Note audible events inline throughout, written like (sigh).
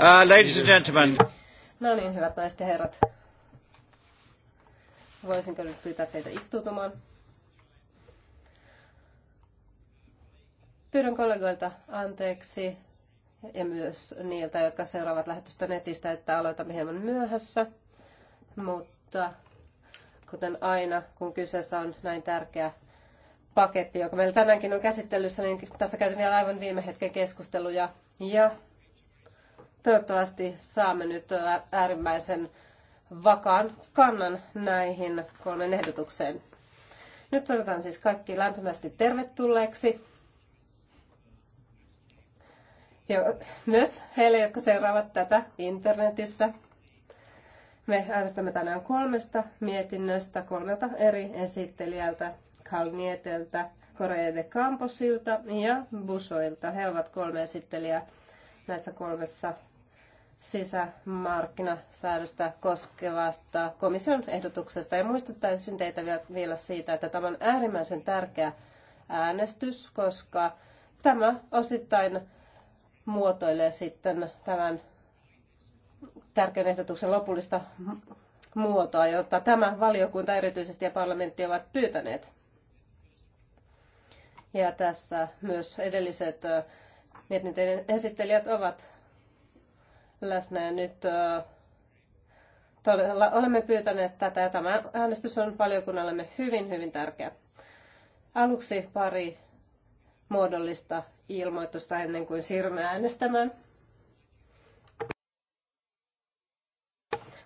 Uh, ladies and gentlemen. No niin, hyvät naiset ja herrat. Voisinko nyt pyytää teitä istutumaan. Pyydän kollegoilta anteeksi ja myös niiltä, jotka seuraavat lähetystä netistä, että aloitamme hieman myöhässä. Mutta kuten aina, kun kyseessä on näin tärkeä paketti, joka meillä tänäänkin on käsittelyssä, niin tässä käytiin vielä aivan viime hetken keskusteluja ja Toivottavasti saamme nyt äärimmäisen vakaan kannan näihin kolmen ehdotukseen. Nyt toivotan siis kaikki lämpimästi tervetulleeksi. Ja myös heille, jotka seuraavat tätä internetissä. Me äänestämme tänään kolmesta mietinnöstä, kolmelta eri esittelijältä, Nieteltä, Korea de Camposilta ja Busoilta. He ovat kolme esittelijää näissä kolmessa sisämarkkinasäädöstä koskevasta komission ehdotuksesta. Ja muistuttaisin teitä vielä siitä, että tämä on äärimmäisen tärkeä äänestys, koska tämä osittain muotoilee sitten tämän tärkeän ehdotuksen lopullista muotoa, jota tämä valiokunta erityisesti ja parlamentti ovat pyytäneet. Ja tässä myös edelliset mietintöjen esittelijät ovat läsnä ja nyt todella olemme pyytäneet tätä ja tämä äänestys on valiokunnallemme hyvin, hyvin tärkeä. Aluksi pari muodollista ilmoitusta ennen kuin siirrymme äänestämään.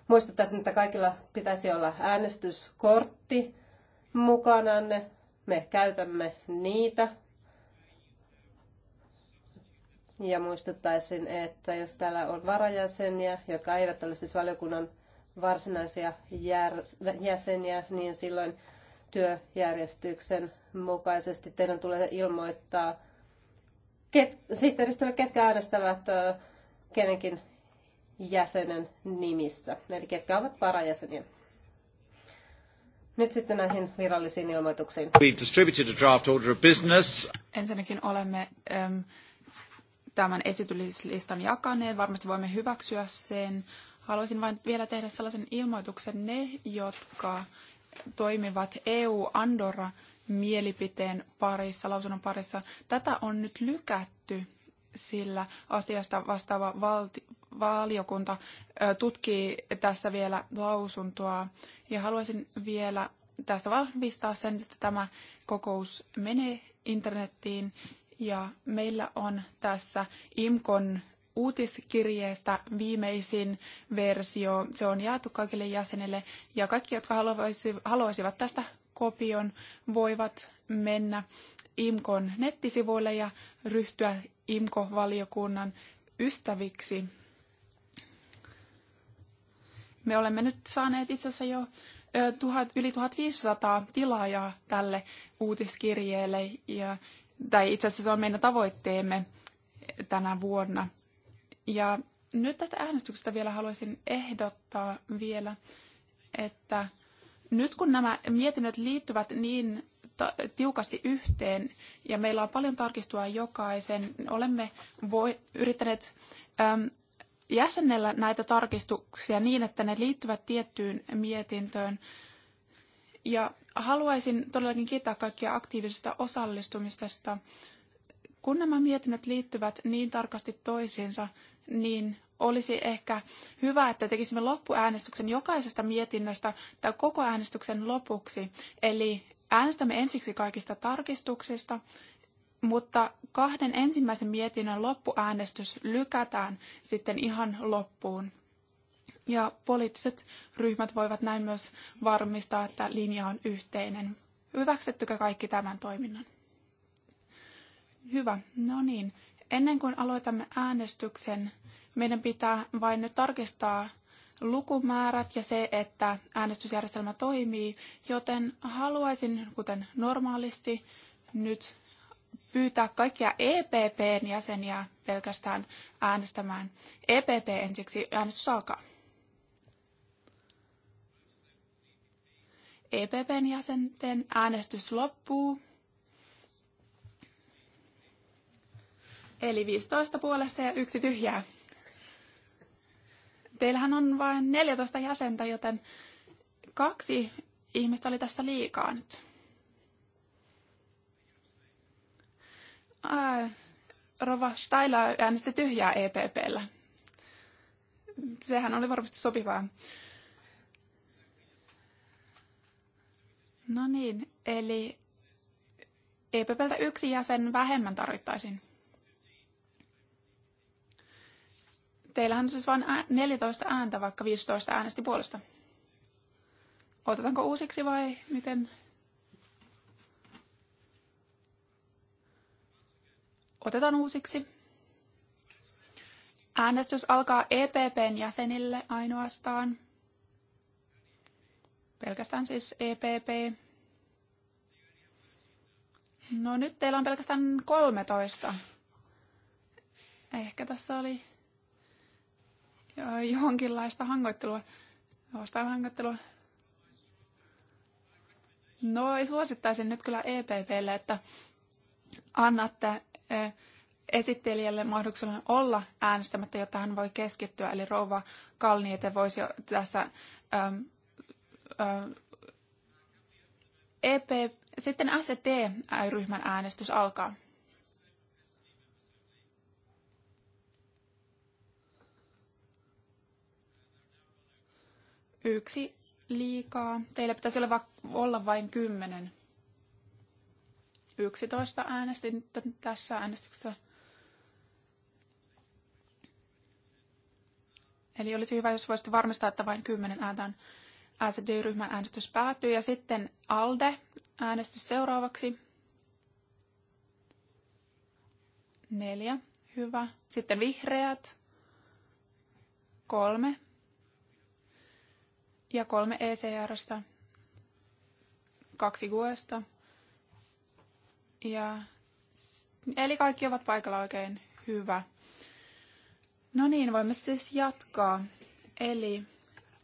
Muistuttaisin, että kaikilla pitäisi olla äänestyskortti mukananne. Me käytämme niitä ja muistuttaisin, että jos täällä on varajäseniä, jotka eivät ole siis valiokunnan varsinaisia jäseniä, niin silloin työjärjestyksen mukaisesti teidän tulee ilmoittaa ket, sihteeristölle, ketkä äänestävät kenenkin jäsenen nimissä, eli ketkä ovat varajäseniä. Nyt sitten näihin virallisiin ilmoituksiin. We've distributed a draft order of business. Ensinnäkin olemme Um, tämän esityslistan jakaneen. Varmasti voimme hyväksyä sen. Haluaisin vain vielä tehdä sellaisen ilmoituksen ne, jotka toimivat EU-Andorra mielipiteen parissa, lausunnon parissa. Tätä on nyt lykätty, sillä asiasta vastaava valti, valiokunta tutkii tässä vielä lausuntoa. Ja haluaisin vielä tässä vahvistaa sen, että tämä kokous menee internettiin ja meillä on tässä IMKON uutiskirjeestä viimeisin versio. Se on jaettu kaikille jäsenille ja kaikki, jotka haluaisivat tästä kopion, voivat mennä IMKON nettisivuille ja ryhtyä IMKO-valiokunnan ystäviksi. Me olemme nyt saaneet itse asiassa jo tuhat, yli 1500 tilaajaa tälle uutiskirjeelle ja tai itse asiassa se on meidän tavoitteemme tänä vuonna. Ja nyt tästä äänestyksestä vielä haluaisin ehdottaa vielä, että nyt kun nämä mietinnöt liittyvät niin tiukasti yhteen ja meillä on paljon tarkistua jokaisen, olemme voi, yrittäneet äm, jäsennellä näitä tarkistuksia niin, että ne liittyvät tiettyyn mietintöön. Ja haluaisin todellakin kiittää kaikkia aktiivisesta osallistumisesta. Kun nämä mietinnöt liittyvät niin tarkasti toisiinsa, niin olisi ehkä hyvä, että tekisimme loppuäänestyksen jokaisesta mietinnöstä tai koko äänestyksen lopuksi. Eli äänestämme ensiksi kaikista tarkistuksista, mutta kahden ensimmäisen mietinnön loppuäänestys lykätään sitten ihan loppuun. Ja poliittiset ryhmät voivat näin myös varmistaa, että linja on yhteinen. Hyväksyttekö kaikki tämän toiminnan? Hyvä, no niin. Ennen kuin aloitamme äänestyksen, meidän pitää vain nyt tarkistaa lukumäärät ja se, että äänestysjärjestelmä toimii, joten haluaisin, kuten normaalisti, nyt pyytää kaikkia EPPn jäseniä pelkästään äänestämään. EPP ensiksi äänestys alkaa. EPPn jäsenten äänestys loppuu. Eli 15 puolesta ja yksi tyhjää. Teillähän on vain 14 jäsentä, joten kaksi ihmistä oli tässä liikaa nyt. Ää, Rova Steila äänesti tyhjää EPPllä. Sehän oli varmasti sopivaa. No niin, eli EPPltä yksi jäsen vähemmän tarvittaisiin. Teillähän on siis vain 14 ääntä, vaikka 15 äänesti puolesta. Otetaanko uusiksi vai miten? Otetaan uusiksi. Äänestys alkaa EPPn jäsenille ainoastaan. Pelkästään siis EPP. No nyt teillä on pelkästään 13. Ehkä tässä oli jonkinlaista hangoittelua, vastaan hangoittelua. No suosittaisin nyt kyllä EPPlle, että annatte esittelijälle mahdollisuuden olla äänestämättä, jotta hän voi keskittyä. Eli rouva Kalniete voisi tässä äm, EP, sitten act ryhmän äänestys alkaa. Yksi liikaa. Teillä pitäisi olla, olla vain kymmenen. 11 äänestin tässä äänestyksessä. Eli olisi hyvä, jos voisitte varmistaa, että vain kymmenen ääntä on SD-ryhmän äänestys päättyy ja sitten ALDE äänestys seuraavaksi. Neljä, hyvä. Sitten vihreät, kolme ja kolme ECRstä, kaksi GUEsta. Ja, eli kaikki ovat paikalla oikein hyvä. No niin, voimme siis jatkaa. Eli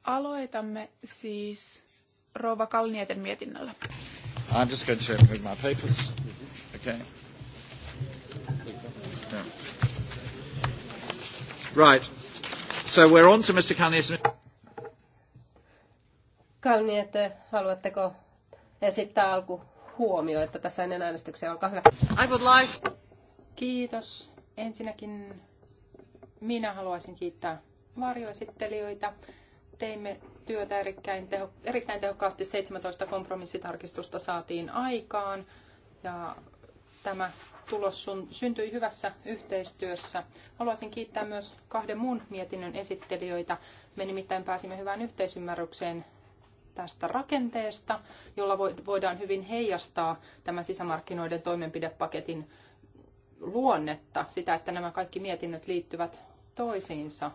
Aloitamme siis Rouva Kalnieten mietinnöllä. I'm just going to move my papers. Okay. Right. So we're on to Mr. Kalnieten. Kalniete, haluatteko esittää alku huomio, että tässä ennen äänestyksiä, olkaa hyvä. I would like... Kiitos. Ensinnäkin minä haluaisin kiittää varjoesittelijöitä teimme työtä erittäin, teho, erittäin tehokkaasti. 17 kompromissitarkistusta saatiin aikaan ja tämä tulos syntyi hyvässä yhteistyössä. Haluaisin kiittää myös kahden muun mietinnön esittelijöitä. Me nimittäin pääsimme hyvään yhteisymmärrykseen tästä rakenteesta, jolla voidaan hyvin heijastaa tämän sisämarkkinoiden toimenpidepaketin luonnetta, sitä, että nämä kaikki mietinnöt liittyvät toisiinsa.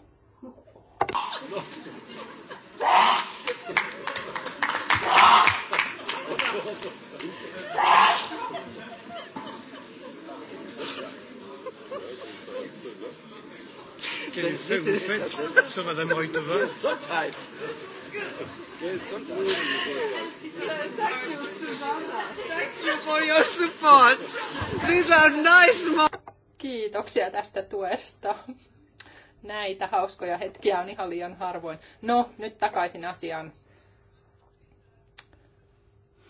Quel effet vous faites sur Madame Reutova Thank you for your support. These are nice Kiitoksia tästä tuesta näitä hauskoja hetkiä on ihan liian harvoin. No, nyt takaisin asiaan.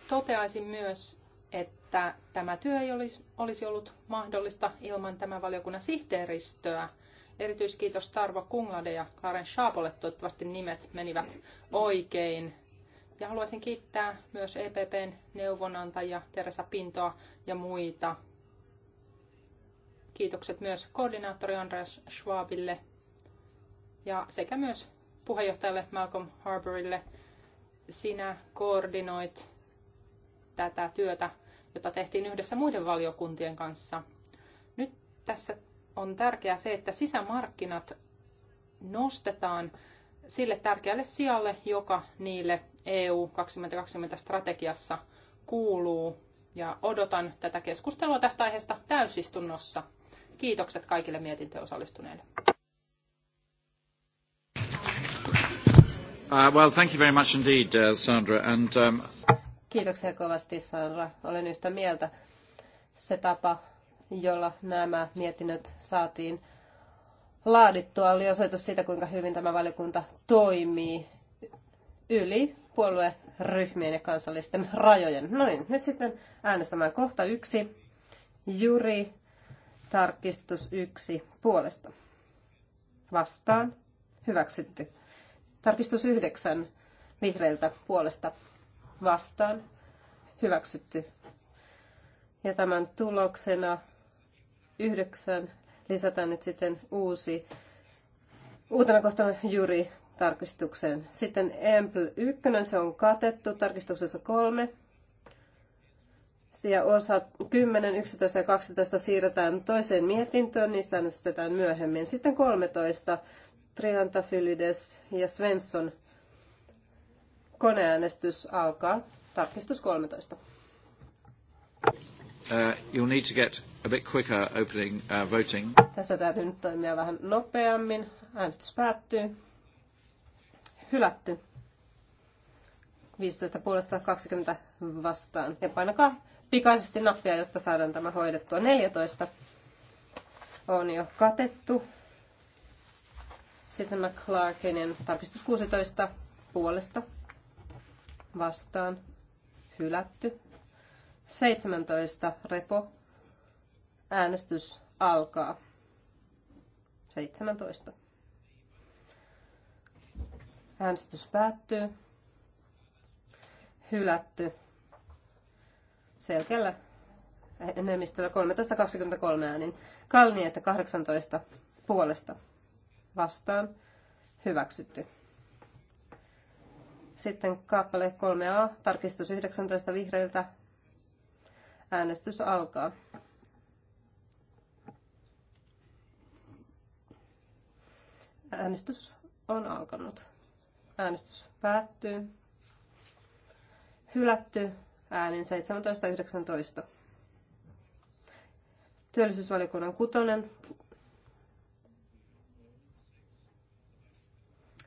Toteaisin myös, että tämä työ ei olisi ollut mahdollista ilman tämän valiokunnan sihteeristöä. Erityiskiitos Tarvo Kunglade ja Karen Schaapolle. Toivottavasti nimet menivät oikein. Ja haluaisin kiittää myös EPPn neuvonantajia Teresa Pintoa ja muita. Kiitokset myös koordinaattori Andreas Schwabille ja sekä myös puheenjohtajalle Malcolm Harbourille. Sinä koordinoit tätä työtä, jota tehtiin yhdessä muiden valiokuntien kanssa. Nyt tässä on tärkeää se, että sisämarkkinat nostetaan sille tärkeälle sijalle, joka niille EU 2020-strategiassa kuuluu. Ja odotan tätä keskustelua tästä aiheesta täysistunnossa. Kiitokset kaikille mietintöön osallistuneille. Uh, well, thank you very much indeed, uh, Sandra. And, um... Kiitoksia kovasti, Sandra. Olen yhtä mieltä. Se tapa, jolla nämä mietinnöt saatiin laadittua, oli osoitus siitä, kuinka hyvin tämä valiokunta toimii yli puolueryhmien ja kansallisten rajojen. No niin, nyt sitten äänestämään kohta yksi. Juri, tarkistus yksi puolesta. Vastaan. Hyväksytty. Tarkistus 9 vihreiltä puolesta vastaan hyväksytty. Ja tämän tuloksena 9 lisätään nyt sitten uusi, uutena kohtana juuri tarkistukseen. Sitten Ample 1, se on katettu tarkistuksessa 3. Ja osa 10, 11 ja 12 siirretään toiseen mietintöön, niistä äänestetään myöhemmin. Sitten 13 Fylides ja Svensson. Koneäänestys alkaa. Tarkistus 13. Uh, you'll need to get a bit quicker opening uh, voting. Tässä täytyy nyt toimia vähän nopeammin. Äänestys päättyy. Hylätty. 15 puolesta 20 vastaan. Ja painakaa pikaisesti nappia, jotta saadaan tämä hoidettua. 14 on jo katettu. Sitten McClarkinin tarkistus 16 puolesta vastaan hylätty. 17 repo. Äänestys alkaa. 17. Äänestys päättyy. Hylätty. Selkeällä enemmistöllä 13.23 äänin. että 18 puolesta vastaan hyväksytty. Sitten kappale 3a, tarkistus 19 vihreiltä. Äänestys alkaa. Äänestys on alkanut. Äänestys päättyy. Hylätty äänin 17.19. Työllisyysvaliokunnan kutonen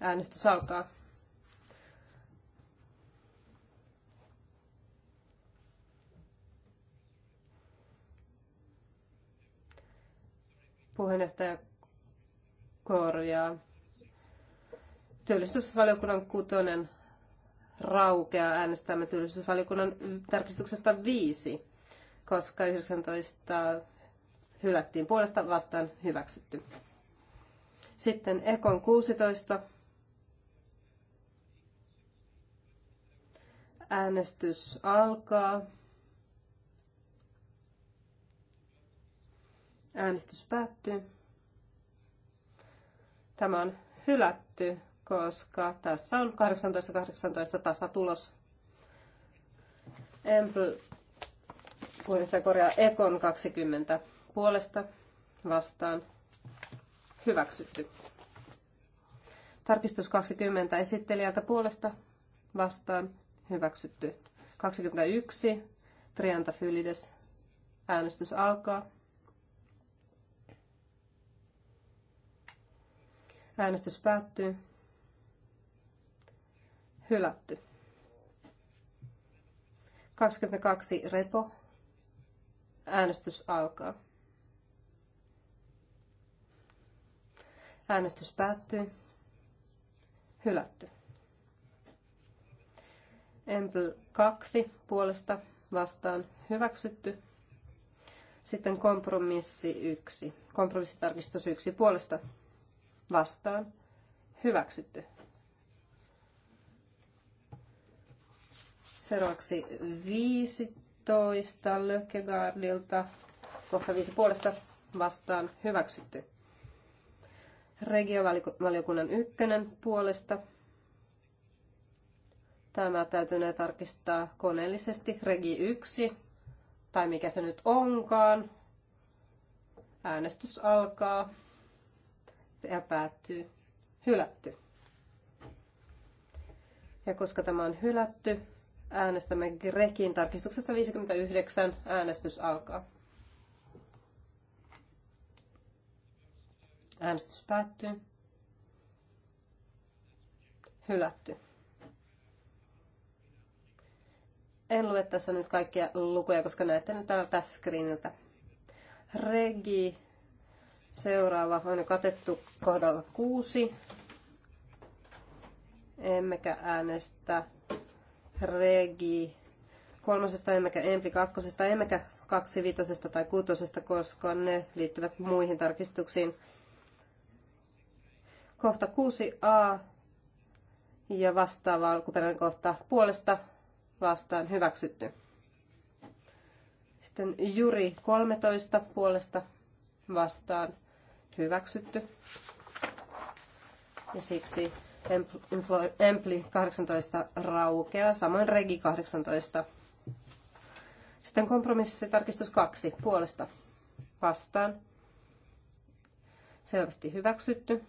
Äänestys alkaa. Puheenjohtaja korjaa. Työllisyysvaliokunnan kutonen raukea äänestämme työllisyysvaliokunnan tarkistuksesta viisi, koska 19 hylättiin puolesta vastaan hyväksytty. Sitten Ekon 16 Äänestys alkaa. Äänestys päättyy. Tämä on hylätty, koska tässä on 18-18 tasatulos. Empl puheenjohtaja korjaa Ekon 20 puolesta vastaan hyväksytty. Tarkistus 20 esittelijältä puolesta vastaan hyväksytty. 21. Trianta Fylides. Äänestys alkaa. Äänestys päättyy. Hylätty. 22. Repo. Äänestys alkaa. Äänestys päättyy. Hylätty. Empl 2 puolesta vastaan hyväksytty. Sitten kompromissi 1. Kompromissitarkistus 1 puolesta vastaan hyväksytty. Seuraavaksi 15 Lökegaardilta. Kohta 5 puolesta vastaan hyväksytty. Regiovaliokunnan ykkönen puolesta Tämä täytyy tarkistaa koneellisesti regi 1, tai mikä se nyt onkaan. Äänestys alkaa ja päättyy. Hylätty. Ja koska tämä on hylätty, äänestämme Grekin tarkistuksessa 59. Äänestys alkaa. Äänestys päättyy. Hylätty. En lue tässä nyt kaikkia lukuja, koska näette ne tässä screeniltä. Regi, seuraava on jo katettu kohdalla kuusi. Emmekä äänestä Regi kolmosesta, emmekä empi kakkosesta, emmekä kaksi viitosesta tai kuutosesta, koska ne liittyvät muihin tarkistuksiin. Kohta 6a ja vastaava alkuperäinen kohta puolesta vastaan hyväksytty. Sitten Juri 13 puolesta vastaan hyväksytty. Ja siksi Empli 18 raukeaa, samoin Regi 18. Sitten kompromissitarkistus 2 puolesta vastaan. Selvästi hyväksytty.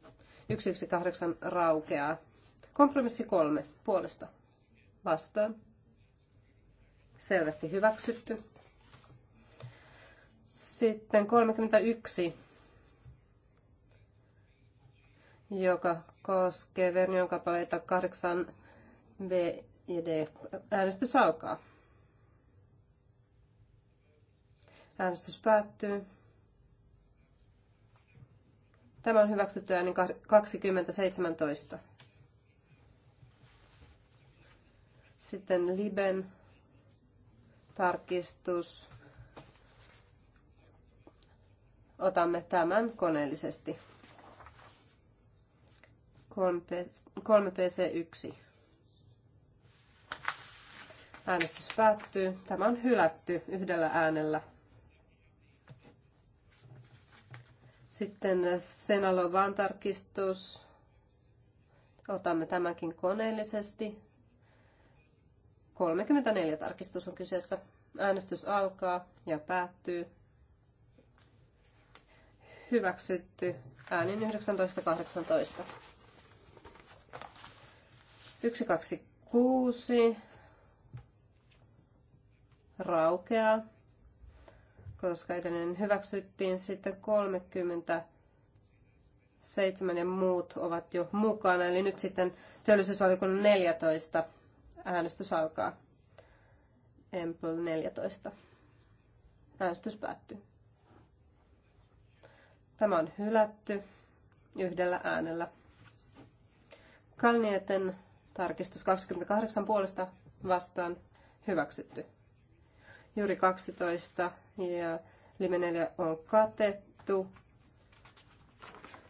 118 raukeaa. Kompromissi 3 puolesta vastaan. Selvästi hyväksytty. Sitten 31, joka koskee Vernion kapaleita 8 B ja D. Äänestys alkaa. Äänestys päättyy. Tämä on hyväksytty ääni 2017. Sitten Liben tarkistus. Otamme tämän koneellisesti. 3PC1. Äänestys päättyy. Tämä on hylätty yhdellä äänellä. Sitten Senalovan tarkistus. Otamme tämänkin koneellisesti. 34 tarkistus on kyseessä. Äänestys alkaa ja päättyy. Hyväksytty äänin 19.18. 126 raukeaa, koska edelleen hyväksyttiin sitten 30 seitsemän ja muut ovat jo mukana. Eli nyt sitten työllisyysvaliokunnan 14 Äänestys alkaa. empel 14. Äänestys päättyy. Tämä on hylätty yhdellä äänellä. Kalnieten tarkistus 28 puolesta vastaan hyväksytty. Juuri 12 ja 4 on katettu.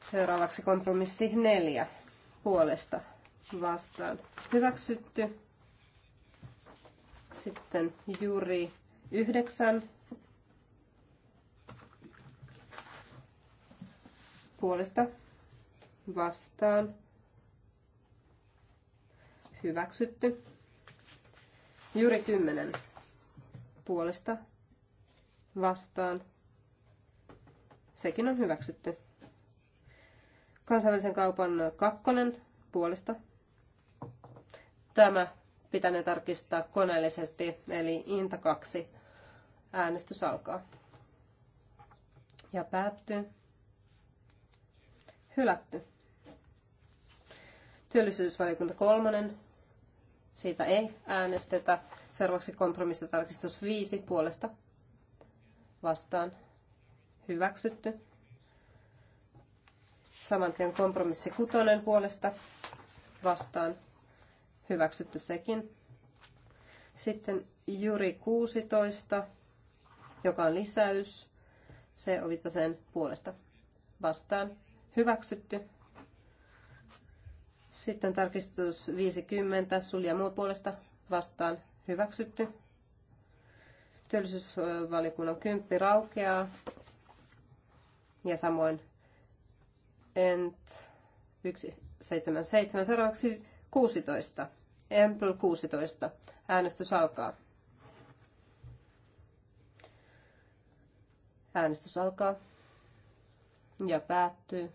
Seuraavaksi kompromissi 4 puolesta vastaan hyväksytty. Sitten juuri yhdeksän puolesta vastaan hyväksytty. Juuri kymmenen puolesta vastaan. Sekin on hyväksytty. Kansainvälisen kaupan kakkonen puolesta. Tämä ne tarkistaa koneellisesti, eli Inta 2. Äänestys alkaa. Ja päättyy. Hylätty. Työllisyysvaliokunta kolmonen. Siitä ei äänestetä. Seuraavaksi kompromissitarkistus 5 puolesta vastaan hyväksytty. samantien kompromissi kutonen puolesta vastaan hyväksytty sekin. Sitten Juri 16, joka on lisäys. Se sen puolesta vastaan hyväksytty. Sitten tarkistus 50, sulja muut puolesta vastaan hyväksytty. Työllisyysvaliokunnan kymppi raukeaa. Ja samoin ENT 177, seuraavaksi 16 Ample 16. Äänestys alkaa. Äänestys alkaa ja päättyy.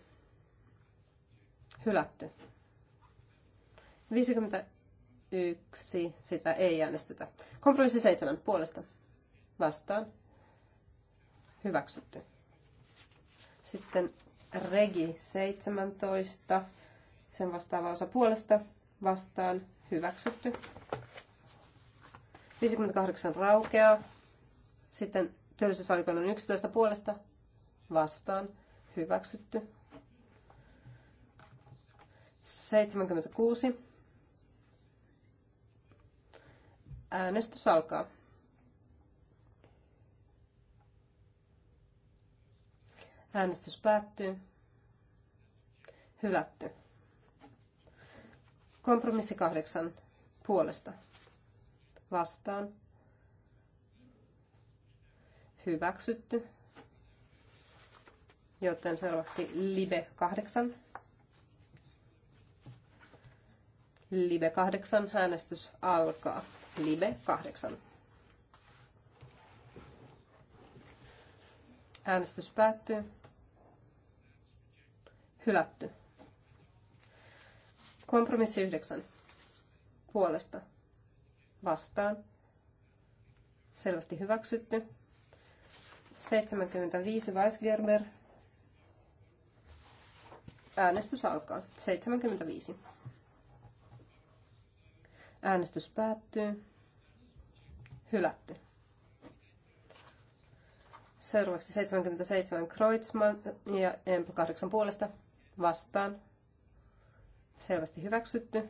Hylätty. 51, sitä ei äänestetä. Kompromissi 7 puolesta. Vastaan. Hyväksytty. Sitten regi 17, sen vastaava osa puolesta. Vastaan hyväksytty. 58 raukeaa. Sitten työllisyysvaliokunnan 11 puolesta vastaan hyväksytty. 76. Äänestys alkaa. Äänestys päättyy. Hylätty. Kompromissi kahdeksan puolesta. Vastaan. Hyväksytty. Joten seuraavaksi Libe kahdeksan Libe kahdeksan Äänestys alkaa. Libe kahdeksan Äänestys päättyy. Hylätty. Kompromissi yhdeksän. Puolesta. Vastaan. Selvästi hyväksytty. 75 Weisgerber. Äänestys alkaa. 75. Äänestys päättyy. Hylätty. Seuraavaksi 77 Kreutzmann ja empo 8 puolesta vastaan Selvästi hyväksytty.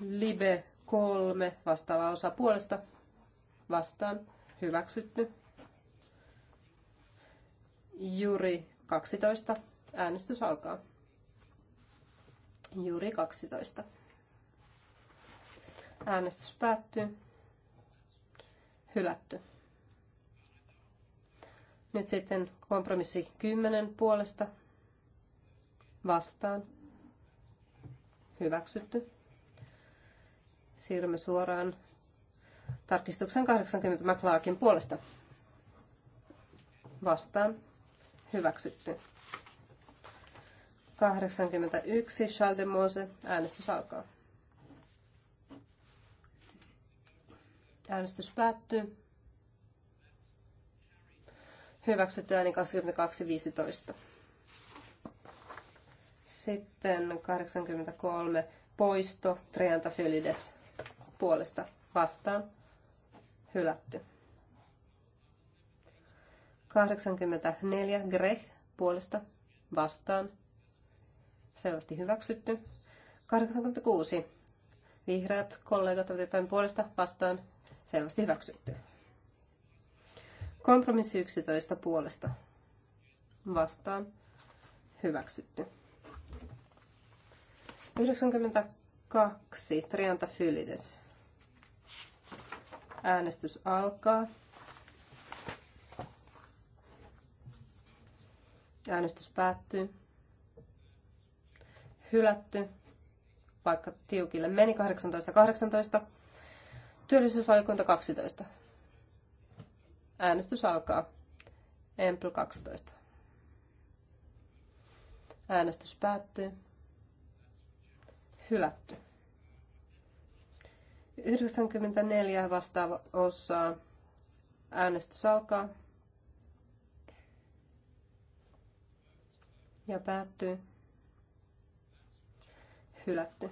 Libe 3 vastaava osa puolesta vastaan hyväksytty. Juri 12. Äänestys alkaa. Juri 12. Äänestys päättyy. Hylätty. Nyt sitten kompromissi 10 puolesta vastaan hyväksytty. Siirrymme suoraan tarkistuksen 80 McClarkin puolesta vastaan hyväksytty. 81 Charles de Mose. Äänestys alkaa. Äänestys päättyy. Hyväksytty ääni 22.15. Sitten 83 poisto Triantafylides puolesta vastaan hylätty. 84 Greh puolesta vastaan selvästi hyväksytty. 86 vihreät kollegat ovat jotain puolesta vastaan selvästi hyväksytty. Kompromissi 11 puolesta vastaan hyväksytty. 92. Trianta Fylides. Äänestys alkaa. Äänestys päättyy. Hylätty, vaikka tiukille meni 18, 18. Työllisyysvaliokunta 12. Äänestys alkaa. Empl 12. Äänestys päättyy hylätty. 94 vastaava osaa. Äänestys alkaa. Ja päättyy. Hylätty.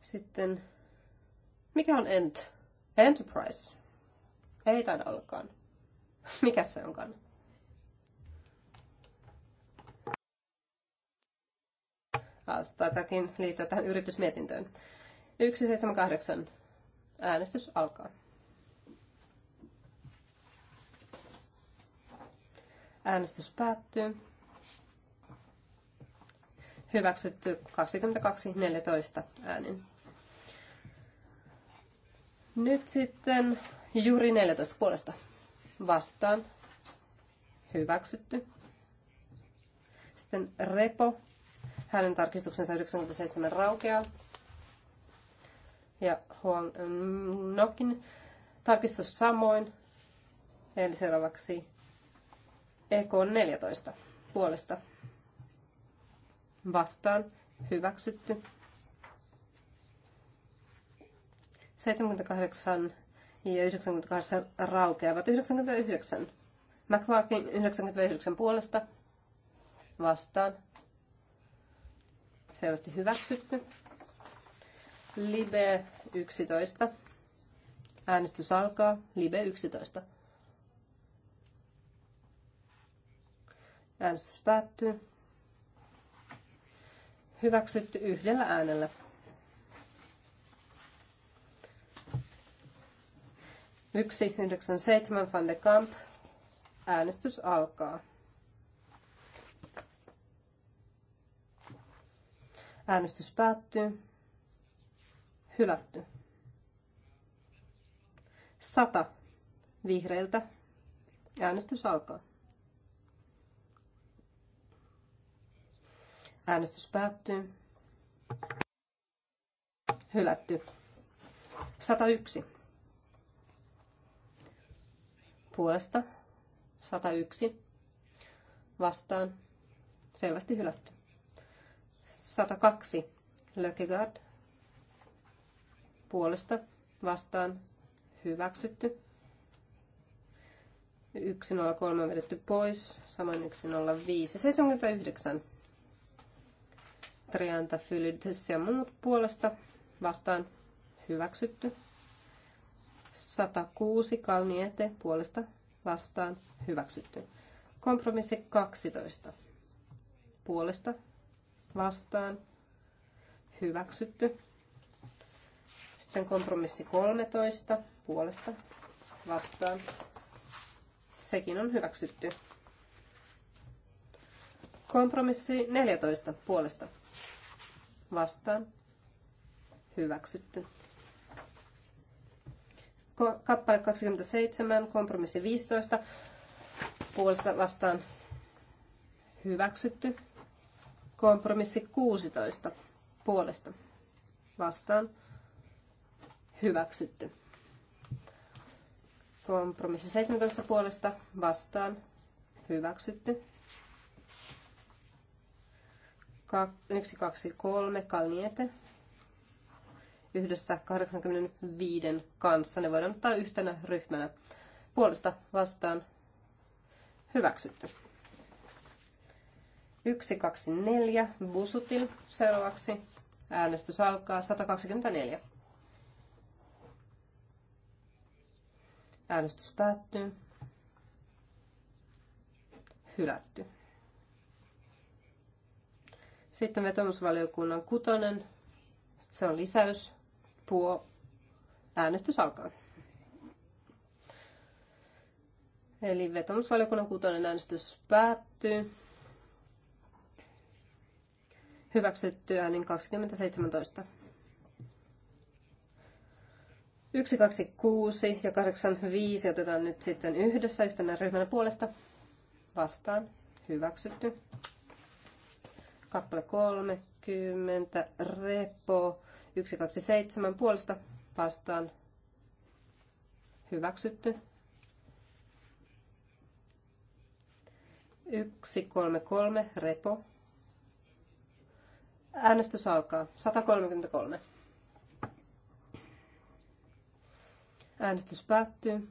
Sitten, mikä on ent? Enterprise. Ei taida ollakaan. (laughs) Mikä se onkaan? tätäkin liittyä tähän yritysmietintöön. 178. Äänestys alkaa. Äänestys päättyy. Hyväksytty 22.14 äänin. Nyt sitten juuri 14 puolesta vastaan. Hyväksytty. Sitten repo hänen tarkistuksensa 97 raukeaa. Ja huom mm, Nokin tarkistus samoin. Eli seuraavaksi EK 14 puolesta vastaan hyväksytty. 78 ja 98 raukeavat 99. McClarkin 99 puolesta vastaan selvästi hyväksytty. Libe 11. Äänestys alkaa. Libe 11. Äänestys päättyy. Hyväksytty yhdellä äänellä. Yksi, yhdeksän, seitsemän, Van de Kamp. Äänestys alkaa. Äänestys päättyy. Hylätty. 100 vihreiltä. Äänestys alkaa. Äänestys päättyy. Hylätty. 101. Puolesta 101. Vastaan selvästi hylätty. 102 Lökegard puolesta vastaan hyväksytty. 103 on vedetty pois, samoin 105. 79 Trianta Fylides ja muut puolesta vastaan hyväksytty. 106 Kalniete puolesta vastaan hyväksytty. Kompromissi 12 puolesta vastaan hyväksytty. Sitten kompromissi 13 puolesta vastaan. Sekin on hyväksytty. Kompromissi 14 puolesta vastaan. Hyväksytty. Kappale 27, kompromissi 15 puolesta vastaan. Hyväksytty. Kompromissi 16 puolesta vastaan hyväksytty. Kompromissi 17 puolesta vastaan hyväksytty. kolme Kalniete yhdessä 85 kanssa. Ne voidaan ottaa yhtenä ryhmänä puolesta vastaan hyväksytty. 4, Busutil seuraavaksi. Äänestys alkaa 124. Äänestys päättyy. Hylätty. Sitten vetomusvaliokunnan kutonen. Se on lisäys. Puo. Äänestys alkaa. Eli vetomusvaliokunnan kutonen äänestys päättyy hyväksytty äänin 2017. 1, 2, 6 ja 8, 5 otetaan nyt sitten yhdessä yhtenä ryhmänä puolesta vastaan. Hyväksytty. Kappale 30, repo 1, 2, 7 puolesta vastaan. Hyväksytty. 1, 3, 3, repo Äänestys alkaa. 133. Äänestys päättyy.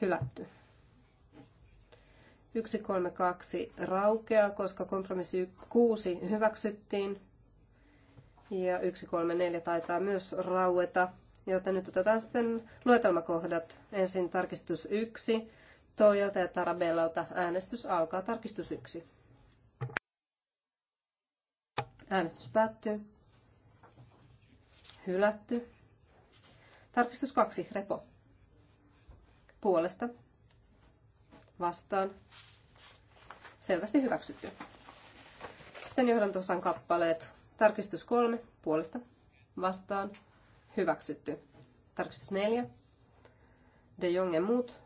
Hylätty. 132 raukeaa, koska kompromissi 6 hyväksyttiin. Ja 134 taitaa myös raueta. Joten nyt otetaan sitten luetelmakohdat. Ensin tarkistus 1. Toijalta ja Tarabellalta äänestys alkaa. Tarkistus 1. Äänestys päättyy. Hylätty. Tarkistus kaksi. Repo. Puolesta. Vastaan. Selvästi hyväksytty. Sitten johdantosan kappaleet. Tarkistus kolme. Puolesta. Vastaan. Hyväksytty. Tarkistus neljä. De Jong ja muut.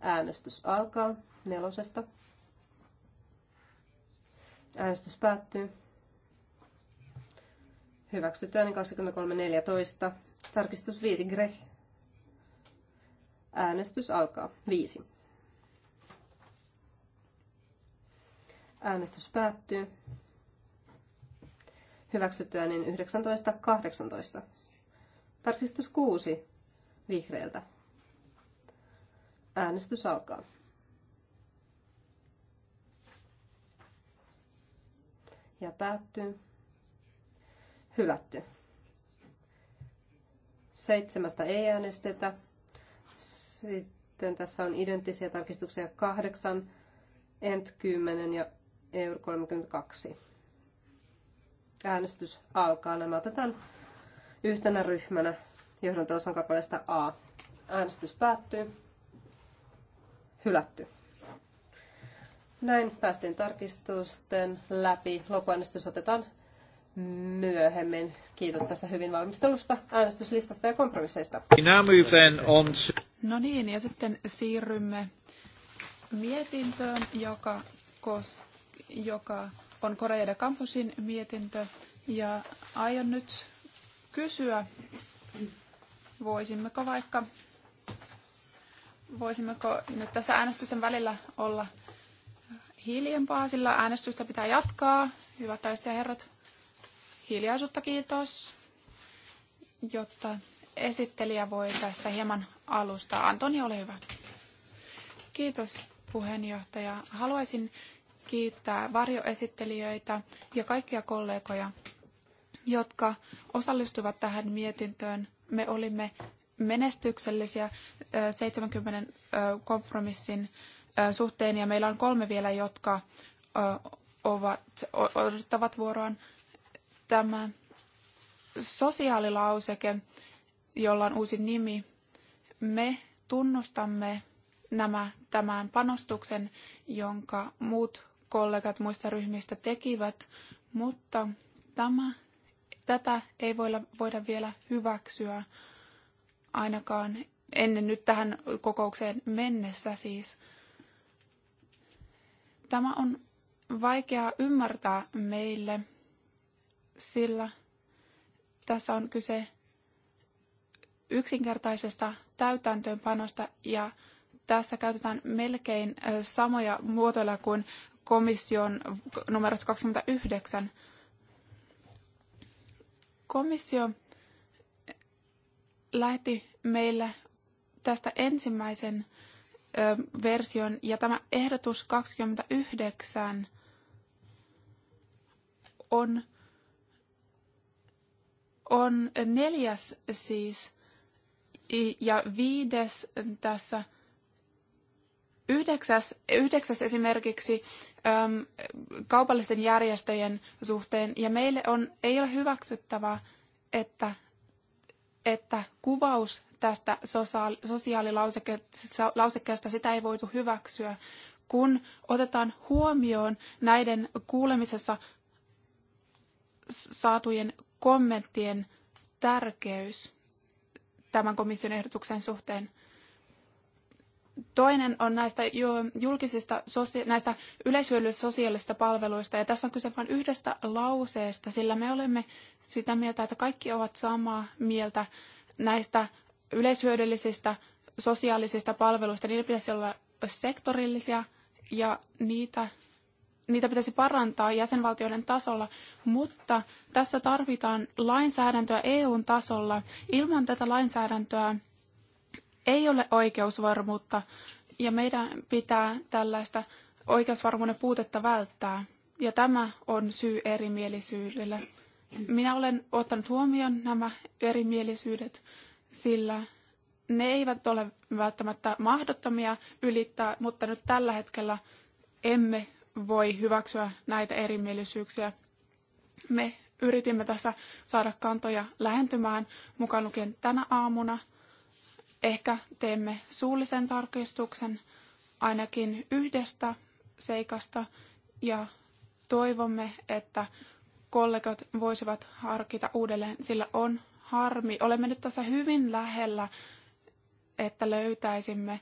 Äänestys alkaa nelosesta. Äänestys päättyy. Hyväksytään 23.14. Tarkistus 5. Greh. Äänestys alkaa. 5. Äänestys päättyy. Hyväksyttyä niin 19.18. Tarkistus 6. vihreiltä. Äänestys alkaa. Ja päättyy. Hylätty. Seitsemästä ei äänestetä. Sitten tässä on identtisiä tarkistuksia 8, ENT 10 ja EUR 32. Äänestys alkaa. Nämä otetaan yhtenä ryhmänä johdanto-osan kappaleesta A. Äänestys päättyy. Hylätty. Näin päästiin tarkistusten läpi. Lopuäänestys otetaan myöhemmin. Kiitos tästä hyvin valmistelusta, äänestyslistasta ja kompromisseista. No niin, ja sitten siirrymme mietintöön, joka, kos, joka on Korea Kampusin mietintö. Ja aion nyt kysyä, voisimmeko vaikka voisimmeko nyt tässä äänestysten välillä olla hiljempaa, sillä äänestystä pitää jatkaa. Hyvät taiset ja herrat. Hiljaisuutta kiitos, jotta esittelijä voi tässä hieman alustaa. Antoni, ole hyvä. Kiitos puheenjohtaja. Haluaisin kiittää varjoesittelijöitä ja kaikkia kollegoja, jotka osallistuvat tähän mietintöön. Me olimme menestyksellisiä 70 kompromissin suhteen ja meillä on kolme vielä, jotka ovat, odottavat vuoroaan tämä sosiaalilauseke, jolla on uusi nimi, me tunnustamme nämä, tämän panostuksen, jonka muut kollegat muista ryhmistä tekivät, mutta tämä, tätä ei voida, voida vielä hyväksyä ainakaan ennen nyt tähän kokoukseen mennessä siis. Tämä on vaikea ymmärtää meille sillä tässä on kyse yksinkertaisesta täytäntöönpanosta ja tässä käytetään melkein samoja muotoja kuin komission numerossa 29. Komissio lähetti meille tästä ensimmäisen version ja tämä ehdotus 29 on on neljäs siis ja viides tässä Yhdeksäs, yhdeksäs esimerkiksi äm, kaupallisten järjestöjen suhteen, ja meille on, ei ole hyväksyttävää, että, että kuvaus tästä sosiaalilausekkeesta, sitä ei voitu hyväksyä, kun otetaan huomioon näiden kuulemisessa saatujen kommenttien tärkeys tämän komission ehdotuksen suhteen. Toinen on näistä julkisista, näistä yleishyödyllisistä sosiaalisista palveluista, ja tässä on kyse vain yhdestä lauseesta, sillä me olemme sitä mieltä, että kaikki ovat samaa mieltä näistä yleishyödyllisistä sosiaalisista palveluista. Niiden pitäisi olla sektorillisia, ja niitä niitä pitäisi parantaa jäsenvaltioiden tasolla, mutta tässä tarvitaan lainsäädäntöä EUn tasolla. Ilman tätä lainsäädäntöä ei ole oikeusvarmuutta ja meidän pitää tällaista oikeusvarmuuden puutetta välttää. Ja tämä on syy erimielisyydelle. Minä olen ottanut huomioon nämä erimielisyydet, sillä ne eivät ole välttämättä mahdottomia ylittää, mutta nyt tällä hetkellä emme voi hyväksyä näitä erimielisyyksiä. Me yritimme tässä saada kantoja lähentymään mukaan lukien tänä aamuna. Ehkä teemme suullisen tarkistuksen ainakin yhdestä seikasta ja toivomme, että kollegat voisivat harkita uudelleen, sillä on harmi. Olemme nyt tässä hyvin lähellä, että löytäisimme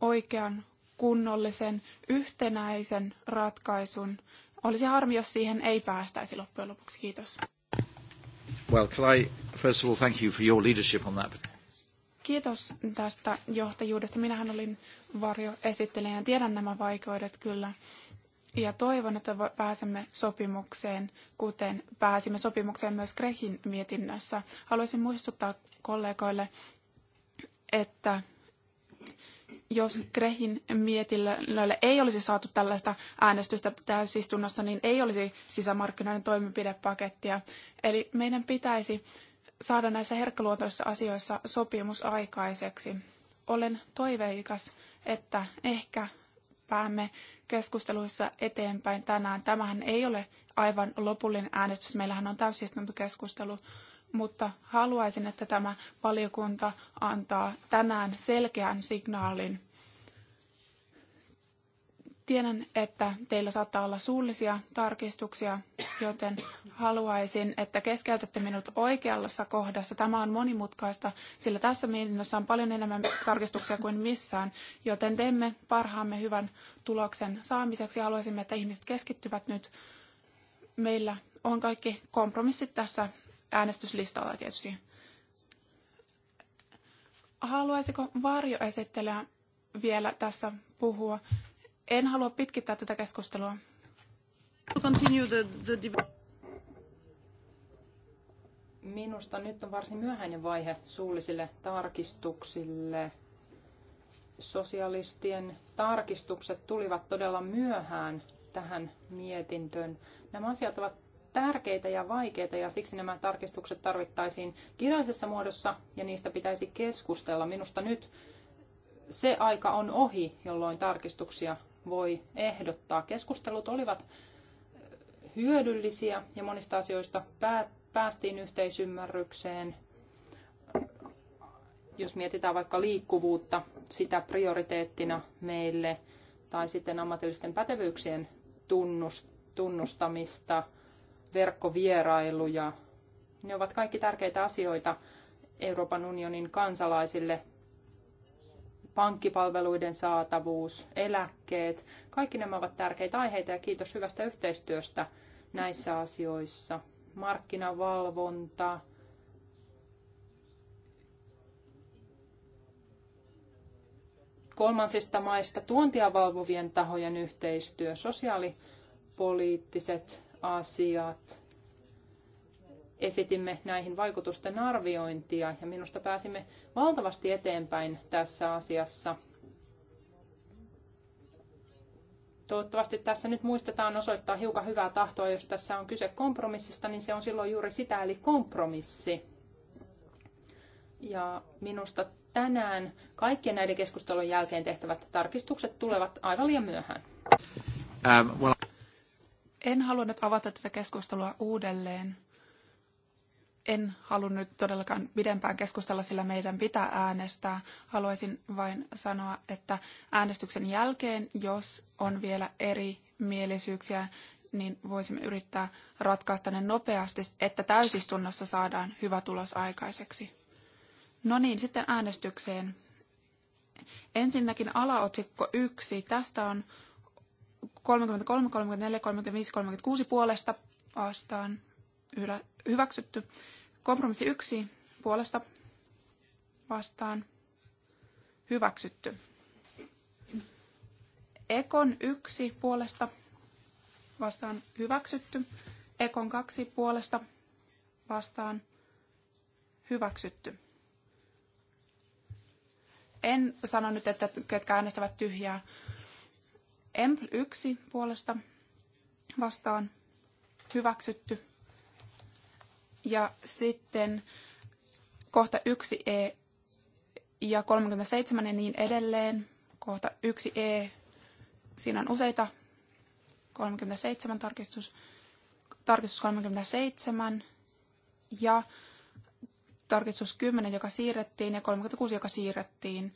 oikean kunnollisen, yhtenäisen ratkaisun. Olisi harmi, jos siihen ei päästäisi loppujen lopuksi. Kiitos. Kiitos tästä johtajuudesta. Minähän olin varjoesittelijä ja tiedän nämä vaikeudet kyllä. Ja toivon, että pääsemme sopimukseen, kuten pääsimme sopimukseen myös Krehin mietinnössä. Haluaisin muistuttaa kollegoille, että jos Grehin mietinnöille ei olisi saatu tällaista äänestystä täysistunnossa, niin ei olisi sisämarkkinoiden toimenpidepakettia. Eli meidän pitäisi saada näissä herkkäluontoisissa asioissa sopimus aikaiseksi. Olen toiveikas, että ehkä päämme keskusteluissa eteenpäin tänään. Tämähän ei ole aivan lopullinen äänestys. Meillähän on täysistuntokeskustelu. keskustelu mutta haluaisin, että tämä valiokunta antaa tänään selkeän signaalin. Tiedän, että teillä saattaa olla suullisia tarkistuksia, joten haluaisin, että keskeytätte minut oikeassa kohdassa. Tämä on monimutkaista, sillä tässä mietinnössä on paljon enemmän tarkistuksia kuin missään, joten teemme parhaamme hyvän tuloksen saamiseksi. Haluaisimme, että ihmiset keskittyvät nyt. Meillä on kaikki kompromissit tässä äänestyslistalla tietysti. Haluaisiko varjo esittelyä vielä tässä puhua? En halua pitkittää tätä keskustelua. Minusta nyt on varsin myöhäinen vaihe suullisille tarkistuksille. Sosialistien tarkistukset tulivat todella myöhään tähän mietintöön. Nämä asiat ovat tärkeitä ja vaikeita ja siksi nämä tarkistukset tarvittaisiin kirjallisessa muodossa ja niistä pitäisi keskustella. Minusta nyt se aika on ohi, jolloin tarkistuksia voi ehdottaa. Keskustelut olivat hyödyllisiä ja monista asioista päästiin yhteisymmärrykseen. Jos mietitään vaikka liikkuvuutta, sitä prioriteettina meille, tai sitten ammatillisten pätevyyksien tunnustamista, verkkovierailuja. Ne ovat kaikki tärkeitä asioita Euroopan unionin kansalaisille. Pankkipalveluiden saatavuus, eläkkeet, kaikki nämä ovat tärkeitä aiheita ja kiitos hyvästä yhteistyöstä näissä asioissa. Markkinavalvonta, kolmansista maista tuontia valvovien tahojen yhteistyö, sosiaalipoliittiset asiat. Esitimme näihin vaikutusten arviointia ja minusta pääsimme valtavasti eteenpäin tässä asiassa. Toivottavasti tässä nyt muistetaan osoittaa hiukan hyvää tahtoa. Jos tässä on kyse kompromissista, niin se on silloin juuri sitä, eli kompromissi. Ja minusta tänään kaikkien näiden keskustelun jälkeen tehtävät tarkistukset tulevat aivan liian myöhään. Um, well... En halua nyt avata tätä keskustelua uudelleen. En halua nyt todellakaan pidempään keskustella, sillä meidän pitää äänestää. Haluaisin vain sanoa, että äänestyksen jälkeen, jos on vielä eri mielisyyksiä, niin voisimme yrittää ratkaista ne nopeasti, että täysistunnossa saadaan hyvä tulos aikaiseksi. No niin, sitten äänestykseen. Ensinnäkin alaotsikko yksi Tästä on 33, 34, 35, 36 puolesta vastaan ylä, hyväksytty. Kompromissi 1 puolesta vastaan hyväksytty. Ekon 1 puolesta vastaan hyväksytty. Ekon 2 puolesta vastaan hyväksytty. En sano nyt, että ketkä äänestävät tyhjää. Empl 1 puolesta vastaan hyväksytty. Ja sitten kohta 1e ja 37 ja niin edelleen. Kohta 1e, siinä on useita. 37 tarkistus, tarkistus 37 ja tarkistus 10, joka siirrettiin ja 36, joka siirrettiin.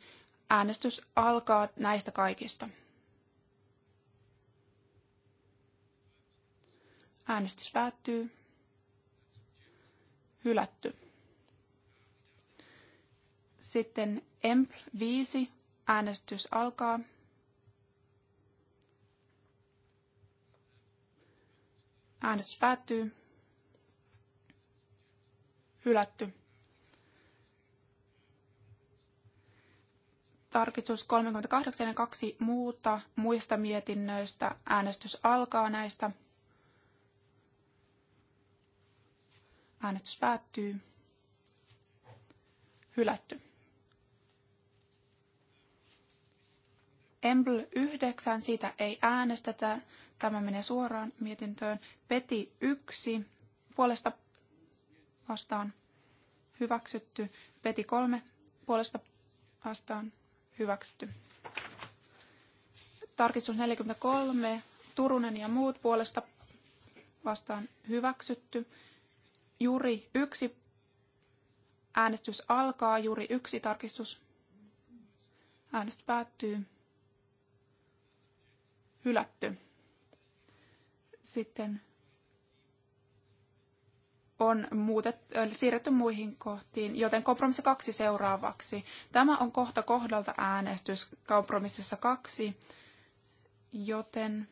Äänestys alkaa näistä kaikista. Äänestys päättyy. Hylätty. Sitten EMP 5. Äänestys alkaa. Äänestys päättyy. Hylätty. Tarkistus 38 ja kaksi muuta muista mietinnöistä. Äänestys alkaa näistä. Äänestys päättyy. Hylätty. Embl 9, siitä ei äänestetä. Tämä menee suoraan mietintöön. Peti 1, puolesta vastaan hyväksytty. Peti 3, puolesta vastaan hyväksytty. Tarkistus 43, Turunen ja muut puolesta vastaan hyväksytty. Juuri yksi äänestys alkaa, juuri yksi tarkistus. Äänestys päättyy. Hylätty. Sitten on muutet, äh, siirretty muihin kohtiin, joten kompromissi kaksi seuraavaksi. Tämä on kohta kohdalta äänestys kompromississa kaksi, joten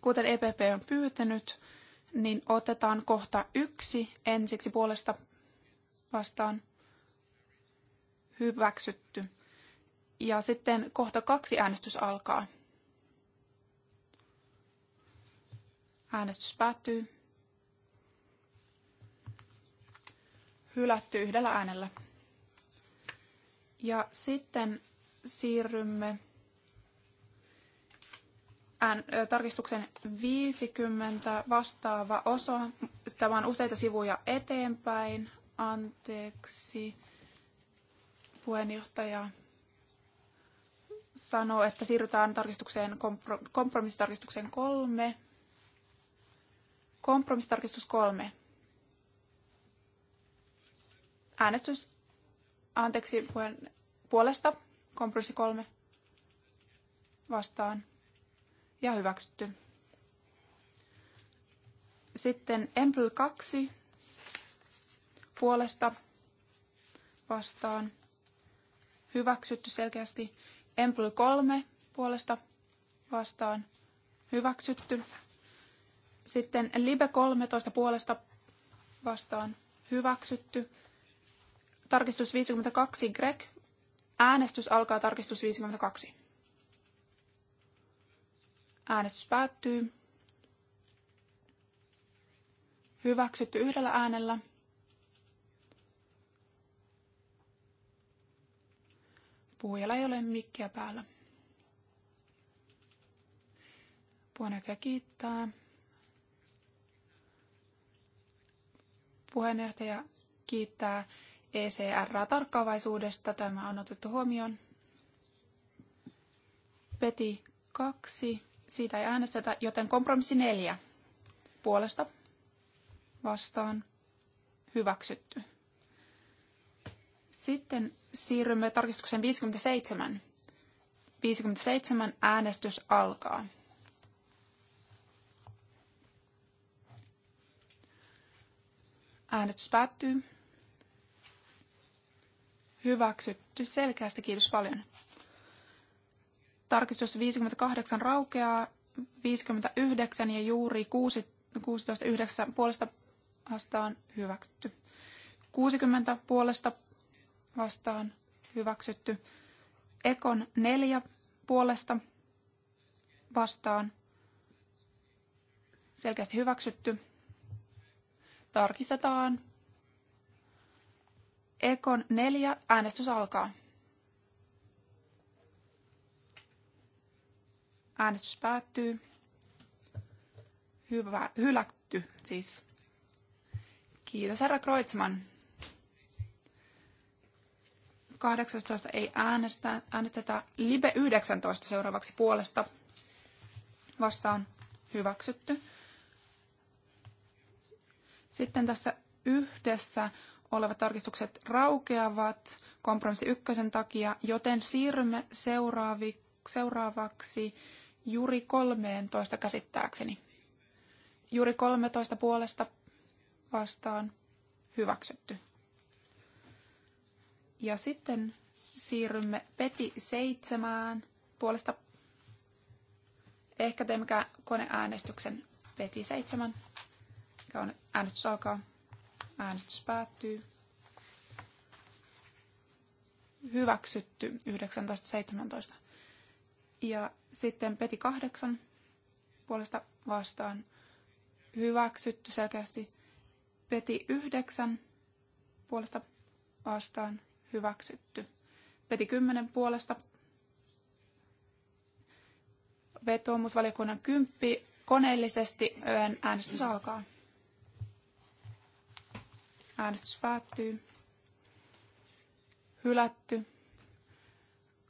kuten EPP on pyytänyt, niin otetaan kohta yksi ensiksi puolesta vastaan hyväksytty. Ja sitten kohta kaksi äänestys alkaa. Äänestys päättyy. Hylätty yhdellä äänellä. Ja sitten siirrymme ään, tarkistuksen 50 vastaava osa. Tämä on useita sivuja eteenpäin. Anteeksi. Puheenjohtaja sanoo, että siirrytään tarkistukseen kompromissitarkistukseen kolme. Kompromissitarkistus kolme. Äänestys, anteeksi, puheen, puolesta, kompromissi kolme, vastaan, ja hyväksytty. Sitten Empl 2 puolesta vastaan hyväksytty selkeästi. Empl 3 puolesta vastaan hyväksytty. Sitten Libe 13 puolesta vastaan hyväksytty. Tarkistus 52 Greg. Äänestys alkaa tarkistus 52. Äänestys päättyy. Hyväksytty yhdellä äänellä. Puhujalla ei ole mikkiä päällä. Puheenjohtaja kiittää. Puheenjohtaja kiittää ECR-tarkkaavaisuudesta. Tämä on otettu huomioon. Peti 2 siitä ei äänestetä, joten kompromissi neljä. Puolesta. Vastaan. Hyväksytty. Sitten siirrymme tarkistukseen 57. 57 äänestys alkaa. Äänestys päättyy. Hyväksytty selkeästi, kiitos paljon tarkistus 58 raukeaa, 59 ja juuri 6, 16, 9 puolesta vastaan hyväksytty. 60 puolesta vastaan hyväksytty. Ekon 4 puolesta vastaan selkeästi hyväksytty. Tarkistetaan. Ekon 4 äänestys alkaa. Äänestys päättyy. Hyvä, hylätty siis. Kiitos herra Kreutzmann. 18 ei äänestä, äänestetä. Libe 19 seuraavaksi puolesta. Vastaan hyväksytty. Sitten tässä yhdessä olevat tarkistukset raukeavat kompromissi ykkösen takia, joten siirrymme seuraavi, seuraavaksi juuri 13 käsittääkseni. Juuri 13 puolesta vastaan hyväksytty. Ja sitten siirrymme peti seitsemään puolesta. Ehkä teemme koneäänestyksen peti seitsemän. Äänestys alkaa. Äänestys päättyy. Hyväksytty 1917. Ja sitten peti kahdeksan puolesta vastaan hyväksytty selkeästi. Peti yhdeksän puolesta vastaan hyväksytty. Peti kymmenen puolesta vetoomusvaliokunnan kymppi koneellisesti äänestys alkaa. Äänestys päättyy. Hylätty.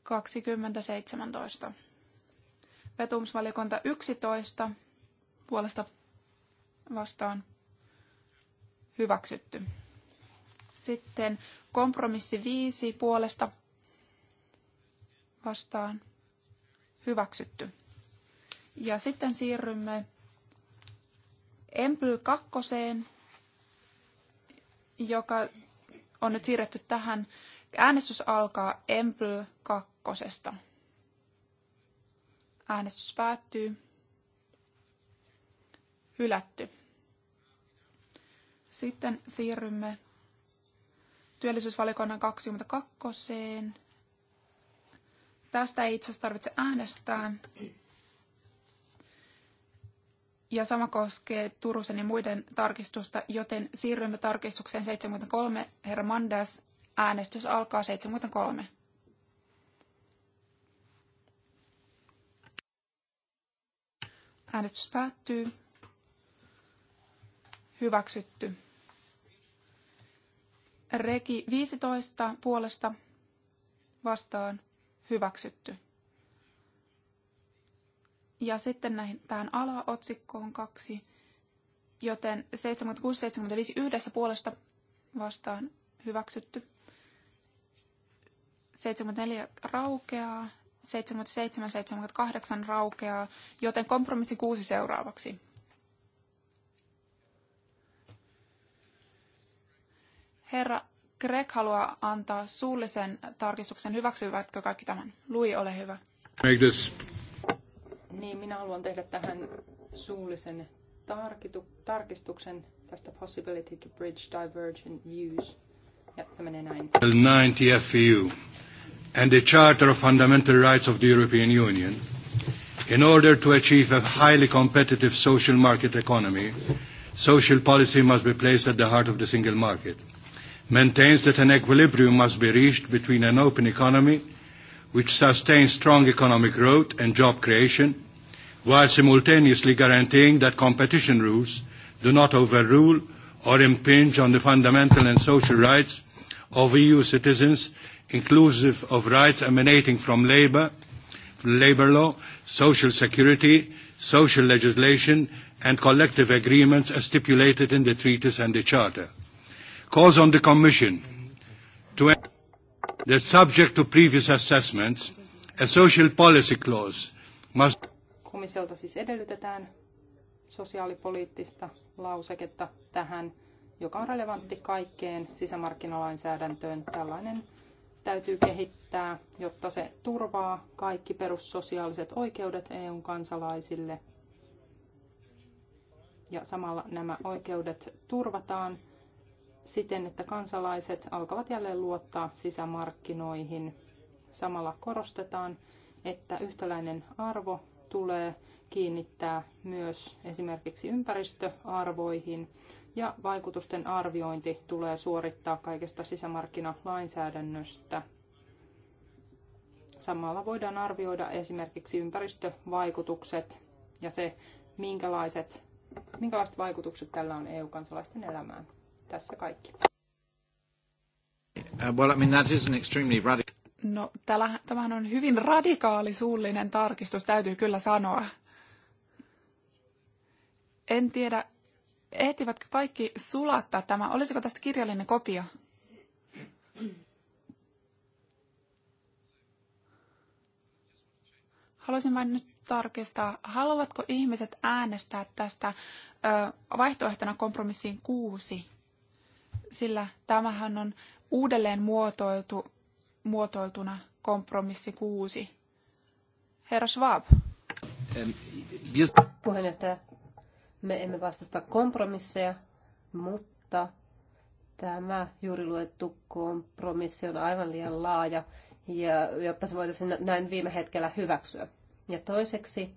2017. Vetumusvaliokunta 11 puolesta vastaan hyväksytty. Sitten kompromissi 5 puolesta vastaan hyväksytty. Ja sitten siirrymme Empyl 2, joka on nyt siirretty tähän. Äänestys alkaa Empyl 2 kakkosesta. Äänestys päättyy. Hylätty. Sitten siirrymme työllisyysvalikoinnan 22. Tästä ei itse asiassa tarvitse äänestää. Ja sama koskee Turusen ja muiden tarkistusta, joten siirrymme tarkistukseen 73. Herra Mandas, äänestys alkaa 73. Äänestys päättyy. Hyväksytty. Regi 15 puolesta vastaan hyväksytty. Ja sitten näihin, tähän alaotsikkoon kaksi, joten 76-75 yhdessä puolesta vastaan hyväksytty. 74 raukeaa, 77, 78 raukeaa, joten kompromissi 6 seuraavaksi. Herra Greg haluaa antaa suullisen tarkistuksen. Hyväksyvätkö kaikki tämän? Lui, ole hyvä. Make this. Niin, minä haluan tehdä tähän suullisen tarkistuksen tästä possibility to bridge divergent views. Ja se menee näin. 90 FU and the Charter of Fundamental Rights of the European Union in order to achieve a highly competitive social market economy, social policy must be placed at the heart of the single market, maintains that an equilibrium must be reached between an open economy, which sustains strong economic growth and job creation, while simultaneously guaranteeing that competition rules do not overrule or impinge on the fundamental and social rights of EU citizens inclusive of rights emanating from labor, labor law, social security, social legislation, and collective agreements as stipulated in the treaties and the charter. Calls on the Commission to that subject to previous assessments, a social policy clause must... Komissiolta siis edellytetään sosiaalipoliittista lauseketta tähän, joka on relevantti kaikkeen sisämarkkinalainsäädäntöön. Tällainen täytyy kehittää, jotta se turvaa kaikki perussosiaaliset oikeudet EUn kansalaisille. Ja samalla nämä oikeudet turvataan siten, että kansalaiset alkavat jälleen luottaa sisämarkkinoihin. Samalla korostetaan, että yhtäläinen arvo tulee kiinnittää myös esimerkiksi ympäristöarvoihin ja vaikutusten arviointi tulee suorittaa kaikesta sisämarkkinalainsäädännöstä. Samalla voidaan arvioida esimerkiksi ympäristövaikutukset ja se, minkälaiset, minkälaiset vaikutukset tällä on EU-kansalaisten elämään. Tässä kaikki. Uh, well, I mean, that is an extremely radical... No, tämähän, on hyvin radikaali suullinen tarkistus, täytyy kyllä sanoa. En tiedä, ehtivätkö kaikki sulattaa tämä? Olisiko tästä kirjallinen kopio? Haluaisin vain nyt tarkistaa, haluavatko ihmiset äänestää tästä ö, vaihtoehtona kompromissiin kuusi? Sillä tämähän on uudelleen muotoiltu, muotoiltuna kompromissi kuusi. Herra Schwab. Puheenjohtaja, me emme vastusta kompromisseja, mutta tämä juuri luettu kompromissi on aivan liian laaja, ja, jotta se voitaisiin näin viime hetkellä hyväksyä. Ja toiseksi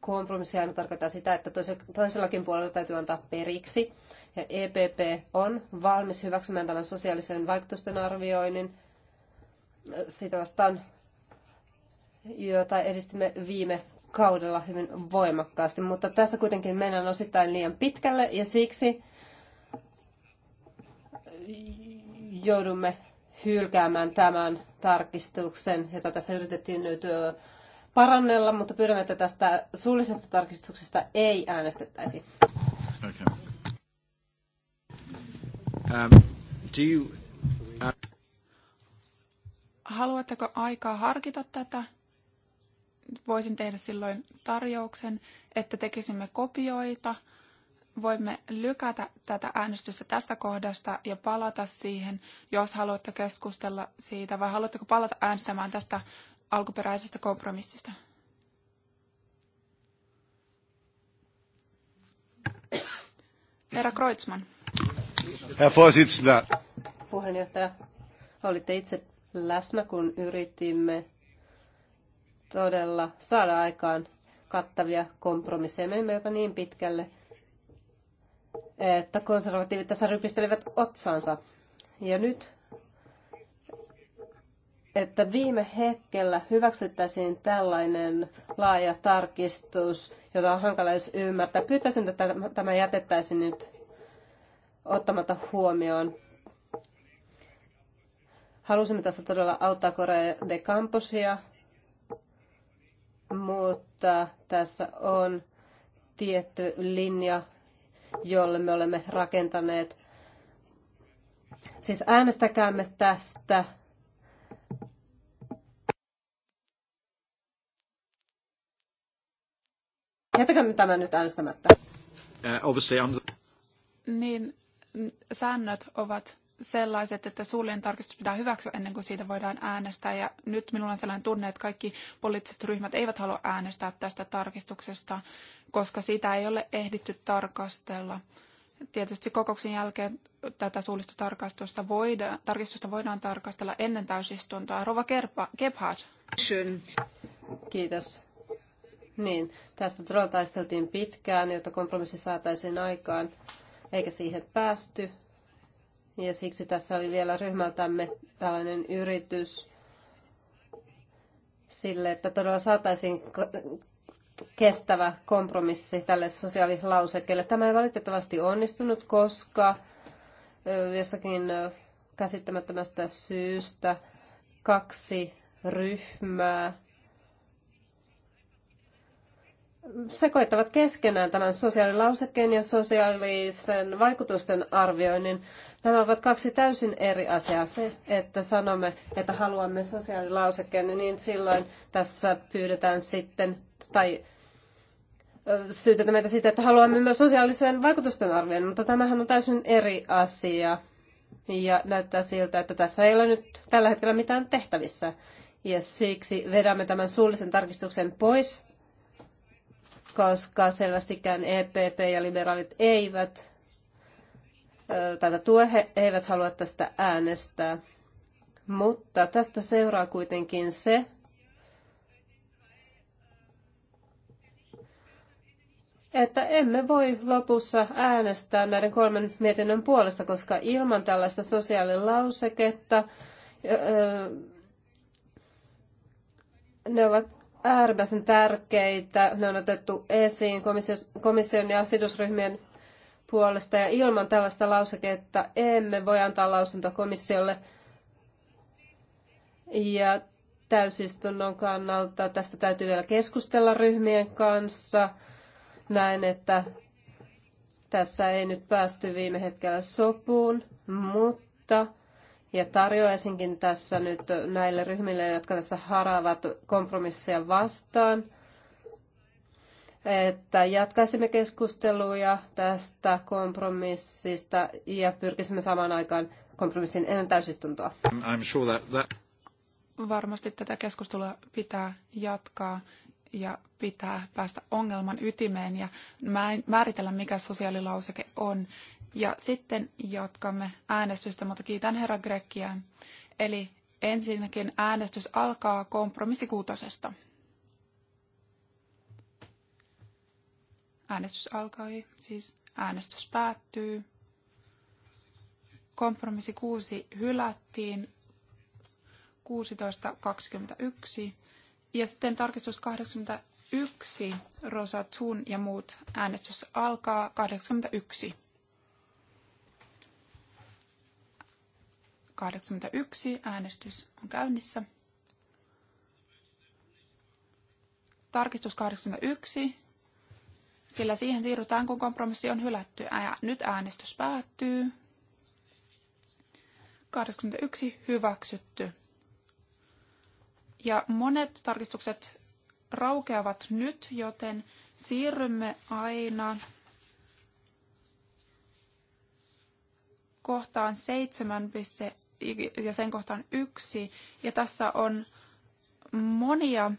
kompromissi aina tarkoittaa sitä, että toisellakin puolella täytyy antaa periksi. Ja EPP on valmis hyväksymään tämän sosiaalisen vaikutusten arvioinnin. Sitä vastaan, jota edistimme viime kaudella hyvin voimakkaasti, mutta tässä kuitenkin mennään osittain liian pitkälle ja siksi joudumme hylkäämään tämän tarkistuksen, jota tässä yritettiin nyt parannella, mutta pyydämme, että tästä suullisesta tarkistuksesta ei äänestettäisi. Okay. Um, do you, uh... Haluatteko aikaa harkita tätä? voisin tehdä silloin tarjouksen, että tekisimme kopioita. Voimme lykätä tätä äänestystä tästä kohdasta ja palata siihen, jos haluatte keskustella siitä, vai haluatteko palata äänestämään tästä alkuperäisestä kompromissista? Herra Kreutzmann. Herr Vorsitzender. Puheenjohtaja, olitte itse läsnä, kun yritimme todella saada aikaan kattavia kompromisseja. Menimme jopa niin pitkälle, että konservatiivit tässä rypistelivät otsansa Ja nyt, että viime hetkellä hyväksyttäisiin tällainen laaja tarkistus, jota on hankala edes ymmärtää. Pyytäisin, että tämä jätettäisiin nyt ottamatta huomioon. Halusimme tässä todella auttaa Korea de Camposia mutta tässä on tietty linja, jolle me olemme rakentaneet. Siis äänestäkäämme tästä. Jätäkäämme tämä nyt äänestämättä. Uh, obviously I'm... Niin, säännöt ovat sellaiset, että suullinen tarkistus pitää hyväksyä ennen kuin siitä voidaan äänestää. Ja nyt minulla on sellainen tunne, että kaikki poliittiset ryhmät eivät halua äänestää tästä tarkistuksesta, koska sitä ei ole ehditty tarkastella. Tietysti kokouksen jälkeen tätä suullista tarkastusta voidaan, tarkistusta voidaan tarkastella ennen täysistuntoa. Rova Gebhard. Kiitos. Niin, tästä todella taisteltiin pitkään, jotta kompromissi saataisiin aikaan, eikä siihen päästy ja siksi tässä oli vielä ryhmältämme tällainen yritys sille, että todella saataisiin kestävä kompromissi tälle sosiaalilausekkeelle. Tämä ei valitettavasti onnistunut, koska jostakin käsittämättömästä syystä kaksi ryhmää sekoittavat keskenään tämän sosiaalilausekkeen ja sosiaalisen vaikutusten arvioinnin. Nämä ovat kaksi täysin eri asiaa. Se, että sanomme, että haluamme sosiaalilausekkeen, niin silloin tässä pyydetään sitten, tai syytetään meitä siitä, että haluamme myös sosiaalisen vaikutusten arvioinnin, mutta tämähän on täysin eri asia. Ja näyttää siltä, että tässä ei ole nyt tällä hetkellä mitään tehtävissä. Ja siksi vedämme tämän suullisen tarkistuksen pois koska selvästikään EPP ja liberaalit eivät tätä tue, he eivät halua tästä äänestää. Mutta tästä seuraa kuitenkin se, että emme voi lopussa äänestää näiden kolmen mietinnön puolesta, koska ilman tällaista sosiaalilauseketta ne ovat äärimmäisen tärkeitä. Ne on otettu esiin komission ja sidosryhmien puolesta ja ilman tällaista lauseketta emme voi antaa lausuntoa komissiolle. Ja täysistunnon kannalta tästä täytyy vielä keskustella ryhmien kanssa. Näin, että tässä ei nyt päästy viime hetkellä sopuun, mutta ja tarjoaisinkin tässä nyt näille ryhmille, jotka tässä haraavat kompromisseja vastaan, että jatkaisimme keskusteluja tästä kompromissista ja pyrkisimme samaan aikaan kompromissin ennen täysistuntoa. Sure that that... Varmasti tätä keskustelua pitää jatkaa ja pitää päästä ongelman ytimeen ja määritellä, mikä sosiaalilauseke on. Ja sitten jatkamme äänestystä, mutta kiitän herra Grekkiä. Eli ensinnäkin äänestys alkaa kompromissikuutosesta. Äänestys alkoi, siis äänestys päättyy. Kompromissi 6 hylättiin 16.21 ja sitten tarkistus 81, Rosa Thun ja muut. Äänestys alkaa 81. 81, äänestys on käynnissä. Tarkistus 81, sillä siihen siirrytään, kun kompromissi on hylätty. Ja nyt äänestys päättyy. 81 hyväksytty. Ja monet tarkistukset raukeavat nyt, joten siirrymme aina kohtaan 7 ja sen kohtaan 1. Ja tässä on monia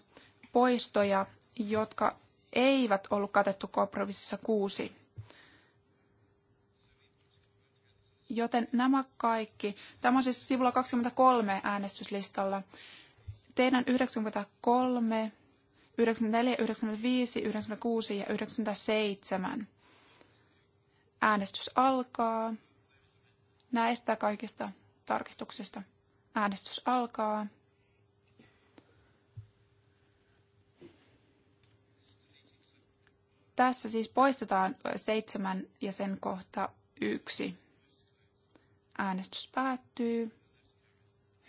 poistoja, jotka eivät ollut katettu kompromississa 6. Joten nämä kaikki, tämä on siis sivulla 23 äänestyslistalla teidän 93, 94, 95, 96 ja 97. Äänestys alkaa näistä kaikista tarkistuksista. Äänestys alkaa. Tässä siis poistetaan seitsemän ja sen kohta yksi. Äänestys päättyy.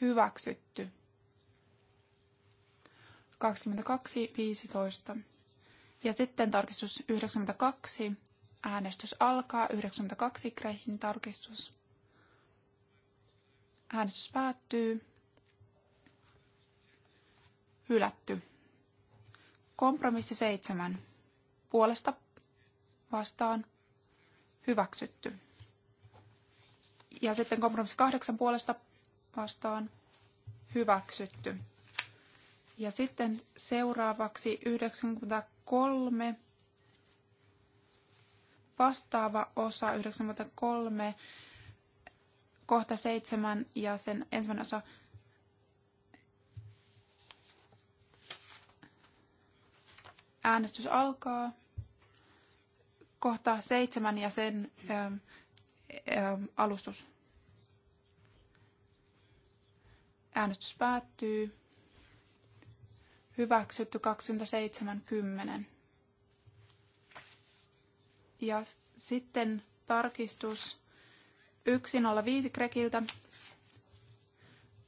Hyväksytty. 22.15. Ja sitten tarkistus 92. Äänestys alkaa. 92 Kreihin tarkistus. Äänestys päättyy. Hylätty. Kompromissi 7. Puolesta vastaan hyväksytty. Ja sitten kompromissi 8 puolesta vastaan hyväksytty. Ja sitten seuraavaksi 93 vastaava osa 93 kohta 7 ja sen ensimmäinen osa äänestys alkaa kohta 7 ja sen ö, ähm, ö, ähm, alustus äänestys päättyy hyväksytty 27.10. Ja sitten tarkistus 105 Krekiltä.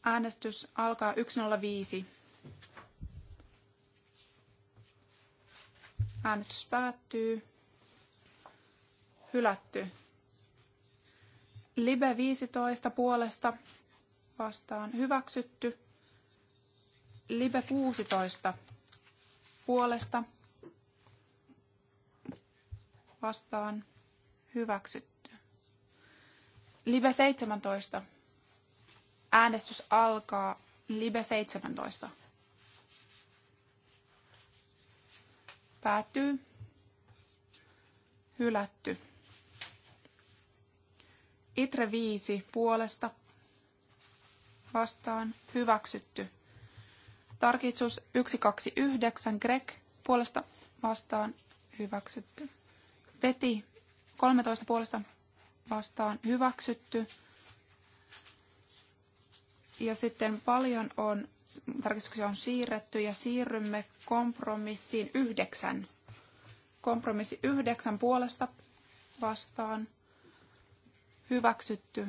Äänestys alkaa 105. Äänestys päättyy. Hylätty. Libe 15 puolesta vastaan hyväksytty. Libe 16 puolesta vastaan hyväksytty. Libe 17. Äänestys alkaa Libe 17. Päättyy. Hylätty. Itre 5 puolesta vastaan hyväksytty. Tarkistus 129 Greg puolesta vastaan hyväksytty. Peti 13 puolesta vastaan hyväksytty. Ja sitten paljon on, tarkistuksia on siirretty ja siirrymme kompromissiin yhdeksän. Kompromissi yhdeksän puolesta vastaan hyväksytty.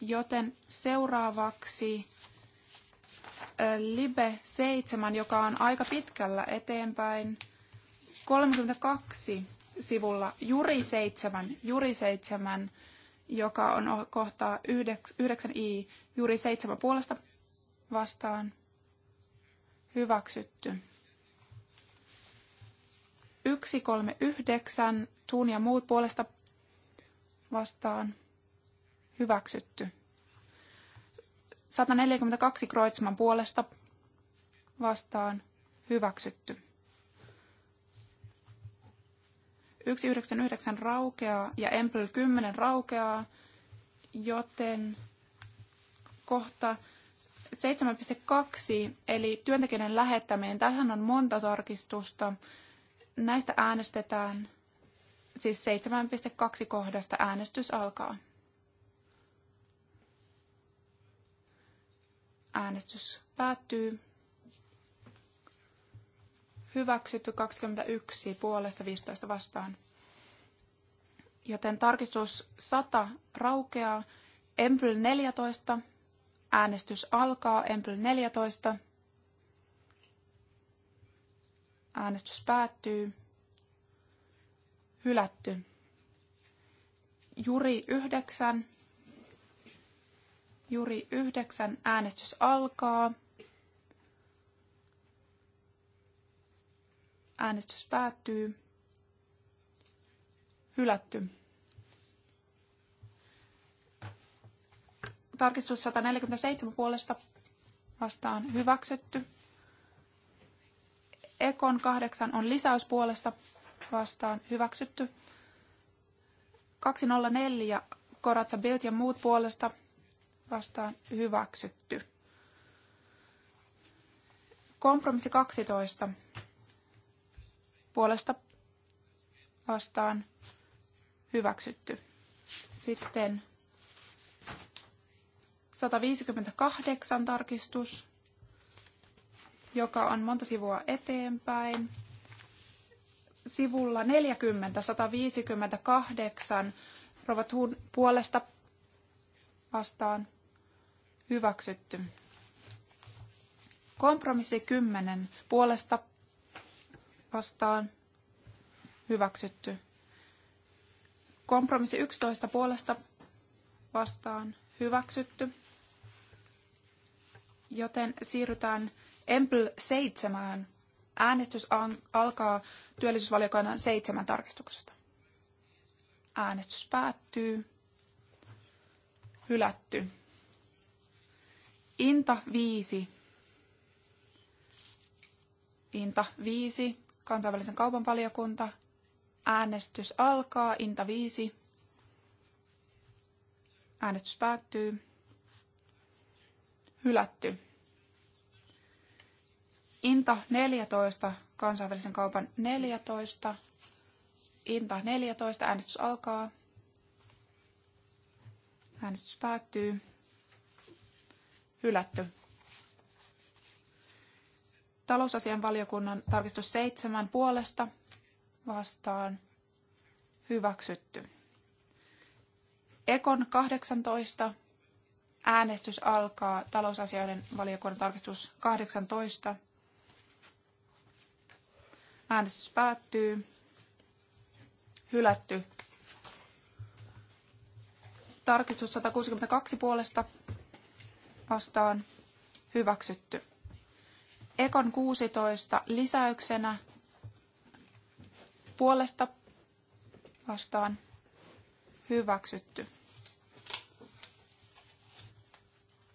Joten seuraavaksi Libe 7, joka on aika pitkällä eteenpäin, 32 sivulla, Juri 7, Juri 7, joka on kohtaa 9i, Juri 7 puolesta vastaan, hyväksytty. 139, Tuun ja muut puolesta vastaan, hyväksytty. 142 Kreutzmann puolesta vastaan hyväksytty. 199 raukeaa ja Empel 10 raukeaa, joten kohta 7.2 eli työntekijän lähettäminen. Tähän on monta tarkistusta. Näistä äänestetään, siis 7.2 kohdasta äänestys alkaa. Äänestys päättyy. Hyväksytty 21 puolesta 15 vastaan. Joten tarkistus 100 raukeaa. Empl 14. Äänestys alkaa. Empl 14. Äänestys päättyy. Hylätty. Juri 9. Juri yhdeksän äänestys alkaa. Äänestys päättyy. Hylätty. Tarkistus 147 puolesta vastaan hyväksytty. Ekon 8 on lisäys puolesta vastaan hyväksytty. 204 Koratsa Bild ja muut puolesta vastaan hyväksytty. Kompromissi 12 puolesta vastaan hyväksytty. Sitten 158 tarkistus, joka on monta sivua eteenpäin. Sivulla 40, 158, Rova puolesta vastaan Hyväksytty. Kompromissi 10 puolesta vastaan. Hyväksytty. Kompromissi 11 puolesta vastaan. Hyväksytty. Joten siirrytään Empl 7. Äänestys alkaa työllisyysvaliokunnan seitsemän tarkistuksesta. Äänestys päättyy. Hylätty. Inta 5. Inta 5. Kansainvälisen kaupan valiokunta. Äänestys alkaa. Inta 5. Äänestys päättyy. Hylätty. Inta 14. Kansainvälisen kaupan 14. Inta 14. Äänestys alkaa. Äänestys päättyy hylätty. Talousasian valiokunnan tarkistus seitsemän puolesta vastaan hyväksytty. Ekon 18 äänestys alkaa talousasioiden valiokunnan tarkistus 18. Äänestys päättyy. Hylätty. Tarkistus 162 puolesta vastaan hyväksytty. Ekon 16 lisäyksenä puolesta vastaan hyväksytty.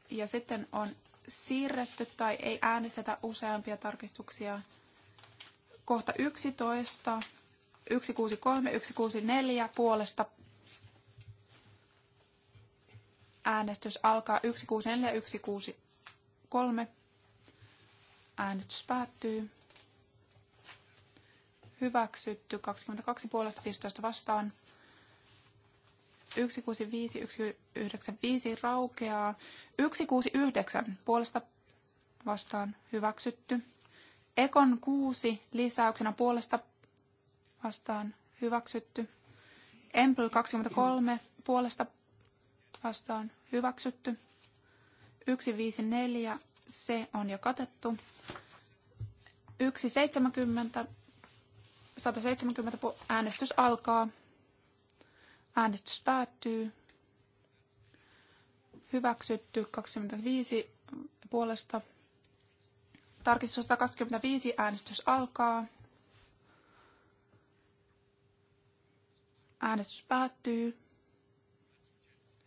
Ja sitten on siirretty tai ei äänestetä useampia tarkistuksia. Kohta 11, 163, 164 puolesta Äänestys alkaa 164163. Äänestys päättyy. Hyväksytty 22 puolesta 15 vastaan. 165195 raukeaa. 169 puolesta vastaan hyväksytty. Ekon 6 lisäyksenä puolesta vastaan hyväksytty. Empl 23 puolesta vastaan hyväksytty. 154, se on jo katettu. 170, 170 äänestys alkaa. Äänestys päättyy. Hyväksytty 25 puolesta. Tarkistus 125, äänestys alkaa. Äänestys päättyy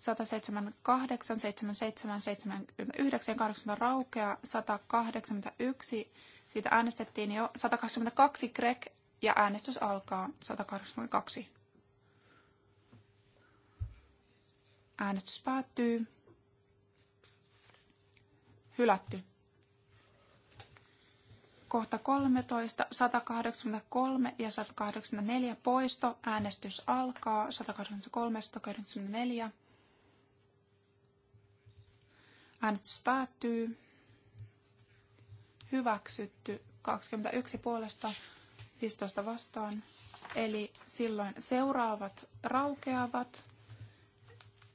178, 77, 79, 80 raukea, 181, siitä äänestettiin jo, 122 Greg ja äänestys alkaa 182. Äänestys päättyy. Hylätty. Kohta 13, 183 ja 184 poisto. Äänestys alkaa 183, 184. Äänestys päättyy. Hyväksytty 21 puolesta 15 vastaan. Eli silloin seuraavat raukeavat.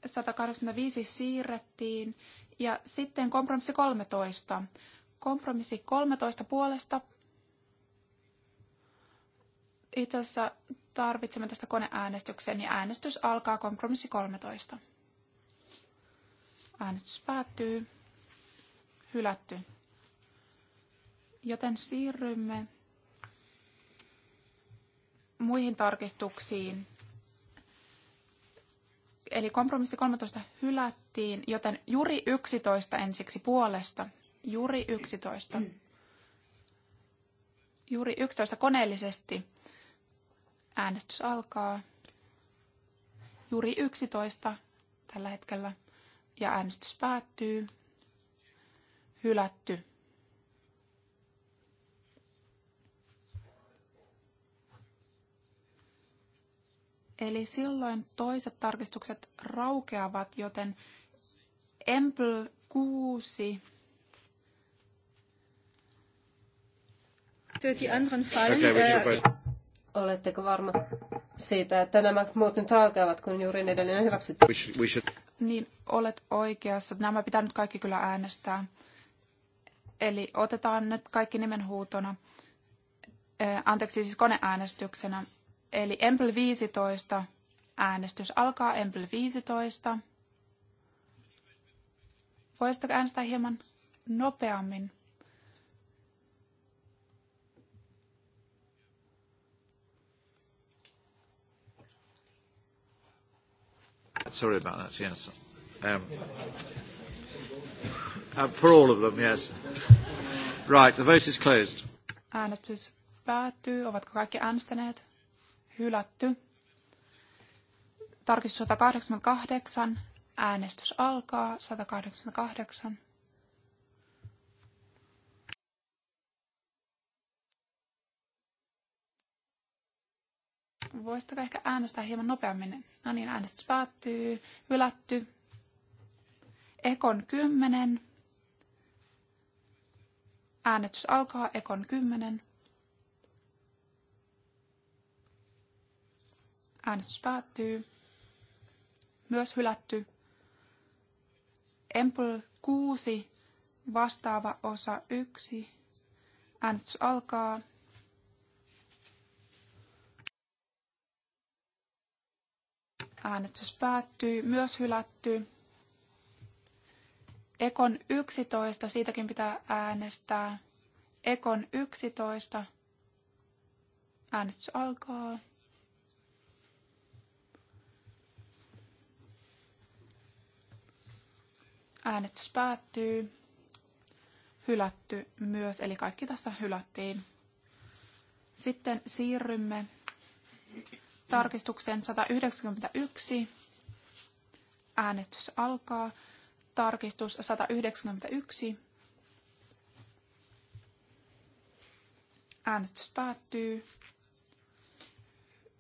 185 siirrettiin. Ja sitten kompromissi 13. Kompromissi 13 puolesta. Itse asiassa tarvitsemme tästä koneäänestyksen, ja äänestys alkaa kompromissi 13. Äänestys päättyy. Hylätty. Joten siirrymme muihin tarkistuksiin. Eli kompromissi 13 hylättiin, joten juuri 11 ensiksi puolesta. Juuri 11. Juuri 11 koneellisesti. Äänestys alkaa. Juuri 11 tällä hetkellä ja äänestys päättyy. Hylätty. Eli silloin toiset tarkistukset raukeavat, joten Empl 6 äh, Oletteko varma siitä, että nämä muut nyt raukeavat, kun juuri on hyväksytty? niin olet oikeassa. Nämä pitää nyt kaikki kyllä äänestää. Eli otetaan nyt kaikki nimenhuutona. Anteeksi, siis koneäänestyksenä. Eli Empel 15 äänestys alkaa Empel 15. Voisitko äänestää hieman nopeammin? Sorry about that, yes. Um, uh, for all of them, yes. Right, the vote is closed. Äänestys päättyy. Ovatko kaikki äänestäneet? Hylätty. Tarkistus 188. Äänestys alkaa. 188. voisitteko ehkä äänestää hieman nopeammin? No niin, äänestys päättyy. Hylätty. Ekon 10. Äänestys alkaa. Ekon 10. Äänestys päättyy. Myös hylätty. Empul 6. Vastaava osa 1. Äänestys alkaa. Äänestys päättyy. Myös hylätty. Ekon 11, siitäkin pitää äänestää. Ekon 11. Äänestys alkaa. Äänestys päättyy. Hylätty myös, eli kaikki tässä hylättiin. Sitten siirrymme tarkistukseen 191. Äänestys alkaa. Tarkistus 191. Äänestys päättyy.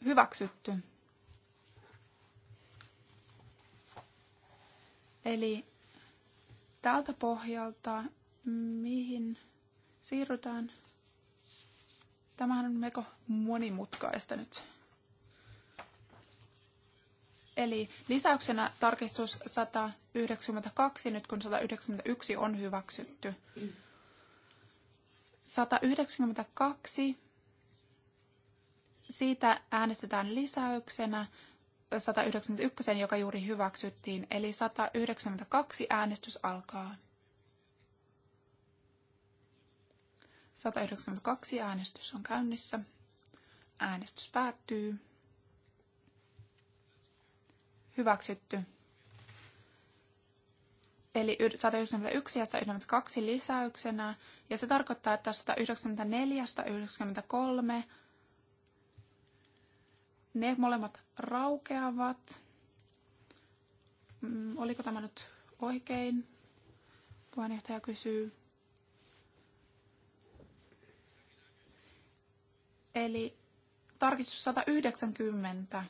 Hyväksytty. Eli tältä pohjalta, mihin siirrytään. Tämähän on melko monimutkaista nyt. Eli lisäyksenä tarkistus 192, nyt kun 191 on hyväksytty. 192, siitä äänestetään lisäyksenä 191, joka juuri hyväksyttiin, eli 192 äänestys alkaa. 192 äänestys on käynnissä. Äänestys päättyy hyväksytty. Eli 191 ja 192 lisäyksenä. Ja se tarkoittaa, että 194 193 ne molemmat raukeavat. Mm, oliko tämä nyt oikein? Puheenjohtaja kysyy. Eli tarkistus 190.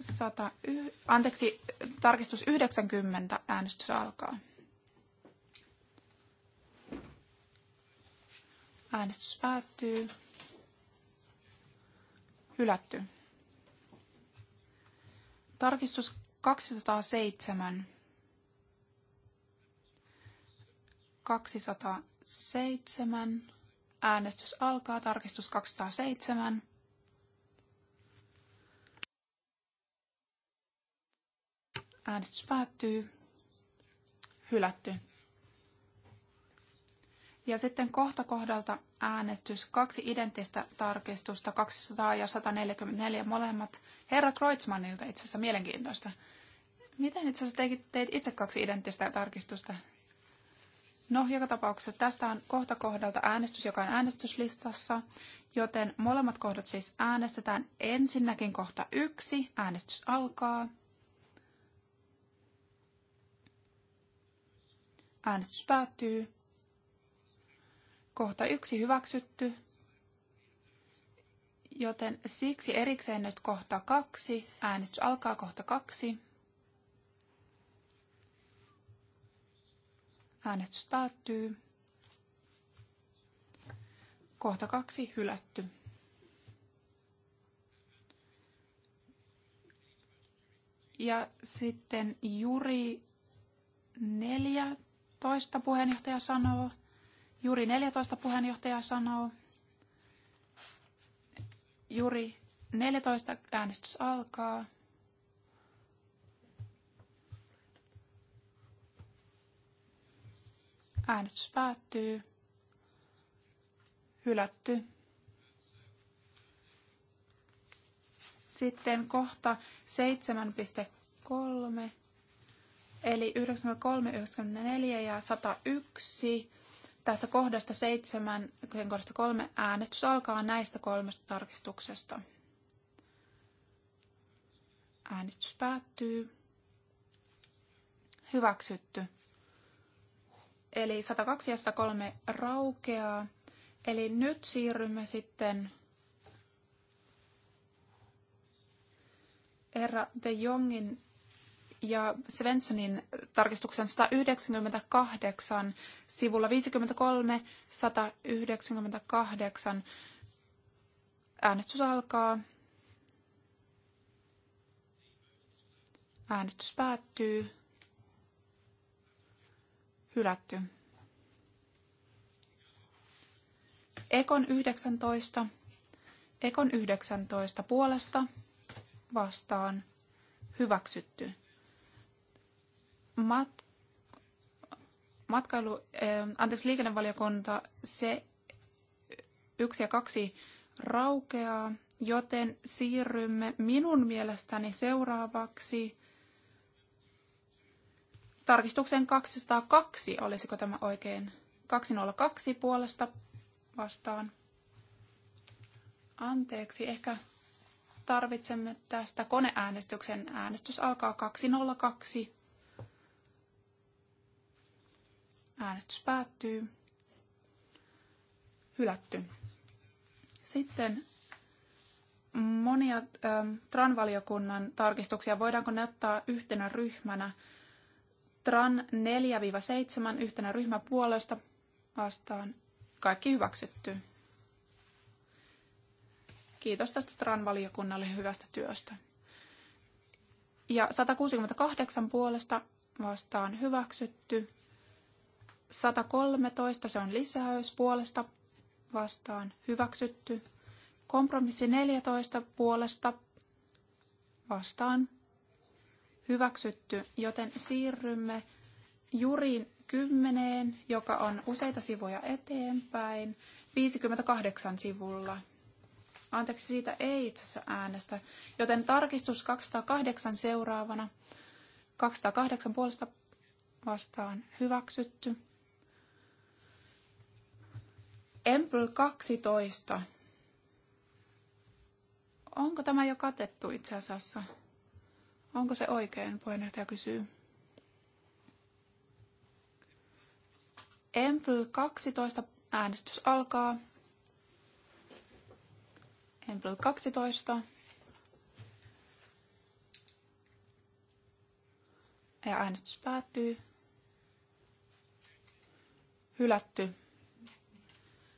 Sata anteeksi, tarkistus 90 äänestys alkaa. Äänestys päättyy. Hylätty. Tarkistus 207. 207. Äänestys alkaa. Tarkistus 207. Äänestys päättyy. Hylätty. Ja sitten kohta kohdalta äänestys. Kaksi identtistä tarkistusta, 200 ja 144 molemmat. Herra Kreutzmannilta itse asiassa mielenkiintoista. Miten itse asiassa teit, teit itse kaksi identtistä tarkistusta? No, joka tapauksessa tästä on kohta kohdalta äänestys, joka on äänestyslistassa, joten molemmat kohdat siis äänestetään ensinnäkin kohta yksi. Äänestys alkaa. Äänestys päättyy. Kohta yksi hyväksytty. Joten siksi erikseen nyt kohta kaksi. Äänestys alkaa kohta kaksi. Äänestys päättyy. Kohta kaksi hylätty. Ja sitten Juri neljä 12 puheenjohtaja sanoo, juuri 14 puheenjohtaja sanoo, juuri 14 äänestys alkaa. Äänestys päättyy. Hylätty. Sitten kohta 7.3. Eli 93, 94 ja 101 tästä kohdasta 7, kohdasta 3 äänestys alkaa näistä kolmesta tarkistuksesta. Äänestys päättyy. Hyväksytty. Eli 102 ja 103 raukeaa. Eli nyt siirrymme sitten Erra de Jongin ja Svenssonin tarkistuksen 198 sivulla 53 198. Äänestys alkaa. Äänestys päättyy. Hylätty. Ekon 19. Ekon 19 puolesta vastaan hyväksytty mat, matkailu, eh, anteeksi, liikennevaliokunta, se yksi ja kaksi raukeaa, joten siirrymme minun mielestäni seuraavaksi tarkistuksen 202, olisiko tämä oikein? 202 puolesta vastaan. Anteeksi, ehkä tarvitsemme tästä koneäänestyksen. Äänestys alkaa 202. Äänestys päättyy. Hylätty. Sitten monia TRAN-valiokunnan tarkistuksia. Voidaanko ne ottaa yhtenä ryhmänä? TRAN 4-7 yhtenä ryhmän puolesta vastaan. Kaikki hyväksytty. Kiitos tästä TRAN-valiokunnalle hyvästä työstä. Ja 168 puolesta vastaan hyväksytty. 113, se on lisäys puolesta vastaan hyväksytty. Kompromissi 14 puolesta vastaan hyväksytty, joten siirrymme juriin 10, joka on useita sivuja eteenpäin, 58 sivulla. Anteeksi, siitä ei itse asiassa äänestä, joten tarkistus 208 seuraavana. 208 puolesta vastaan hyväksytty. Empl 12. Onko tämä jo katettu itse asiassa? Onko se oikein, puheenjohtaja kysyy. Empl 12 äänestys alkaa. Empl 12. Ja äänestys päättyy. Hylätty.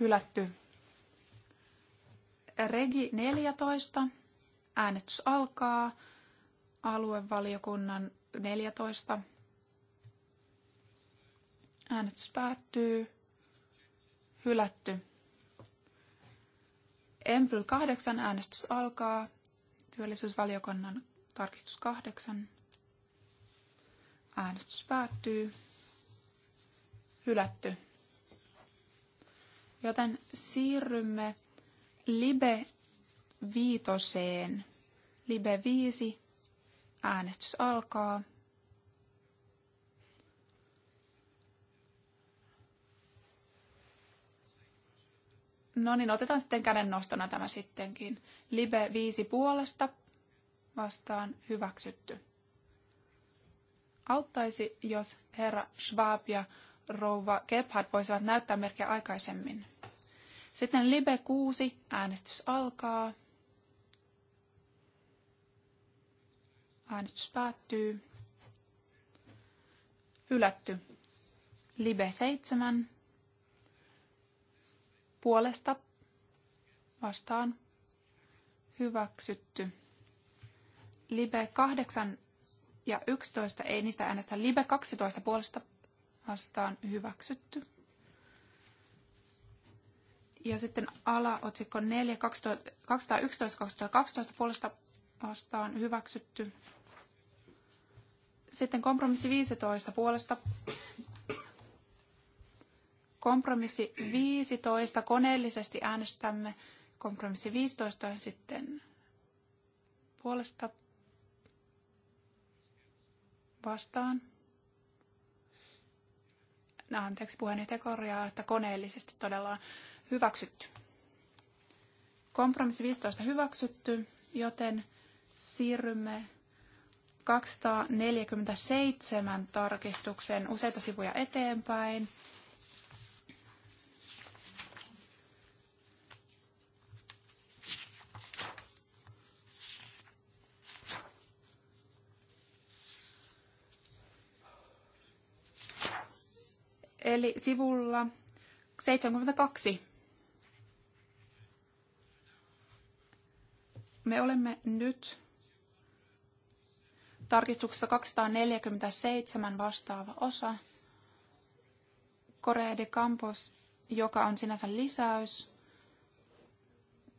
Hylätty. Regi 14. Äänestys alkaa. Aluevaliokunnan 14. Äänestys päättyy. Hylätty. Empl 8 äänestys alkaa. Työllisyysvaliokunnan tarkistus 8. Äänestys päättyy. Hylätty. Joten siirrymme Libe viitoseen. Libe 5. Äänestys alkaa. No niin, otetaan sitten käden nostona tämä sittenkin. Libe 5 puolesta vastaan hyväksytty. Auttaisi, jos herra Schwab ja rouva Gebhard voisivat näyttää merkkejä aikaisemmin. Sitten Libe 6, äänestys alkaa. Äänestys päättyy. Hylätty. Libe 7. Puolesta vastaan hyväksytty. Libe 8 ja 11 ei niistä äänestä. Libe 12 puolesta vastaan hyväksytty. Ja sitten alaotsikko 4, 2011 2012 puolesta vastaan hyväksytty. Sitten kompromissi 15 puolesta. Kompromissi 15, koneellisesti äänestämme kompromissi 15 sitten puolesta vastaan No, anteeksi puheenjohtaja että koneellisesti todella hyväksytty. Kompromissi 15 hyväksytty, joten siirrymme 247 tarkistuksen useita sivuja eteenpäin. Eli sivulla 72. Me olemme nyt tarkistuksessa 247 vastaava osa. Korea de Campos, joka on sinänsä lisäys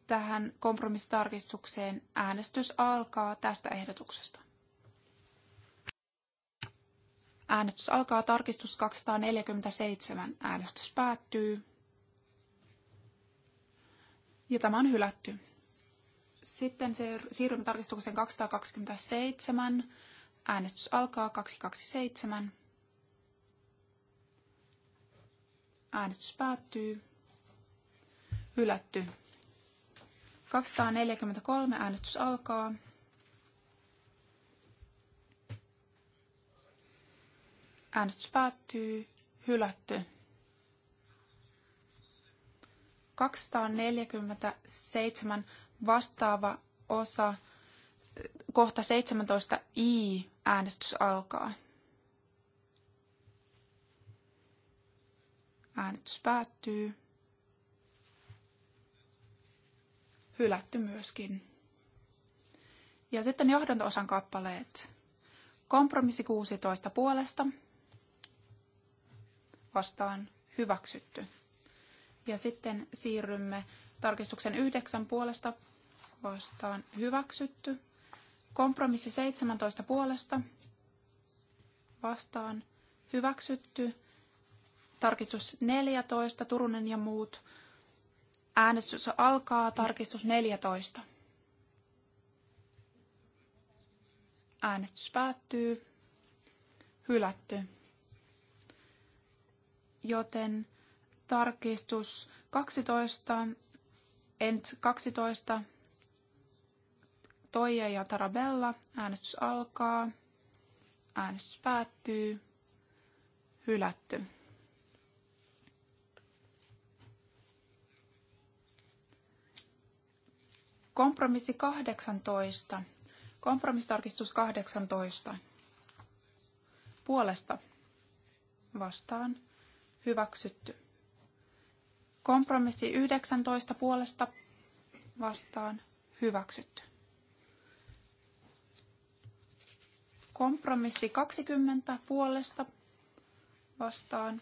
tähän kompromissitarkistukseen. Äänestys alkaa tästä ehdotuksesta. Äänestys alkaa. Tarkistus 247. Äänestys päättyy. Ja tämä on hylätty. Sitten siirrymme tarkistukseen 227. Äänestys alkaa 227. Äänestys päättyy. Hylätty. 243. Äänestys alkaa. Äänestys päättyy. Hylätty. 247 vastaava osa. Kohta 17 i äänestys alkaa. Äänestys päättyy. Hylätty myöskin. Ja sitten johdanto-osan kappaleet. Kompromissi 16 puolesta vastaan hyväksytty. Ja sitten siirrymme tarkistuksen yhdeksän puolesta vastaan hyväksytty. Kompromissi 17 puolesta vastaan hyväksytty. Tarkistus 14, Turunen ja muut. Äänestys alkaa, tarkistus 14. Äänestys päättyy. Hylätty joten tarkistus 12, ent 12, Toija ja Tarabella, äänestys alkaa, äänestys päättyy, hylätty. Kompromissi 18. Kompromissitarkistus 18. Puolesta. Vastaan hyväksytty. Kompromissi 19 puolesta vastaan hyväksytty. Kompromissi 20 puolesta vastaan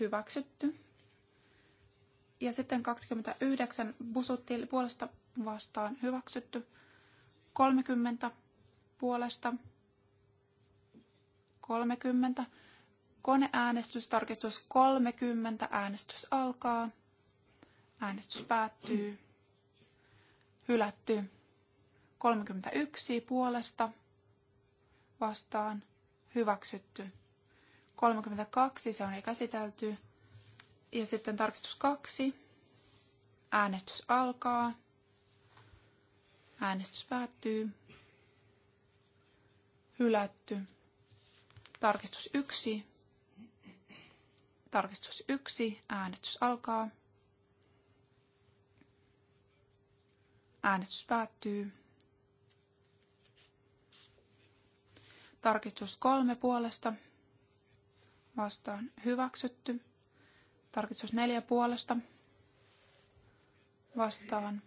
hyväksytty. Ja sitten 29 busuttil puolesta vastaan hyväksytty. 30 puolesta 30 Koneäänestys, tarkistus 30, äänestys alkaa. Äänestys päättyy. Hylätty. 31 puolesta vastaan hyväksytty. 32 se on ei käsitelty. Ja sitten tarkistus 2. Äänestys alkaa. Äänestys päättyy. Hylätty. Tarkistus 1. Tarkistus yksi, Äänestys alkaa. Äänestys päättyy. Tarkistus kolme puolesta. Vastaan hyväksytty. Tarkistus neljä puolesta. Vastaan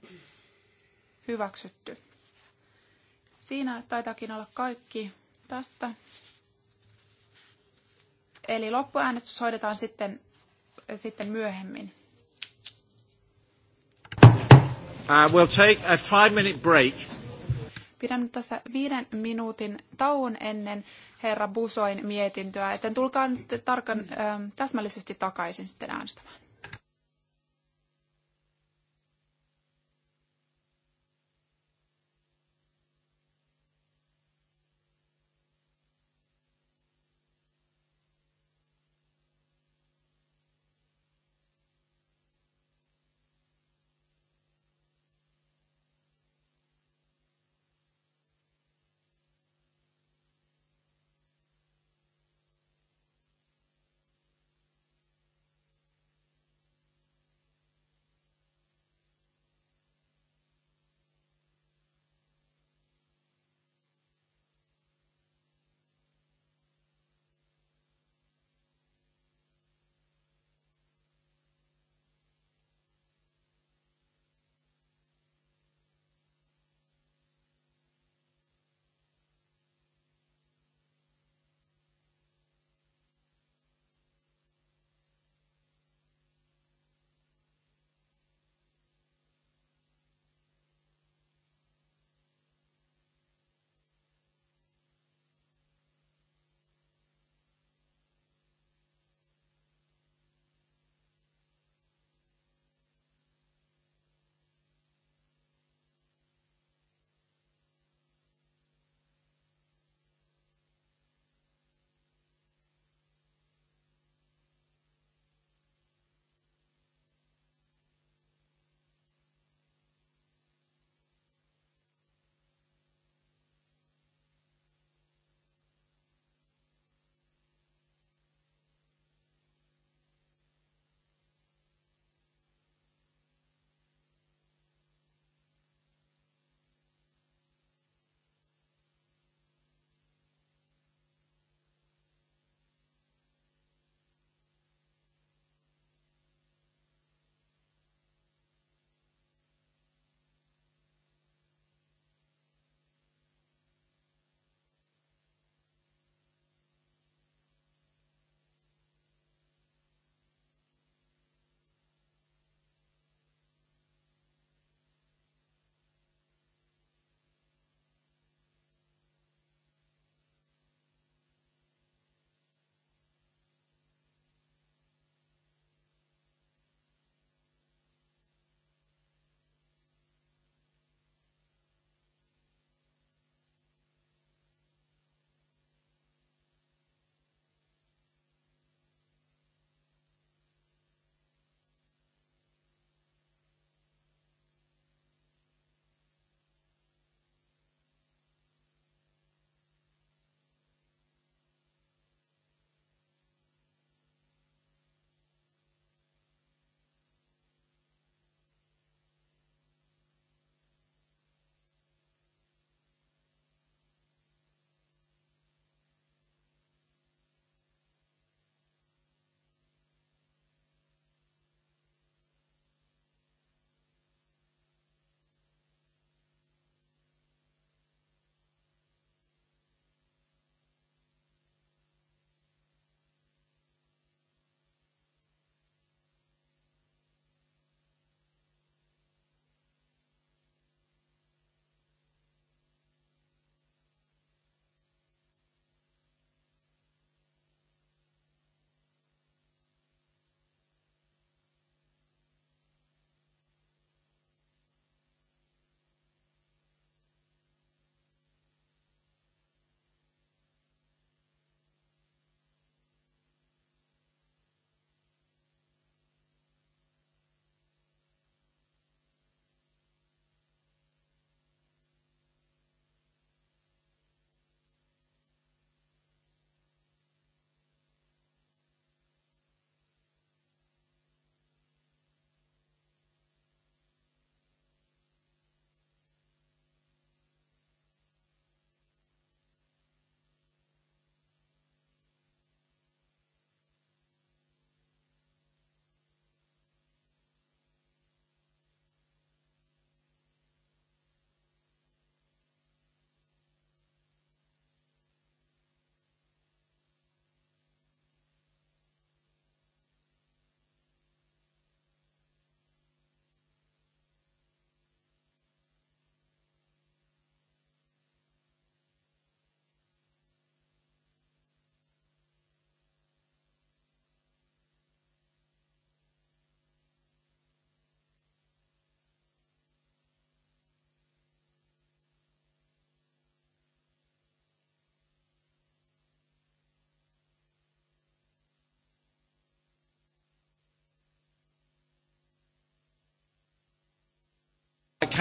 hyväksytty. Siinä taitakin olla kaikki tästä. Eli loppuäänestys hoidetaan sitten, sitten myöhemmin. Uh, we'll take a five minute break. Pidämme tässä viiden minuutin tauon ennen herra Busoin mietintöä, että tulkaa nyt tarkan, äh, täsmällisesti takaisin sitten äänestämään.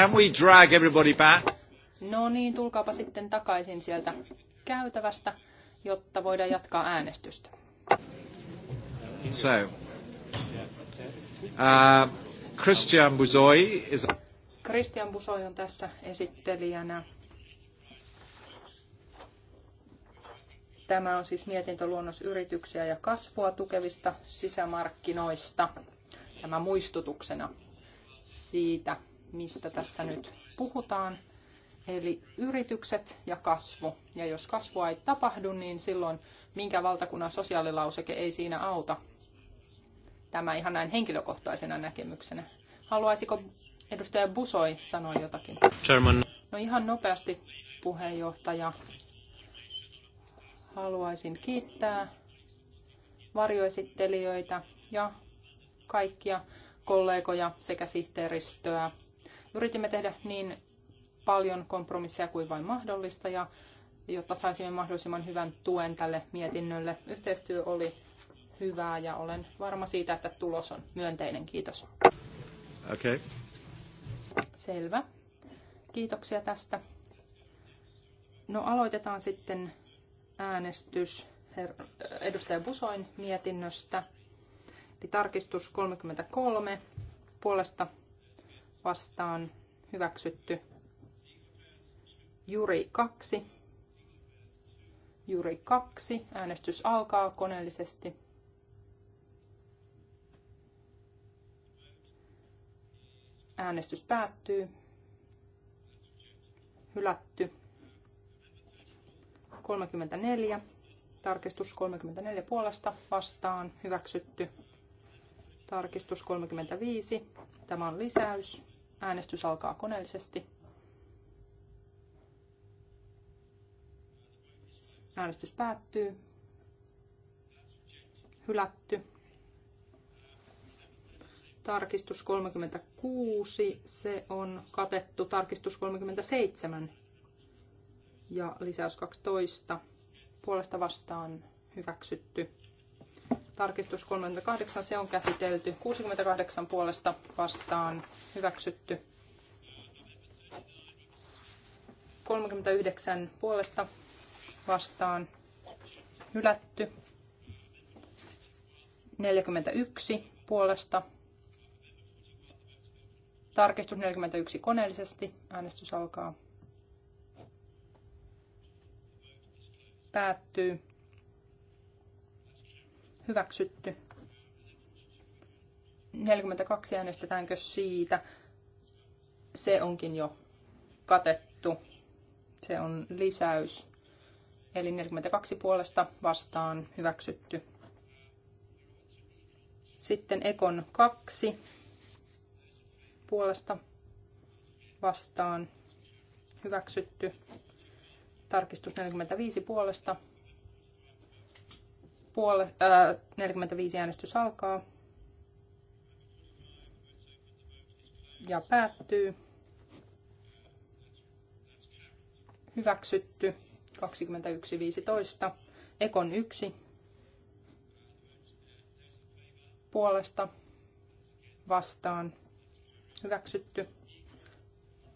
Can we drag everybody back? No niin, tulkaapa sitten takaisin sieltä käytävästä, jotta voidaan jatkaa äänestystä. So, uh, Christian Buzoi is... Christian Busoi on tässä esittelijänä. Tämä on siis mietintöluonnos yrityksiä ja kasvua tukevista sisämarkkinoista. Tämä muistutuksena siitä, mistä tässä nyt puhutaan. Eli yritykset ja kasvu. Ja jos kasvua ei tapahdu, niin silloin minkä valtakunnan sosiaalilauseke ei siinä auta. Tämä ihan näin henkilökohtaisena näkemyksenä. Haluaisiko edustaja Busoi sanoa jotakin? German. No ihan nopeasti puheenjohtaja. Haluaisin kiittää varjoesittelijöitä ja kaikkia kollegoja sekä sihteeristöä Yritimme tehdä niin paljon kompromisseja kuin vain mahdollista ja jotta saisimme mahdollisimman hyvän tuen tälle mietinnölle. Yhteistyö oli hyvää ja olen varma siitä, että tulos on myönteinen. Kiitos. Okay. Selvä. Kiitoksia tästä. No aloitetaan sitten äänestys her- edustaja Busoin mietinnöstä. Eli tarkistus 33 puolesta vastaan hyväksytty. Juri 2. Juri 2. Äänestys alkaa koneellisesti. Äänestys päättyy. Hylätty. 34. Tarkistus 34 puolesta vastaan hyväksytty. Tarkistus 35. Tämä on lisäys. Äänestys alkaa koneellisesti. Äänestys päättyy. Hylätty. Tarkistus 36, se on katettu. Tarkistus 37 ja lisäys 12 puolesta vastaan hyväksytty. Tarkistus 38, se on käsitelty. 68 puolesta vastaan hyväksytty. 39 puolesta vastaan hylätty. 41 puolesta. Tarkistus 41 koneellisesti. Äänestys alkaa. Päättyy. Hyväksytty. 42 äänestetäänkö siitä? Se onkin jo katettu. Se on lisäys. Eli 42 puolesta vastaan hyväksytty. Sitten Ekon 2 puolesta vastaan hyväksytty. Tarkistus 45 puolesta puole, äh, 45 äänestys alkaa ja päättyy. Hyväksytty 21.15. Ekon 1 puolesta vastaan. Hyväksytty.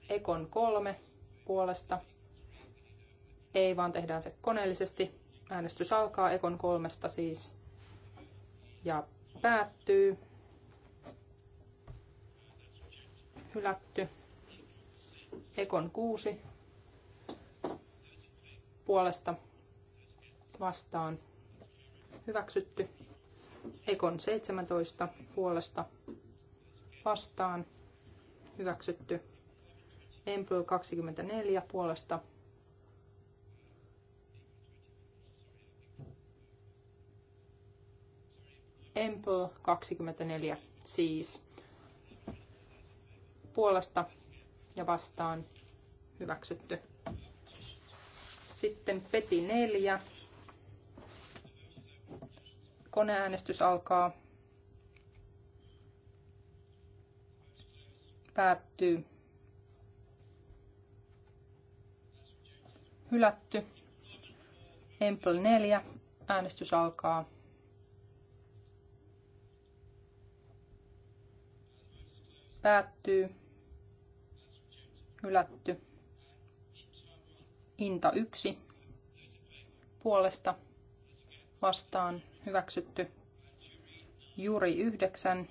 Ekon 3 puolesta. Ei vaan tehdään se koneellisesti 21.15. Äänestys alkaa Ekon kolmesta siis ja päättyy. Hylätty. Ekon kuusi puolesta vastaan hyväksytty. Ekon 17 puolesta vastaan hyväksytty. Empl 24 puolesta Empel 24 siis puolesta ja vastaan hyväksytty. Sitten Peti 4. Koneäänestys alkaa. Päättyy. Hylätty. Empel 4. Äänestys alkaa. Päättyy. ylätty, Inta yksi Puolesta. Vastaan. Hyväksytty. Juri yhdeksän,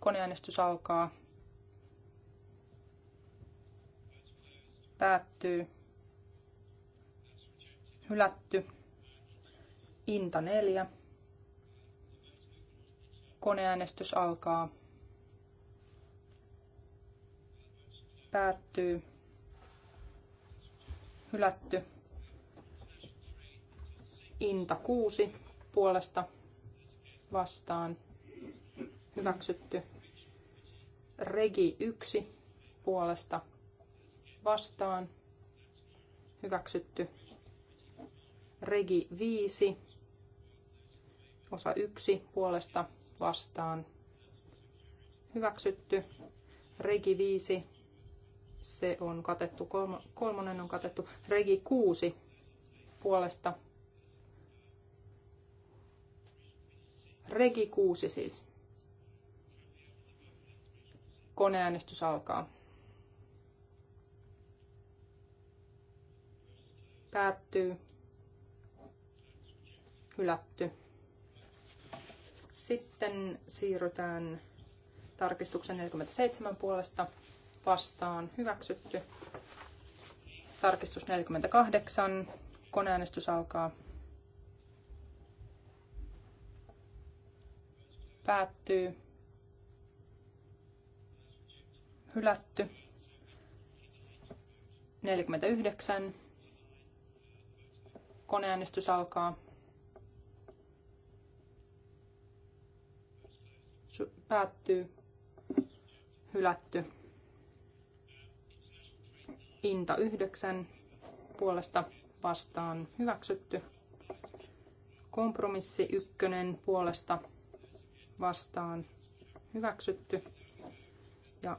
Koneäänestys alkaa. Päättyy. Hylätty. Inta neljä Koneäänestys alkaa. päättyy, hylätty. Inta 6 puolesta vastaan, hyväksytty. Regi 1 puolesta vastaan, hyväksytty. Regi 5, osa 1 puolesta vastaan, hyväksytty. Regi 5, se on katettu, kolmonen on katettu. Regi 6 puolesta. Regi 6 siis. Koneäänestys alkaa. Päättyy. Hylätty. Sitten siirrytään tarkistuksen 47 puolesta vastaan hyväksytty. Tarkistus 48. Koneäänestys alkaa. Päättyy. Hylätty. 49. Koneäänestys alkaa. Päättyy. Hylätty. Inta 9 puolesta vastaan hyväksytty. Kompromissi 1 puolesta vastaan hyväksytty. Ja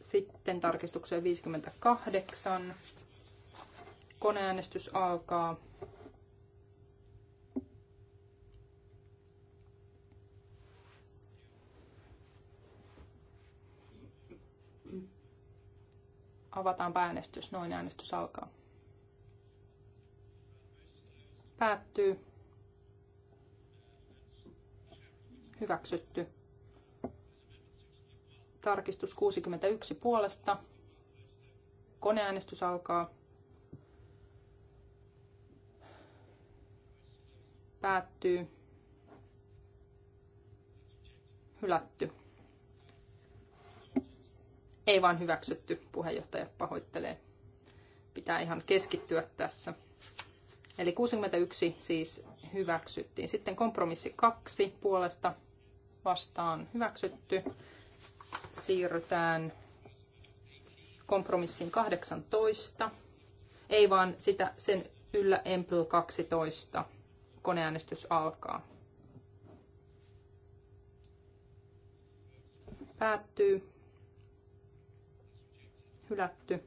sitten tarkistukseen 58. Koneäänestys alkaa. Avataan äänestys. Noin äänestys alkaa. Päättyy. Hyväksytty. Tarkistus 61 puolesta. Koneäänestys alkaa. Päättyy. Hylätty. Ei vaan hyväksytty, puheenjohtaja pahoittelee. Pitää ihan keskittyä tässä. Eli 61 siis hyväksyttiin. Sitten kompromissi 2 puolesta vastaan hyväksytty. Siirrytään kompromissin 18. Ei vaan sitä sen yllä Empl 12. Koneäänestys alkaa. Päättyy hylätty.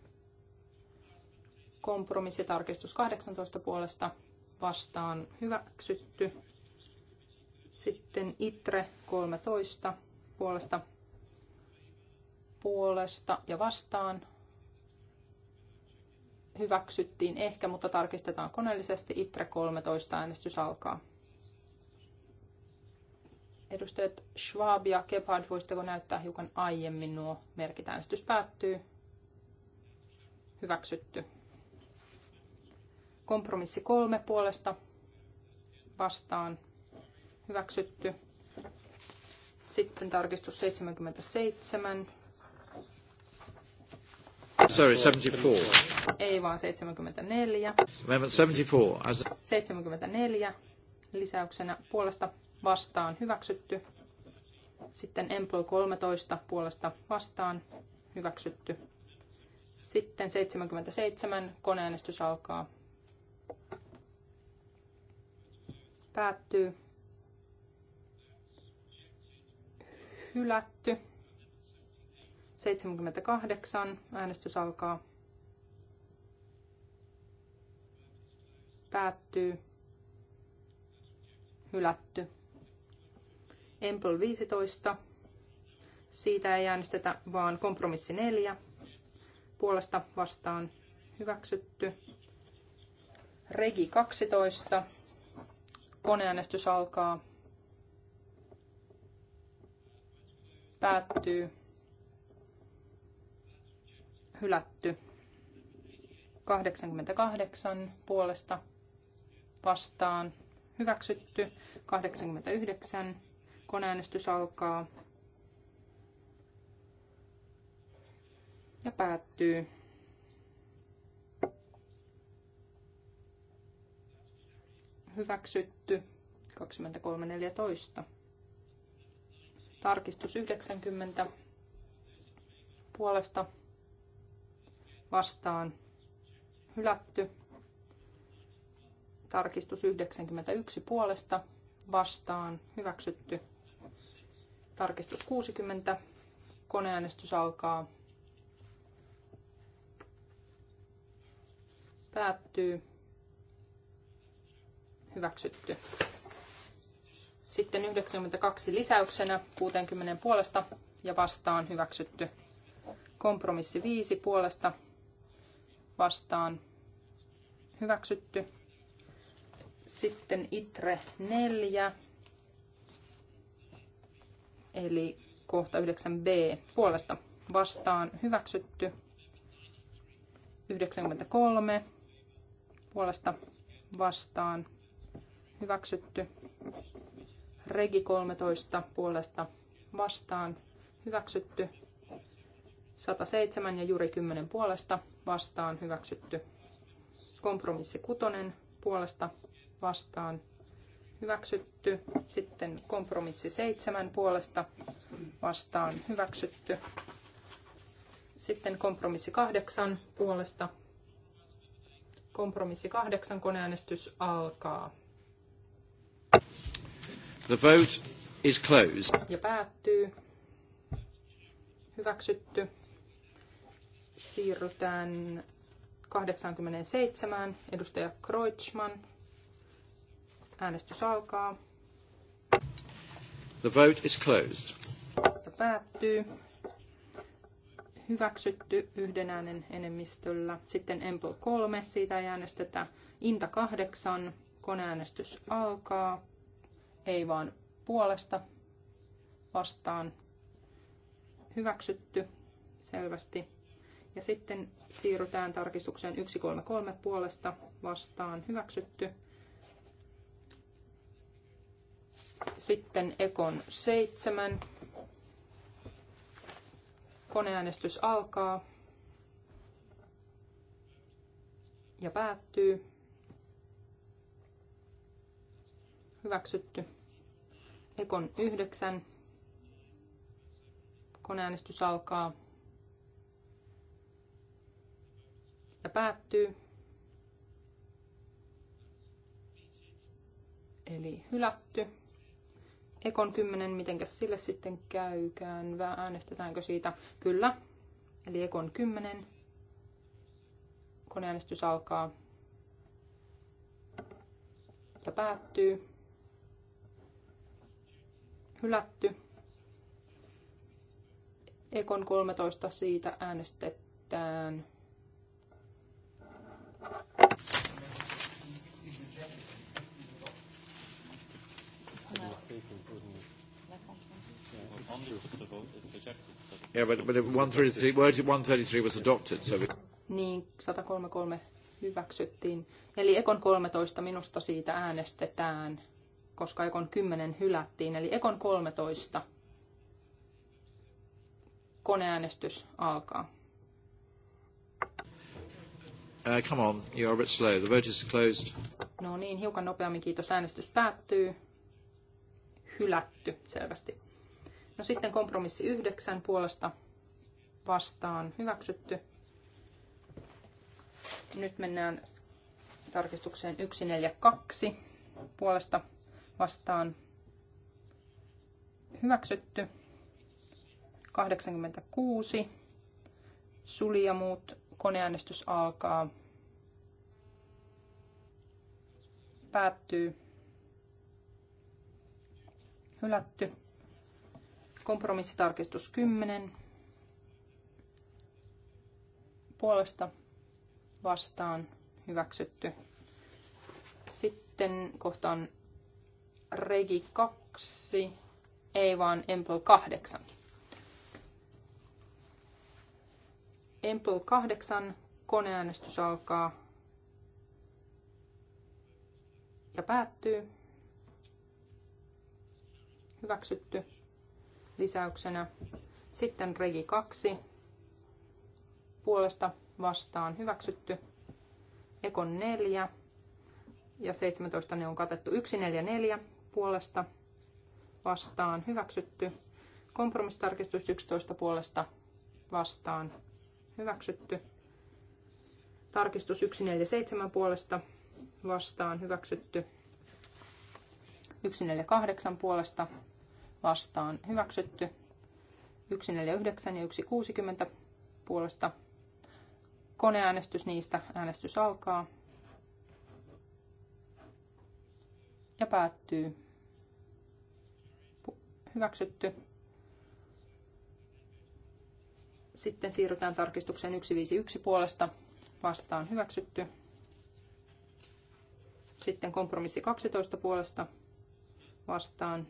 Kompromissitarkistus 18 puolesta vastaan hyväksytty. Sitten ITRE 13 puolesta, puolesta ja vastaan hyväksyttiin ehkä, mutta tarkistetaan koneellisesti. ITRE 13 äänestys alkaa. Edustajat Schwab ja Gebhard, voisitteko näyttää hiukan aiemmin nuo merkit? Äänestys päättyy hyväksytty. Kompromissi kolme puolesta vastaan hyväksytty. Sitten tarkistus 77. Sorry, 74. Ei vaan 74. 74. 74 lisäyksenä puolesta vastaan hyväksytty. Sitten Employ 13 puolesta vastaan hyväksytty. Sitten 77, koneäänestys alkaa. Päättyy. Hylätty. 78, äänestys alkaa. Päättyy. Hylätty. Empl 15. Siitä ei äänestetä, vaan kompromissi 4 puolesta vastaan hyväksytty. Regi 12. Koneäänestys alkaa. Päättyy. Hylätty. 88 puolesta vastaan hyväksytty. 89. Koneäänestys alkaa. ja päättyy. Hyväksytty 23.14. Tarkistus 90 puolesta vastaan hylätty. Tarkistus 91 puolesta vastaan hyväksytty. Tarkistus 60. Koneäänestys alkaa. Päättyy. Hyväksytty. Sitten 92 lisäyksenä 60 puolesta ja vastaan hyväksytty. Kompromissi 5 puolesta vastaan hyväksytty. Sitten ITRE 4, eli kohta 9b puolesta vastaan hyväksytty. 93 puolesta vastaan hyväksytty. Regi 13 puolesta vastaan hyväksytty. 107 ja Juri 10 puolesta vastaan hyväksytty. Kompromissi 6 puolesta vastaan hyväksytty. Sitten kompromissi 7 puolesta vastaan hyväksytty. Sitten kompromissi 8 puolesta Kompromissi kahdeksan, koneäänestys alkaa. The vote is closed. Ja päättyy. Hyväksytty. Siirrytään 87. Edustaja Kreutzmann. Äänestys alkaa. The vote is closed. Ja päättyy hyväksytty yhden äänen enemmistöllä. Sitten Empel 3, siitä ei äänestetä. Inta 8, koneäänestys alkaa. Ei vaan puolesta vastaan hyväksytty selvästi. Ja sitten siirrytään tarkistukseen 133 puolesta vastaan hyväksytty. Sitten Ekon 7 Koneäänestys alkaa ja päättyy. Hyväksytty. Ekon 9. Koneäänestys alkaa ja päättyy. Eli hylätty. Ekon 10, miten sille sitten käykään, äänestetäänkö siitä? Kyllä, eli Ekon 10, koneäänestys alkaa ja päättyy. Hylätty. Ekon 13 siitä äänestetään Niin, 133 hyväksyttiin. Eli Ekon 13 minusta siitä äänestetään, koska Ekon 10 hylättiin. Eli Ekon 13 koneäänestys alkaa. Uh, come on, you are a bit slow. The vote is closed. No niin, hiukan nopeammin kiitos. Äänestys päättyy hylätty selvästi. No sitten kompromissi yhdeksän puolesta vastaan hyväksytty. Nyt mennään tarkistukseen 142 puolesta vastaan hyväksytty. 86. Suli ja muut koneäänestys alkaa. Päättyy hylätty. Kompromissitarkistus 10 puolesta vastaan hyväksytty. Sitten kohtaan regi 2, ei vaan Empl 8. Empl 8, koneäänestys alkaa ja päättyy hyväksytty lisäyksenä. Sitten regi 2 puolesta vastaan hyväksytty. Ekon 4 ja 17 ne on katettu 144 puolesta vastaan hyväksytty. Kompromissitarkistus 11 puolesta vastaan hyväksytty. Tarkistus 147 puolesta vastaan hyväksytty. 148 puolesta vastaan hyväksytty. 149 ja 160 puolesta koneäänestys niistä. Äänestys alkaa ja päättyy. Hyväksytty. Sitten siirrytään tarkistukseen 151 puolesta. Vastaan hyväksytty. Sitten kompromissi 12 puolesta vastaan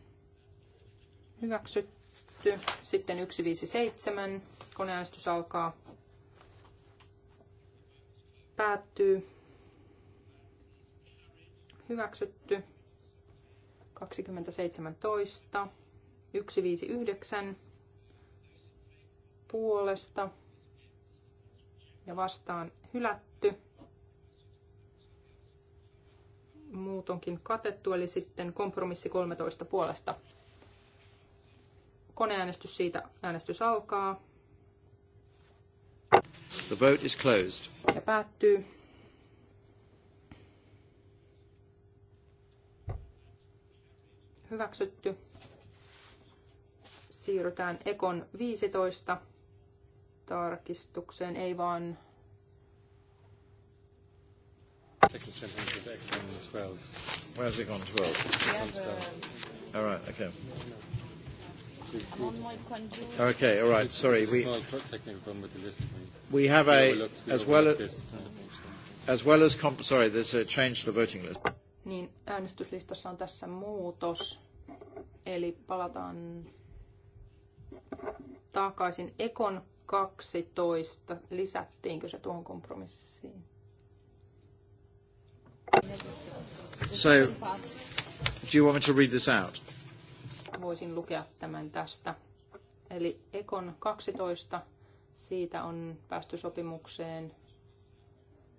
Hyväksytty. Sitten 157. Koneäänestys alkaa. Päättyy. Hyväksytty. 2017. 159 puolesta ja vastaan hylätty. Muut onkin katettu, eli sitten kompromissi 13 puolesta Koneäänestys siitä. Äänestys alkaa. The vote is closed. Ja päättyy. Hyväksytty. Siirrytään Ekon 15 tarkistukseen, ei vaan Section 700, Ekon 12. Where's Ekon 12? Yeah, the... All right, okay. Okay, all right. Sorry, we. We have a as well as as well as comp. Sorry, there's a change to the voting list. Niin äänestyslistassa on tässä muutos, eli palataan takaisin Ekon 12. Lisättiinkö se tuohon kompromissiin? So, do you want me to read this out? voisin lukea tämän tästä. Eli Ekon 12, siitä on päästy sopimukseen.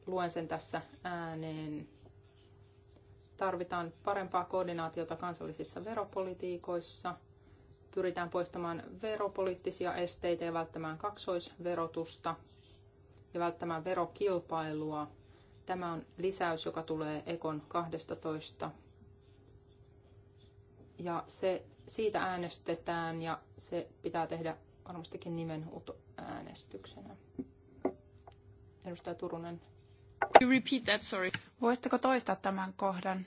Luen sen tässä ääneen. Tarvitaan parempaa koordinaatiota kansallisissa veropolitiikoissa. Pyritään poistamaan veropoliittisia esteitä ja välttämään kaksoisverotusta ja välttämään verokilpailua. Tämä on lisäys, joka tulee Ekon 12 ja se, siitä äänestetään ja se pitää tehdä varmastikin nimen äänestyksenä. Edustaja Turunen. You repeat that, sorry. Voisitteko toistaa tämän kohdan?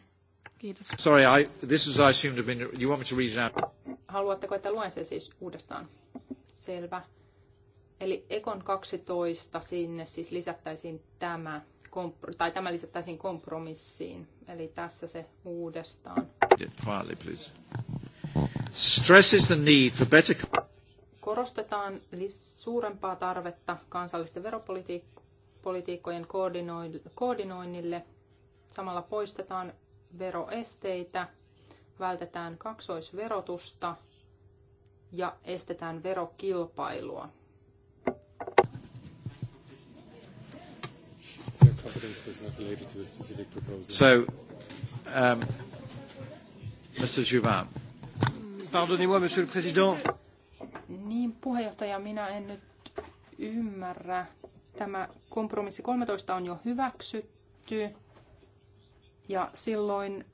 Kiitos. Sorry, I, this is I assumed have been, you want me to read it out? Haluatteko, että luen sen siis uudestaan? Selvä. Eli Ekon 12 sinne siis lisättäisiin tämä, kompro, tai tämä lisättäisiin kompromissiin. Eli tässä se uudestaan quietly, please. Stresses the need for better... Korostetaan suurempaa tarvetta kansallisten veropolitiikkojen koordinoinnille. Samalla poistetaan veroesteitä, vältetään kaksoisverotusta ja estetään verokilpailua. So, um, monsieur le président. Niin, puheenjohtaja, minä en nyt ymmärrä. Tämä kompromissi 13 on jo hyväksytty ja silloin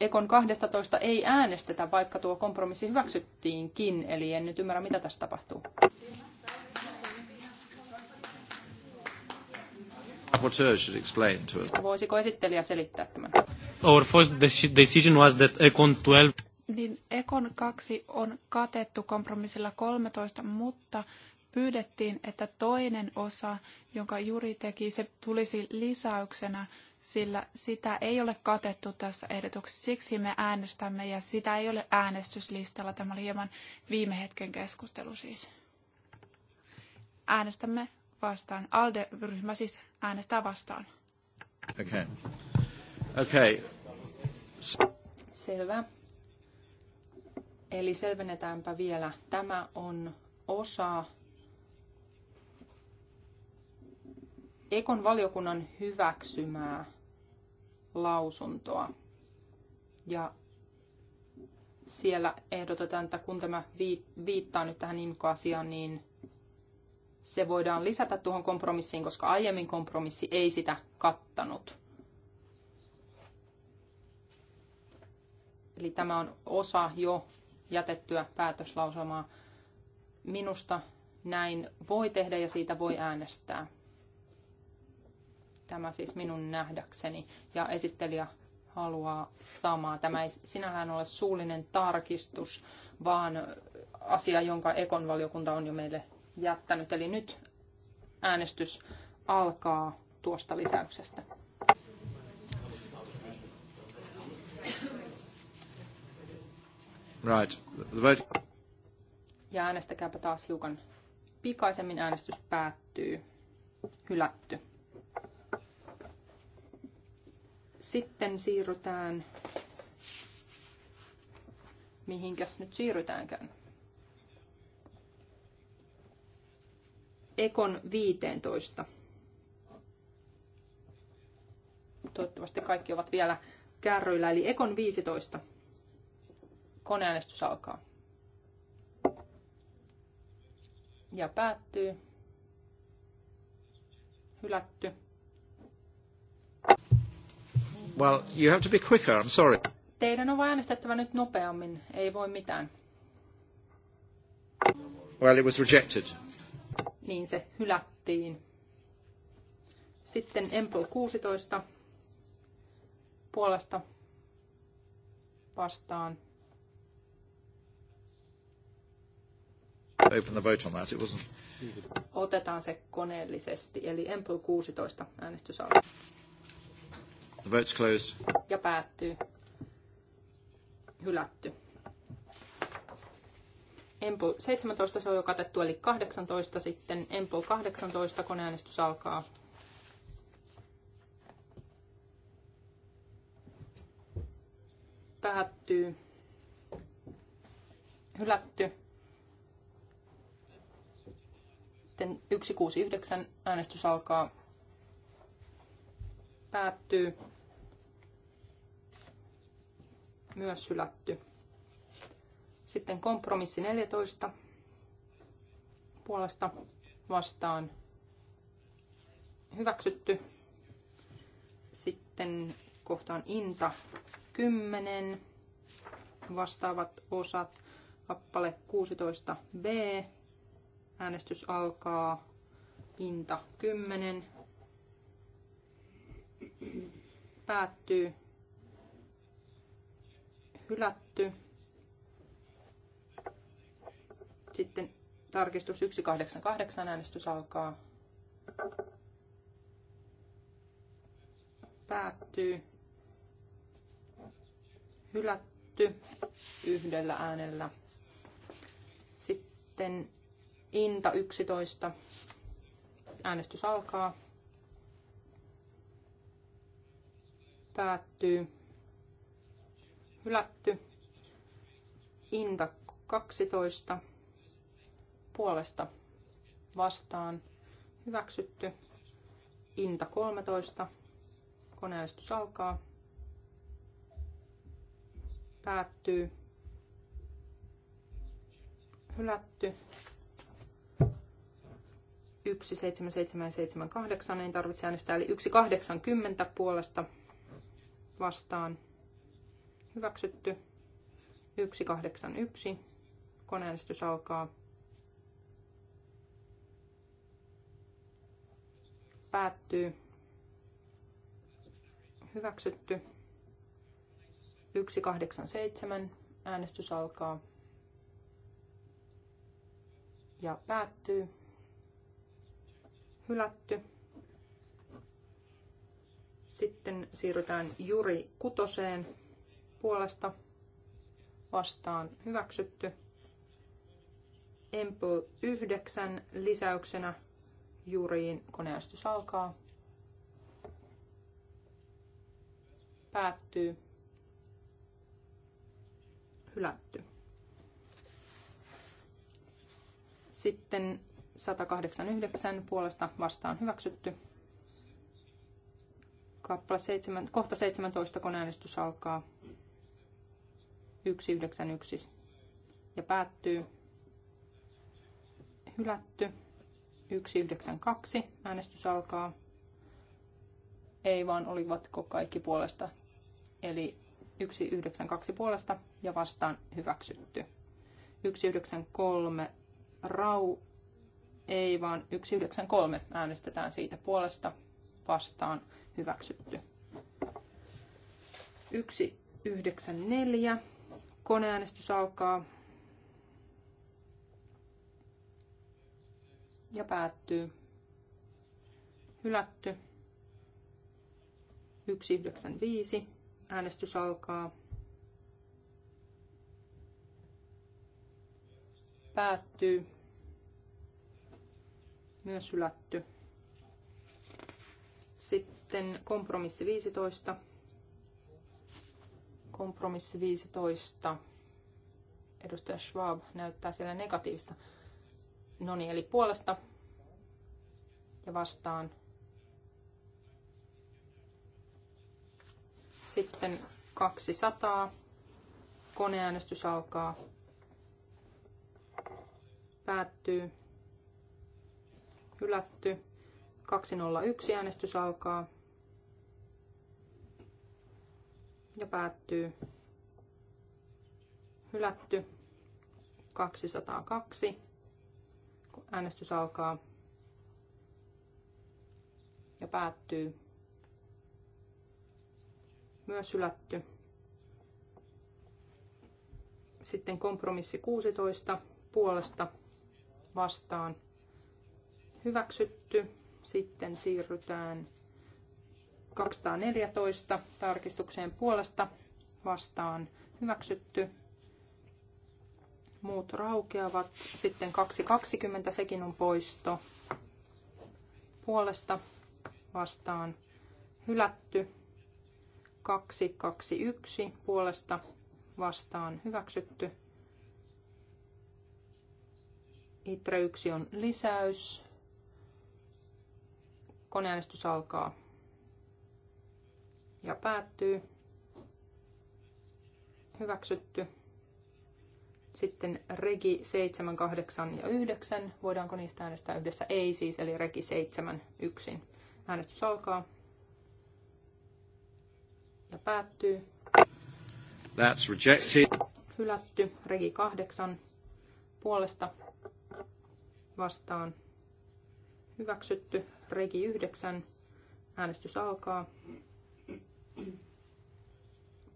Ekon 12 ei äänestetä, vaikka tuo kompromissi hyväksyttiinkin. Eli en nyt ymmärrä, mitä tässä tapahtuu. rapporteur should explain to us. Voisiko esittelijä selittää tämän? Our first decision was that Econ 12... Niin Ekon 2 on katettu kompromissilla 13, mutta pyydettiin, että toinen osa, jonka Juri teki, se tulisi lisäyksenä, sillä sitä ei ole katettu tässä ehdotuksessa. Siksi me äänestämme ja sitä ei ole äänestyslistalla. Tämä oli hieman viime hetken keskustelu siis. Äänestämme vastaan. ALDE-ryhmä siis äänestää vastaan. Okay. Okay. Selvä. Eli selvennetäänpä vielä. Tämä on osa Ekon valiokunnan hyväksymää lausuntoa. Ja siellä ehdotetaan, että kun tämä viittaa nyt tähän IMKO-asiaan, niin se voidaan lisätä tuohon kompromissiin, koska aiemmin kompromissi ei sitä kattanut. Eli tämä on osa jo jätettyä päätöslauselmaa. Minusta näin voi tehdä ja siitä voi äänestää. Tämä siis minun nähdäkseni. Ja esittelijä haluaa samaa. Tämä ei sinällään ole suullinen tarkistus, vaan asia, jonka ekonvaliokunta on jo meille jättänyt. Eli nyt äänestys alkaa tuosta lisäyksestä. Right. The vote... Ja äänestäkääpä taas hiukan pikaisemmin. Äänestys päättyy. Hylätty. Sitten siirrytään mihinkäs nyt siirrytäänkään. Ekon 15. Toivottavasti kaikki ovat vielä kärryillä, eli Ekon 15. Koneäänestys alkaa. Ja päättyy. Hylätty. Well, you have to be quicker, I'm sorry. Teidän on äänestettävä nyt nopeammin, ei voi mitään. Well, it was rejected niin se hylättiin. Sitten Empl 16 puolesta vastaan. Open the vote on that. It wasn't... Otetaan se koneellisesti, eli Empl 16 äänestys alkaa. The vote's closed. Ja päättyy. Hylätty. Empo 17 se on jo katettu, eli 18 sitten. Empo 18 koneäänestys alkaa. Päättyy. Hylätty. Sitten 169 äänestys alkaa. Päättyy. Myös hylätty. Sitten kompromissi 14 puolesta vastaan hyväksytty. Sitten kohtaan Inta 10 vastaavat osat. Kappale 16b. Äänestys alkaa. Inta 10. Päättyy. Hylätty. Sitten tarkistus 188 äänestys alkaa. Päättyy. Hylätty yhdellä äänellä. Sitten Inta 11. Äänestys alkaa. Päättyy. Hylätty. Inta 12 puolesta vastaan hyväksytty. Inta 13. Koneäänestys alkaa. Päättyy. Hylätty. 17778 ei tarvitse äänestää, eli 180 puolesta vastaan hyväksytty. 181. Koneäänestys alkaa. päättyy. Hyväksytty. 187. Äänestys alkaa. Ja päättyy. Hylätty. Sitten siirrytään Juri kutoseen puolesta vastaan hyväksytty. Empl 9 lisäyksenä juuriin. Koneäänestys alkaa. Päättyy. Hylätty. Sitten 189 puolesta vastaan hyväksytty. Kappale 7, kohta 17, koneäänestys alkaa. 191 ja päättyy. Hylätty. 192. Äänestys alkaa. Ei vaan olivatko kaikki puolesta. Eli 192 puolesta ja vastaan hyväksytty. 193 rau. Ei vaan 193 äänestetään siitä puolesta vastaan hyväksytty. 194 koneäänestys alkaa. ja päättyy. Hylätty. 195. Äänestys alkaa. Päättyy. Myös hylätty. Sitten kompromissi 15. Kompromissi 15. Edustaja Schwab näyttää siellä negatiivista. No niin, eli puolesta ja vastaan. Sitten 200. Koneäänestys alkaa. Päättyy. Hylätty. 201 äänestys alkaa. Ja päättyy. Hylätty. 202. Äänestys alkaa ja päättyy. Myös hylätty. Sitten kompromissi 16 puolesta vastaan hyväksytty. Sitten siirrytään 214 tarkistukseen puolesta vastaan hyväksytty muut raukeavat. Sitten 2.20, sekin on poisto. Puolesta vastaan hylätty. 2.21 puolesta vastaan hyväksytty. Itre 1 on lisäys. Koneäänestys alkaa ja päättyy. Hyväksytty. Sitten regi 7, 8 ja 9. Voidaanko niistä äänestää yhdessä? Ei siis, eli regi 7 yksin. Äänestys alkaa. Ja päättyy. That's rejected. Hylätty. Regi 8. Puolesta vastaan. Hyväksytty. Regi 9. Äänestys alkaa.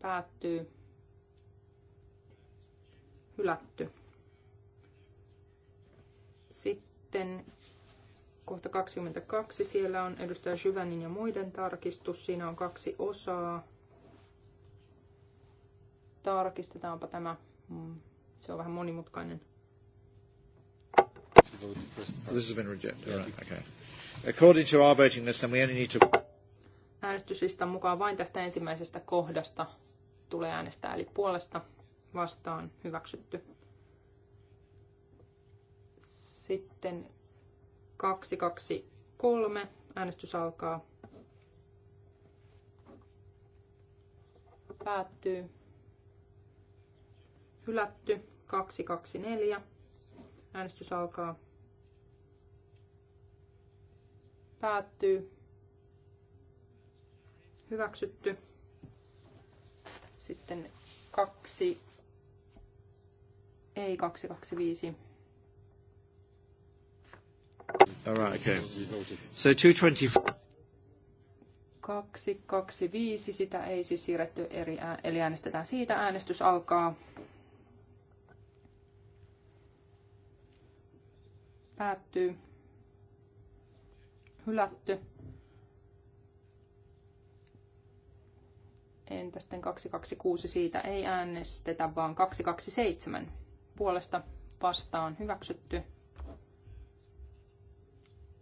Päättyy hylätty. Sitten kohta 22. Siellä on edustaja Syvänin ja muiden tarkistus. Siinä on kaksi osaa. Tarkistetaanpa tämä. Mm, se on vähän monimutkainen. This has been rejected. Right. Okay. According to our voting list, then we only need to... Äänestyslistan mukaan vain tästä ensimmäisestä kohdasta tulee äänestää, eli puolesta vastaan hyväksytty. Sitten 223 äänestys alkaa. Päättyy. Hylätty 224. Äänestys alkaa. Päättyy. Hyväksytty. Sitten kaksi ei 225. All right, okay. So 225. 225, sitä ei siis siirretty eri ään, eli äänestetään siitä. Äänestys alkaa. Päättyy. Hylätty. Entä sitten 226, siitä ei äänestetä, vaan 227 puolesta vastaan hyväksytty.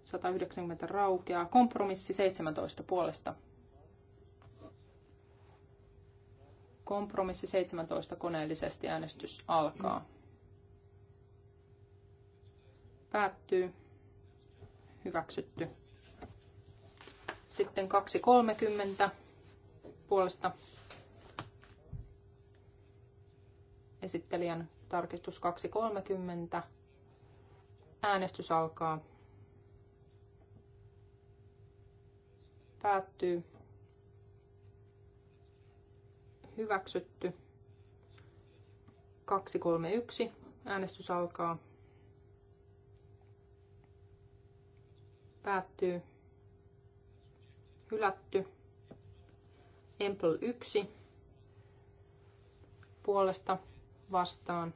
190 raukeaa. Kompromissi 17 puolesta. Kompromissi 17 koneellisesti äänestys alkaa. Päättyy. Hyväksytty. Sitten 2.30 puolesta esittelijän Tarkistus 2.30. Äänestys alkaa. Päättyy. Hyväksytty. 231. Äänestys alkaa. Päättyy. Hylätty. Empel 1. Puolesta vastaan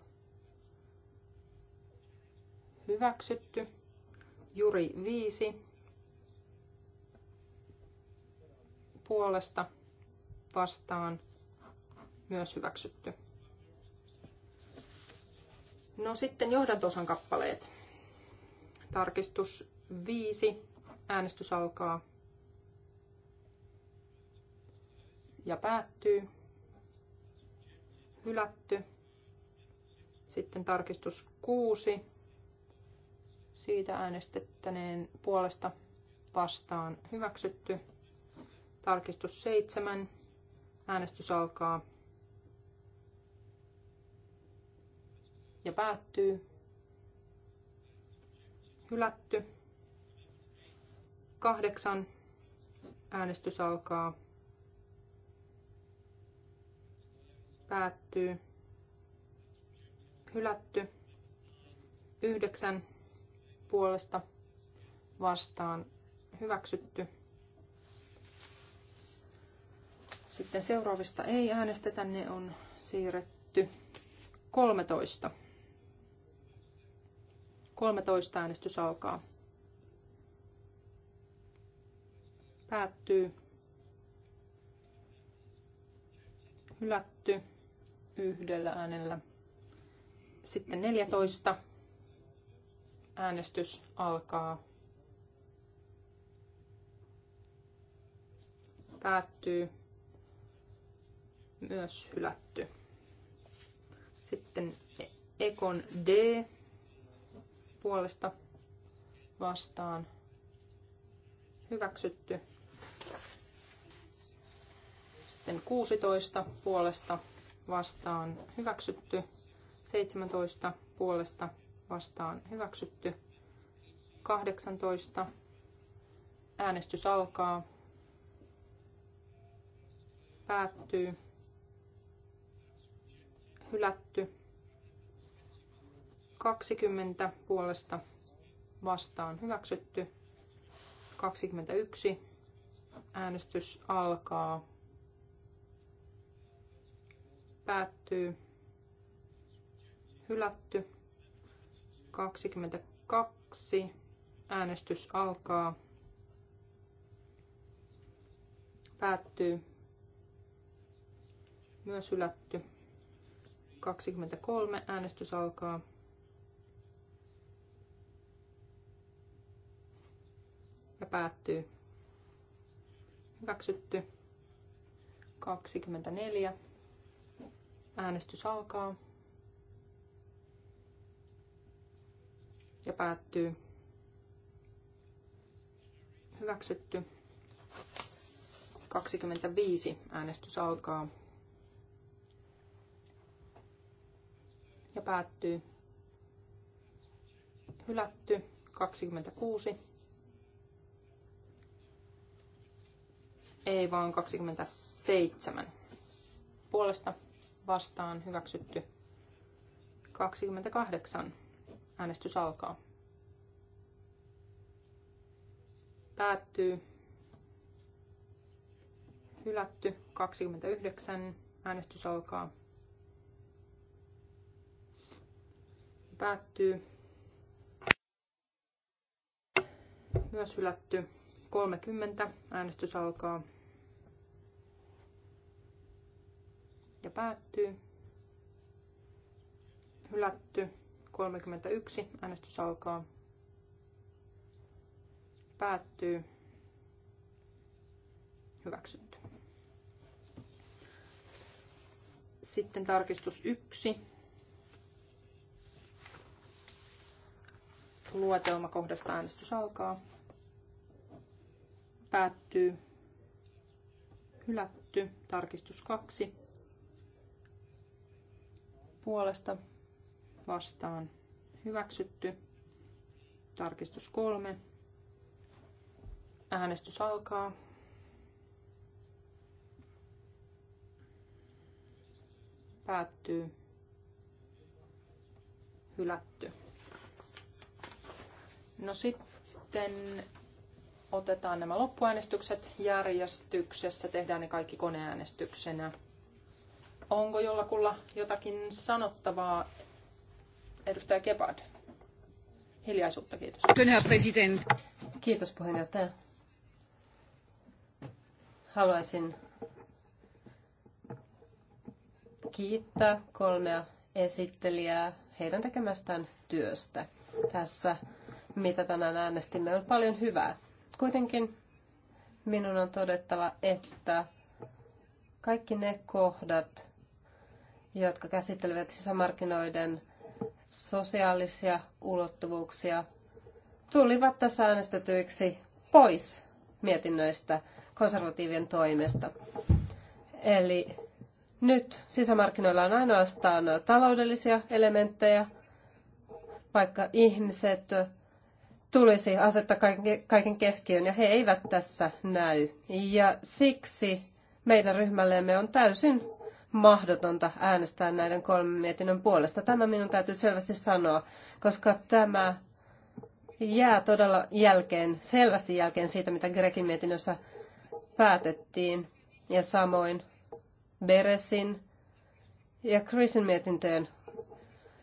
hyväksytty. Juri 5 puolesta vastaan myös hyväksytty. No sitten johdantosan kappaleet. Tarkistus 5. Äänestys alkaa ja päättyy. Hylätty. Sitten tarkistus 6. Siitä äänestettäneen puolesta vastaan hyväksytty. Tarkistus 7. Äänestys alkaa ja päättyy. Hylätty. 8. Äänestys alkaa. Päättyy hylätty. Yhdeksän puolesta vastaan hyväksytty. Sitten seuraavista ei äänestetä, ne on siirretty 13. 13 äänestys alkaa. Päättyy. Hylätty yhdellä äänellä. Sitten 14. Äänestys alkaa. Päättyy. Myös hylätty. Sitten Ekon D puolesta vastaan hyväksytty. Sitten 16 puolesta vastaan hyväksytty. 17 puolesta vastaan hyväksytty. 18. Äänestys alkaa. Päättyy. Hylätty. 20 puolesta vastaan hyväksytty. 21. Äänestys alkaa. Päättyy hylätty. 22. Äänestys alkaa. Päättyy. Myös hylätty. 23. Äänestys alkaa. Ja päättyy. Hyväksytty. 24. Äänestys alkaa. ja päättyy. Hyväksytty. 25. Äänestys alkaa. Ja päättyy. Hylätty. 26. Ei vaan 27. Puolesta vastaan hyväksytty. 28 Äänestys alkaa. Päättyy. Hylätty. 29. Äänestys alkaa. Päättyy. Myös hylätty. 30. Äänestys alkaa. Ja päättyy. Hylätty. 31. Äänestys alkaa. Päättyy. Hyväksytty. Sitten tarkistus 1. kohdasta äänestys alkaa. Päättyy. Hylätty. Tarkistus 2. Puolesta vastaan hyväksytty. Tarkistus kolme. Äänestys alkaa. Päättyy. Hylätty. No sitten otetaan nämä loppuäänestykset järjestyksessä. Tehdään ne kaikki koneäänestyksenä. Onko jollakulla jotakin sanottavaa Edustaja Gebhard. Hiljaisuutta, kiitos. president. Kiitos puheenjohtaja. Haluaisin kiittää kolmea esittelijää heidän tekemästään työstä. Tässä, mitä tänään äänestimme, on paljon hyvää. Kuitenkin minun on todettava, että kaikki ne kohdat, jotka käsittelevät sisämarkkinoiden sosiaalisia ulottuvuuksia tulivat tässä äänestetyiksi pois mietinnöistä konservatiivien toimesta. Eli nyt sisämarkkinoilla on ainoastaan taloudellisia elementtejä, vaikka ihmiset tulisi asettaa kaiken keskiön ja he eivät tässä näy. Ja siksi meidän ryhmällemme on täysin mahdotonta äänestää näiden kolmen mietinnön puolesta. Tämä minun täytyy selvästi sanoa, koska tämä jää todella jälkeen, selvästi jälkeen siitä, mitä Grekin mietinnössä päätettiin. Ja samoin Beresin ja Chrisin mietintöjen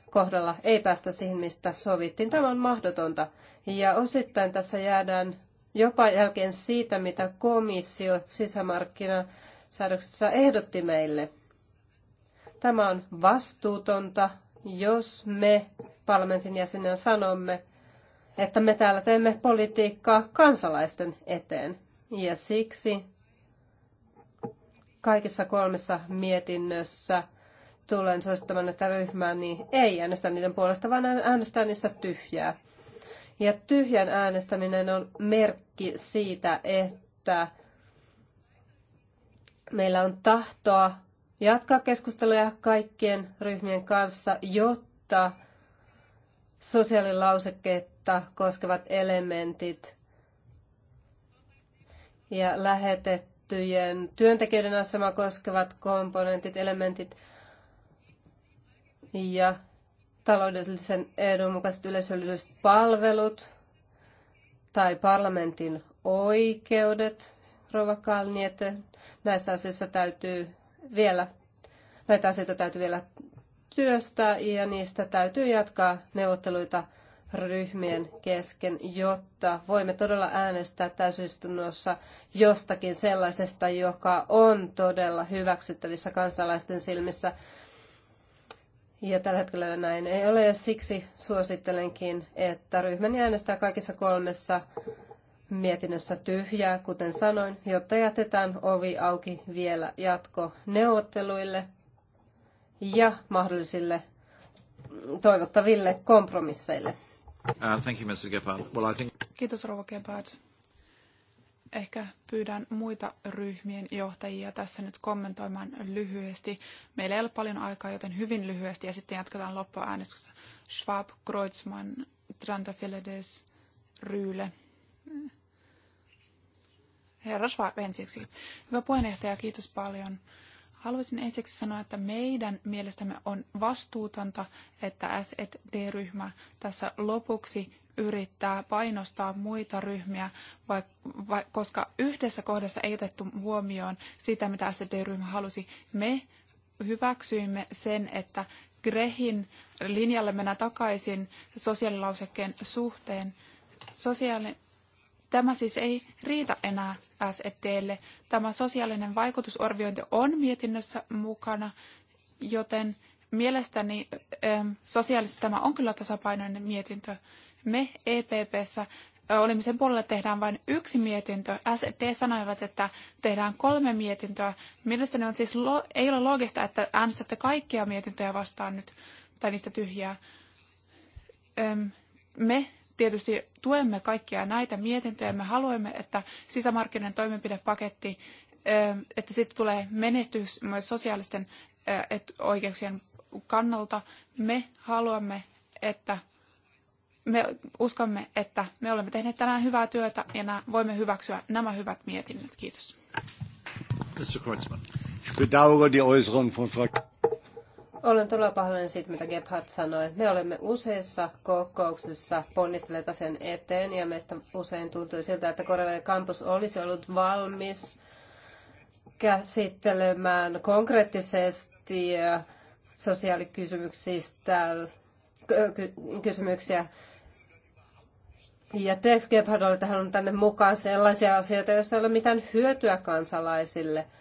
kohdalla ei päästä siihen, mistä sovittiin. Tämä on mahdotonta. Ja osittain tässä jäädään jopa jälkeen siitä, mitä komissio sisämarkkinasäädöksessä ehdotti meille. Tämä on vastuutonta, jos me parlamentin jäsenenä sanomme, että me täällä teemme politiikkaa kansalaisten eteen. Ja siksi kaikissa kolmessa mietinnössä tulen suosittamaan, että niin ei äänestä niiden puolesta, vaan äänestää niissä tyhjää. Ja tyhjän äänestäminen on merkki siitä, että meillä on tahtoa jatkaa keskusteluja kaikkien ryhmien kanssa, jotta sosiaalilauseketta koskevat elementit ja lähetettyjen työntekijöiden asemaa koskevat komponentit, elementit ja taloudellisen edun mukaiset yleisölliset palvelut tai parlamentin oikeudet, rouva Kalniete. Näissä asioissa täytyy vielä, näitä asioita täytyy vielä työstää ja niistä täytyy jatkaa neuvotteluita ryhmien kesken, jotta voimme todella äänestää täysistunnossa jostakin sellaisesta, joka on todella hyväksyttävissä kansalaisten silmissä. Ja tällä hetkellä näin ei ole ja siksi suosittelenkin, että ryhmäni äänestää kaikissa kolmessa mietinnössä tyhjää, kuten sanoin, jotta jätetään ovi auki vielä jatko neuvotteluille ja mahdollisille toivottaville kompromisseille. Uh, thank you, Mr. Well, I think... Kiitos, Rova Gebhard. Ehkä pyydän muita ryhmien johtajia tässä nyt kommentoimaan lyhyesti. Meillä ei ole paljon aikaa, joten hyvin lyhyesti ja sitten jatketaan loppuäänestyksessä. Schwab, Kreutzmann, Trantafilides, Ryyle. Herra Schwab ensiksi. Hyvä puheenjohtaja, kiitos paljon. Haluaisin ensiksi sanoa, että meidän mielestämme on vastuutonta, että SED-ryhmä tässä lopuksi yrittää painostaa muita ryhmiä, koska yhdessä kohdassa ei otettu huomioon sitä, mitä SED-ryhmä halusi. Me hyväksyimme sen, että Grehin linjalle mennään takaisin sosiaalilausekkeen suhteen. Sosiaali- Tämä siis ei riitä enää SETlle. Tämä sosiaalinen vaikutusarviointi on mietinnössä mukana, joten mielestäni ähm, sosiaalisesti tämä on kyllä tasapainoinen mietintö. Me EPPssä äh, olimme sen puolella, että tehdään vain yksi mietintö. SD e sanoivat, että tehdään kolme mietintöä. Mielestäni on siis ei ole loogista, että äänestätte kaikkia mietintöjä vastaan nyt, tai niistä tyhjää. me tietysti tuemme kaikkia näitä mietintöjä. Me haluamme, että sisämarkkinoiden toimenpidepaketti, että siitä tulee menestys myös sosiaalisten oikeuksien kannalta. Me haluamme, että me uskomme, että me olemme tehneet tänään hyvää työtä ja voimme hyväksyä nämä hyvät mietinnöt. Kiitos. Mr. Kreutzmann. Ich bedauere die Äußerung von Frau olen todella pahoillani siitä, mitä Gebhardt sanoi. Me olemme useissa kokouksissa ponnistelleet asian eteen ja meistä usein tuntui siltä, että Korean kampus olisi ollut valmis käsittelemään konkreettisesti äh, sosiaalikysymyksistä kysymyksiä. Ja te, Gebhard, olette tänne mukaan sellaisia asioita, joista ei ole mitään hyötyä kansalaisille –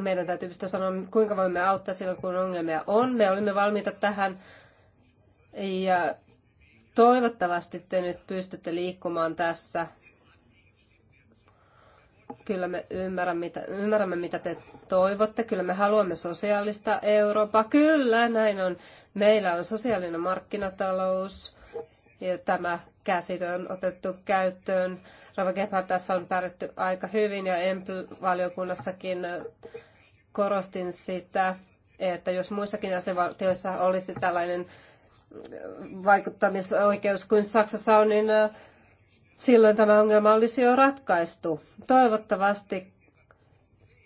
meidän täytyy pystyä sanoa, kuinka voimme auttaa silloin, kun ongelmia on. Me olimme valmiita tähän ja toivottavasti te nyt pystytte liikkumaan tässä. Kyllä me ymmärrämme mitä, ymmärrämme, mitä te toivotte. Kyllä me haluamme sosiaalista Eurooppaa. Kyllä, näin on. Meillä on sosiaalinen markkinatalous tämä käsite on otettu käyttöön. Rava Gephardt tässä on pärjätty aika hyvin ja EMPL-valiokunnassakin korostin sitä, että jos muissakin jäsenvaltioissa olisi tällainen vaikuttamisoikeus kuin Saksassa on, niin äh, silloin tämä ongelma olisi jo ratkaistu. Toivottavasti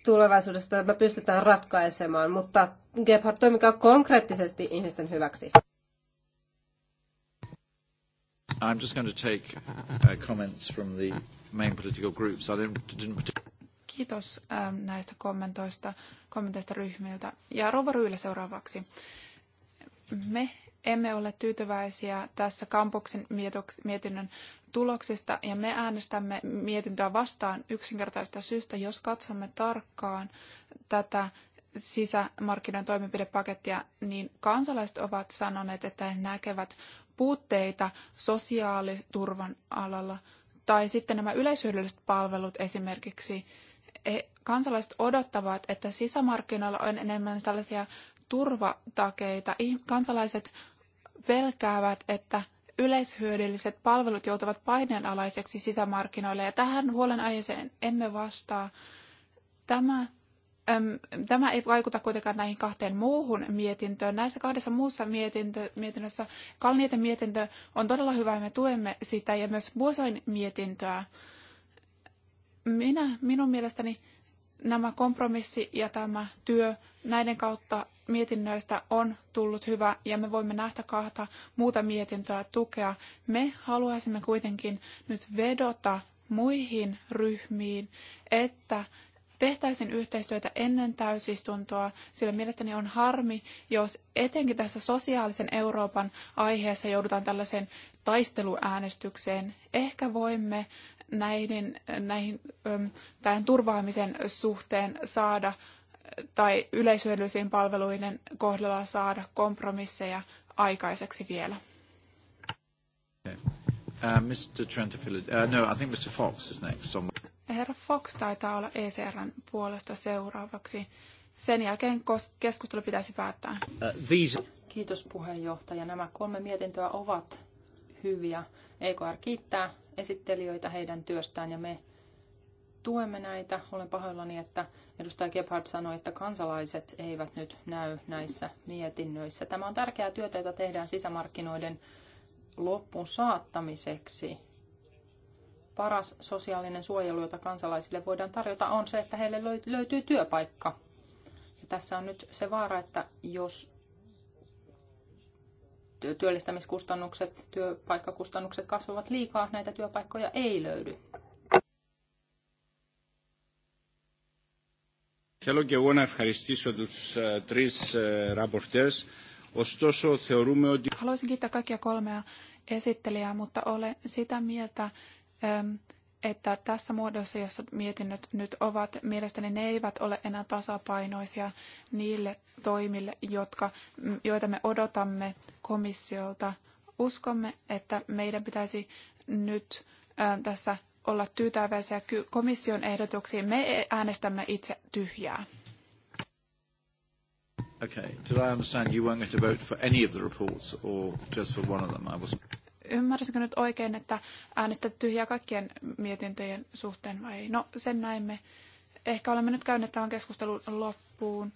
tulevaisuudessa tämä pystytään ratkaisemaan, mutta Gebhard, toimikaa konkreettisesti ihmisten hyväksi. I'm just going to take uh, comments from the main political groups. I didn't, didn't... Kiitos ähm, näistä kommentoista, kommenteista ryhmiltä. Ja Rova Ryylä seuraavaksi. Me emme ole tyytyväisiä tässä kampuksen mietinnön tuloksista ja me äänestämme mietintöä vastaan yksinkertaista syystä, jos katsomme tarkkaan tätä sisämarkkinoiden toimenpidepakettia, niin kansalaiset ovat sanoneet, että he näkevät puutteita sosiaaliturvan alalla. Tai sitten nämä yleishyödylliset palvelut esimerkiksi. E, kansalaiset odottavat, että sisämarkkinoilla on enemmän tällaisia turvatakeita. Kansalaiset pelkäävät, että yleishyödylliset palvelut joutuvat paineenalaiseksi sisämarkkinoille, ja tähän huolenaiheeseen emme vastaa. Tämä Tämä ei vaikuta kuitenkaan näihin kahteen muuhun mietintöön. Näissä kahdessa muussa mietintö, mietinnössä Kalnieten mietintö on todella hyvä ja me tuemme sitä ja myös Buosoin mietintöä. Minä, minun mielestäni nämä kompromissi ja tämä työ näiden kautta mietinnöistä on tullut hyvä ja me voimme nähdä kahta muuta mietintöä tukea. Me haluaisimme kuitenkin nyt vedota muihin ryhmiin, että tehtäisiin yhteistyötä ennen täysistuntoa, sillä mielestäni on harmi, jos etenkin tässä sosiaalisen Euroopan aiheessa joudutaan tällaiseen taisteluäänestykseen. Ehkä voimme näihin, näihin, tämän turvaamisen suhteen saada tai yleishyödyllisiin palveluiden kohdalla saada kompromisseja aikaiseksi vielä. Okay. Uh, Mr. Trentafilid, uh, no, I think Mr. Fox is next on. Herra Fox taitaa olla ECRn puolesta seuraavaksi. Sen jälkeen keskustelu pitäisi päättää. Uh, these... Kiitos puheenjohtaja. Nämä kolme mietintöä ovat hyviä. EKR kiittää esittelijöitä heidän työstään ja me tuemme näitä. Olen pahoillani, että edustaja Gebhardt sanoi, että kansalaiset eivät nyt näy näissä mietinnöissä. Tämä on tärkeää työtä, jota tehdään sisämarkkinoiden loppuun saattamiseksi paras sosiaalinen suojelu, jota kansalaisille voidaan tarjota, on se, että heille löytyy työpaikka. Ja tässä on nyt se vaara, että jos työllistämiskustannukset, työpaikkakustannukset kasvavat liikaa, näitä työpaikkoja ei löydy. Θέλω και εγώ να ευχαριστήσω τους τρεις ραπορτές. Ωστόσο, θεωρούμε ότι... Haluaisin kiittää kaikkia kolmea esittelijää, mutta olen sitä mieltä, että tässä muodossa, jossa mietinnöt nyt ovat, mielestäni ne eivät ole enää tasapainoisia niille toimille, jotka, joita me odotamme komissiolta. Uskomme, että meidän pitäisi nyt tässä olla tyytyväisiä komission ehdotuksiin. Me äänestämme itse tyhjää. Okay. Did I understand you weren't going to vote for any of the reports or just for one of them? I wasn't... Ymmärsinkö nyt oikein, että äänestät tyhjää kaikkien mietintöjen suhteen vai ei? No, sen näimme. Ehkä olemme nyt käyneet tämän keskustelun loppuun.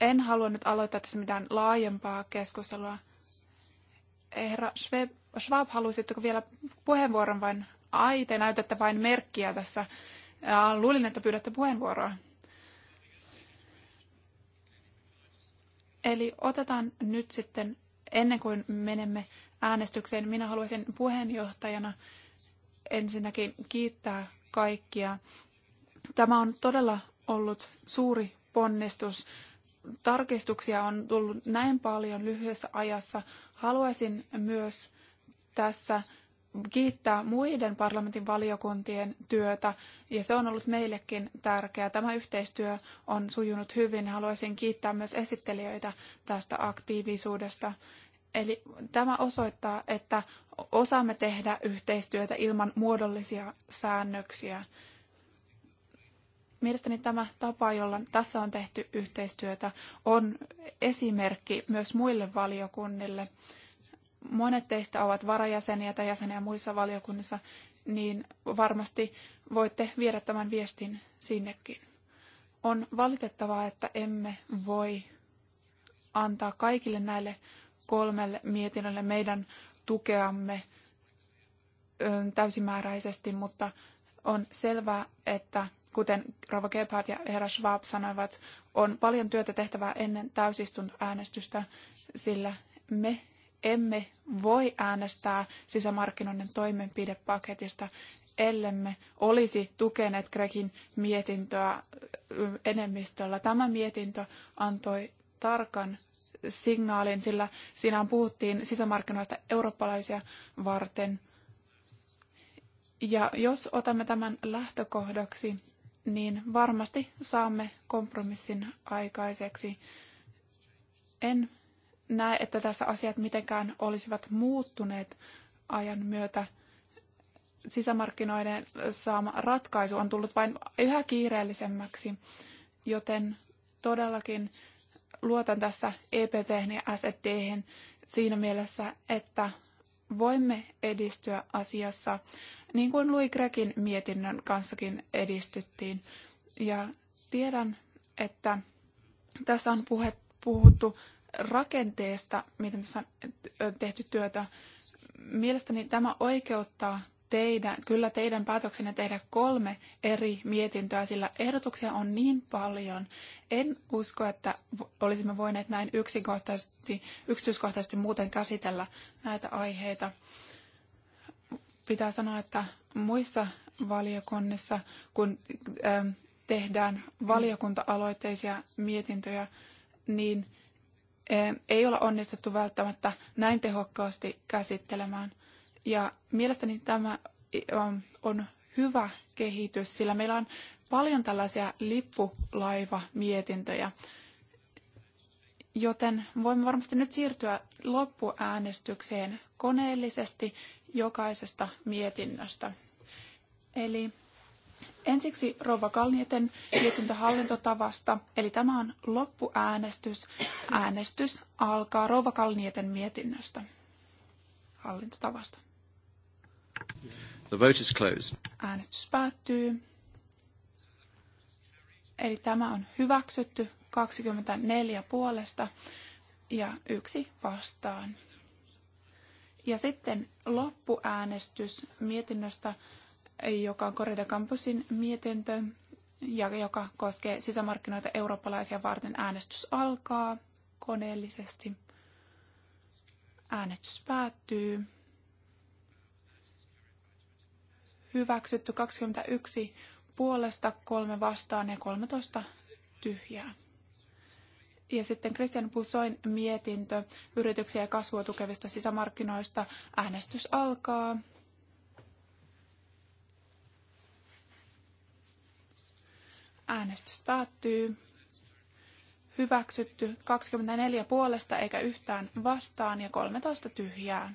En halua nyt aloittaa tässä mitään laajempaa keskustelua. Herra Schwab, Schwab haluaisitteko vielä puheenvuoron vain? Ai, te näytätte vain merkkiä tässä. Ja luulin, että pyydätte puheenvuoroa. Eli otetaan nyt sitten, ennen kuin menemme äänestykseen. Minä haluaisin puheenjohtajana ensinnäkin kiittää kaikkia. Tämä on todella ollut suuri ponnistus. Tarkistuksia on tullut näin paljon lyhyessä ajassa. Haluaisin myös tässä kiittää muiden parlamentin valiokuntien työtä, ja se on ollut meillekin tärkeää. Tämä yhteistyö on sujunut hyvin. Haluaisin kiittää myös esittelijöitä tästä aktiivisuudesta. Eli tämä osoittaa, että osaamme tehdä yhteistyötä ilman muodollisia säännöksiä. Mielestäni tämä tapa, jolla tässä on tehty yhteistyötä, on esimerkki myös muille valiokunnille. Monet teistä ovat varajäseniä tai jäseniä muissa valiokunnissa, niin varmasti voitte viedä tämän viestin sinnekin. On valitettavaa, että emme voi antaa kaikille näille kolmelle mietinnölle meidän tukeamme täysimääräisesti, mutta on selvää, että kuten Rova Gebhardt ja herra Schwab sanoivat, on paljon työtä tehtävää ennen täysistuntoäänestystä, sillä me emme voi äänestää sisämarkkinoiden toimenpidepaketista, ellemme olisi tukeneet Grekin mietintöä enemmistöllä. Tämä mietintö antoi tarkan signaalin, sillä siinä puhuttiin sisämarkkinoista eurooppalaisia varten. Ja jos otamme tämän lähtökohdaksi, niin varmasti saamme kompromissin aikaiseksi. En näe, että tässä asiat mitenkään olisivat muuttuneet ajan myötä. Sisämarkkinoiden saama ratkaisu on tullut vain yhä kiireellisemmäksi, joten todellakin luotan tässä EPP ja SD siinä mielessä, että voimme edistyä asiassa, niin kuin Louis Grekin mietinnön kanssakin edistyttiin. Ja tiedän, että tässä on puhe, puhuttu rakenteesta, miten tässä on tehty työtä. Mielestäni tämä oikeuttaa teidän, kyllä teidän päätöksenne tehdä kolme eri mietintöä, sillä ehdotuksia on niin paljon. En usko, että olisimme voineet näin yksikohtaisesti, yksityiskohtaisesti muuten käsitellä näitä aiheita. Pitää sanoa, että muissa valiokunnissa, kun ähm, tehdään valiokunta-aloitteisia mietintöjä, niin ähm, ei olla onnistuttu välttämättä näin tehokkaasti käsittelemään – ja mielestäni tämä um, on hyvä kehitys, sillä meillä on paljon tällaisia lippulaivamietintöjä. Joten voimme varmasti nyt siirtyä loppuäänestykseen koneellisesti jokaisesta mietinnöstä. Eli ensiksi Rova Kalnieten mietintö hallintotavasta, eli tämä on loppuäänestys. Äänestys alkaa Rova Kalnieten mietinnöstä hallintotavasta. The vote is closed. Äänestys päättyy. Eli tämä on hyväksytty 24 puolesta ja yksi vastaan. Ja sitten loppuäänestys mietinnöstä, joka on Corrida Campusin mietintö ja joka koskee sisämarkkinoita eurooppalaisia varten. Äänestys alkaa koneellisesti. Äänestys päättyy. hyväksytty 21 puolesta, kolme vastaan ja 13 tyhjää. Ja sitten Christian Bussoin mietintö yrityksiä ja kasvua tukevista sisämarkkinoista. Äänestys alkaa. Äänestys päättyy. Hyväksytty 24 puolesta eikä yhtään vastaan ja 13 tyhjää.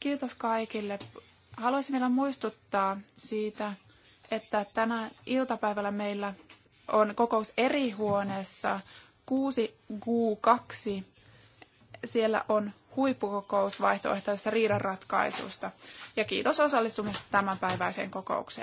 Kiitos kaikille Haluaisin vielä muistuttaa siitä, että tänä iltapäivällä meillä on kokous eri huoneessa 6 g 2 Siellä on huippukokous vaihtoehtoisesta riidanratkaisusta. Ja kiitos osallistumisesta tämänpäiväiseen kokoukseen.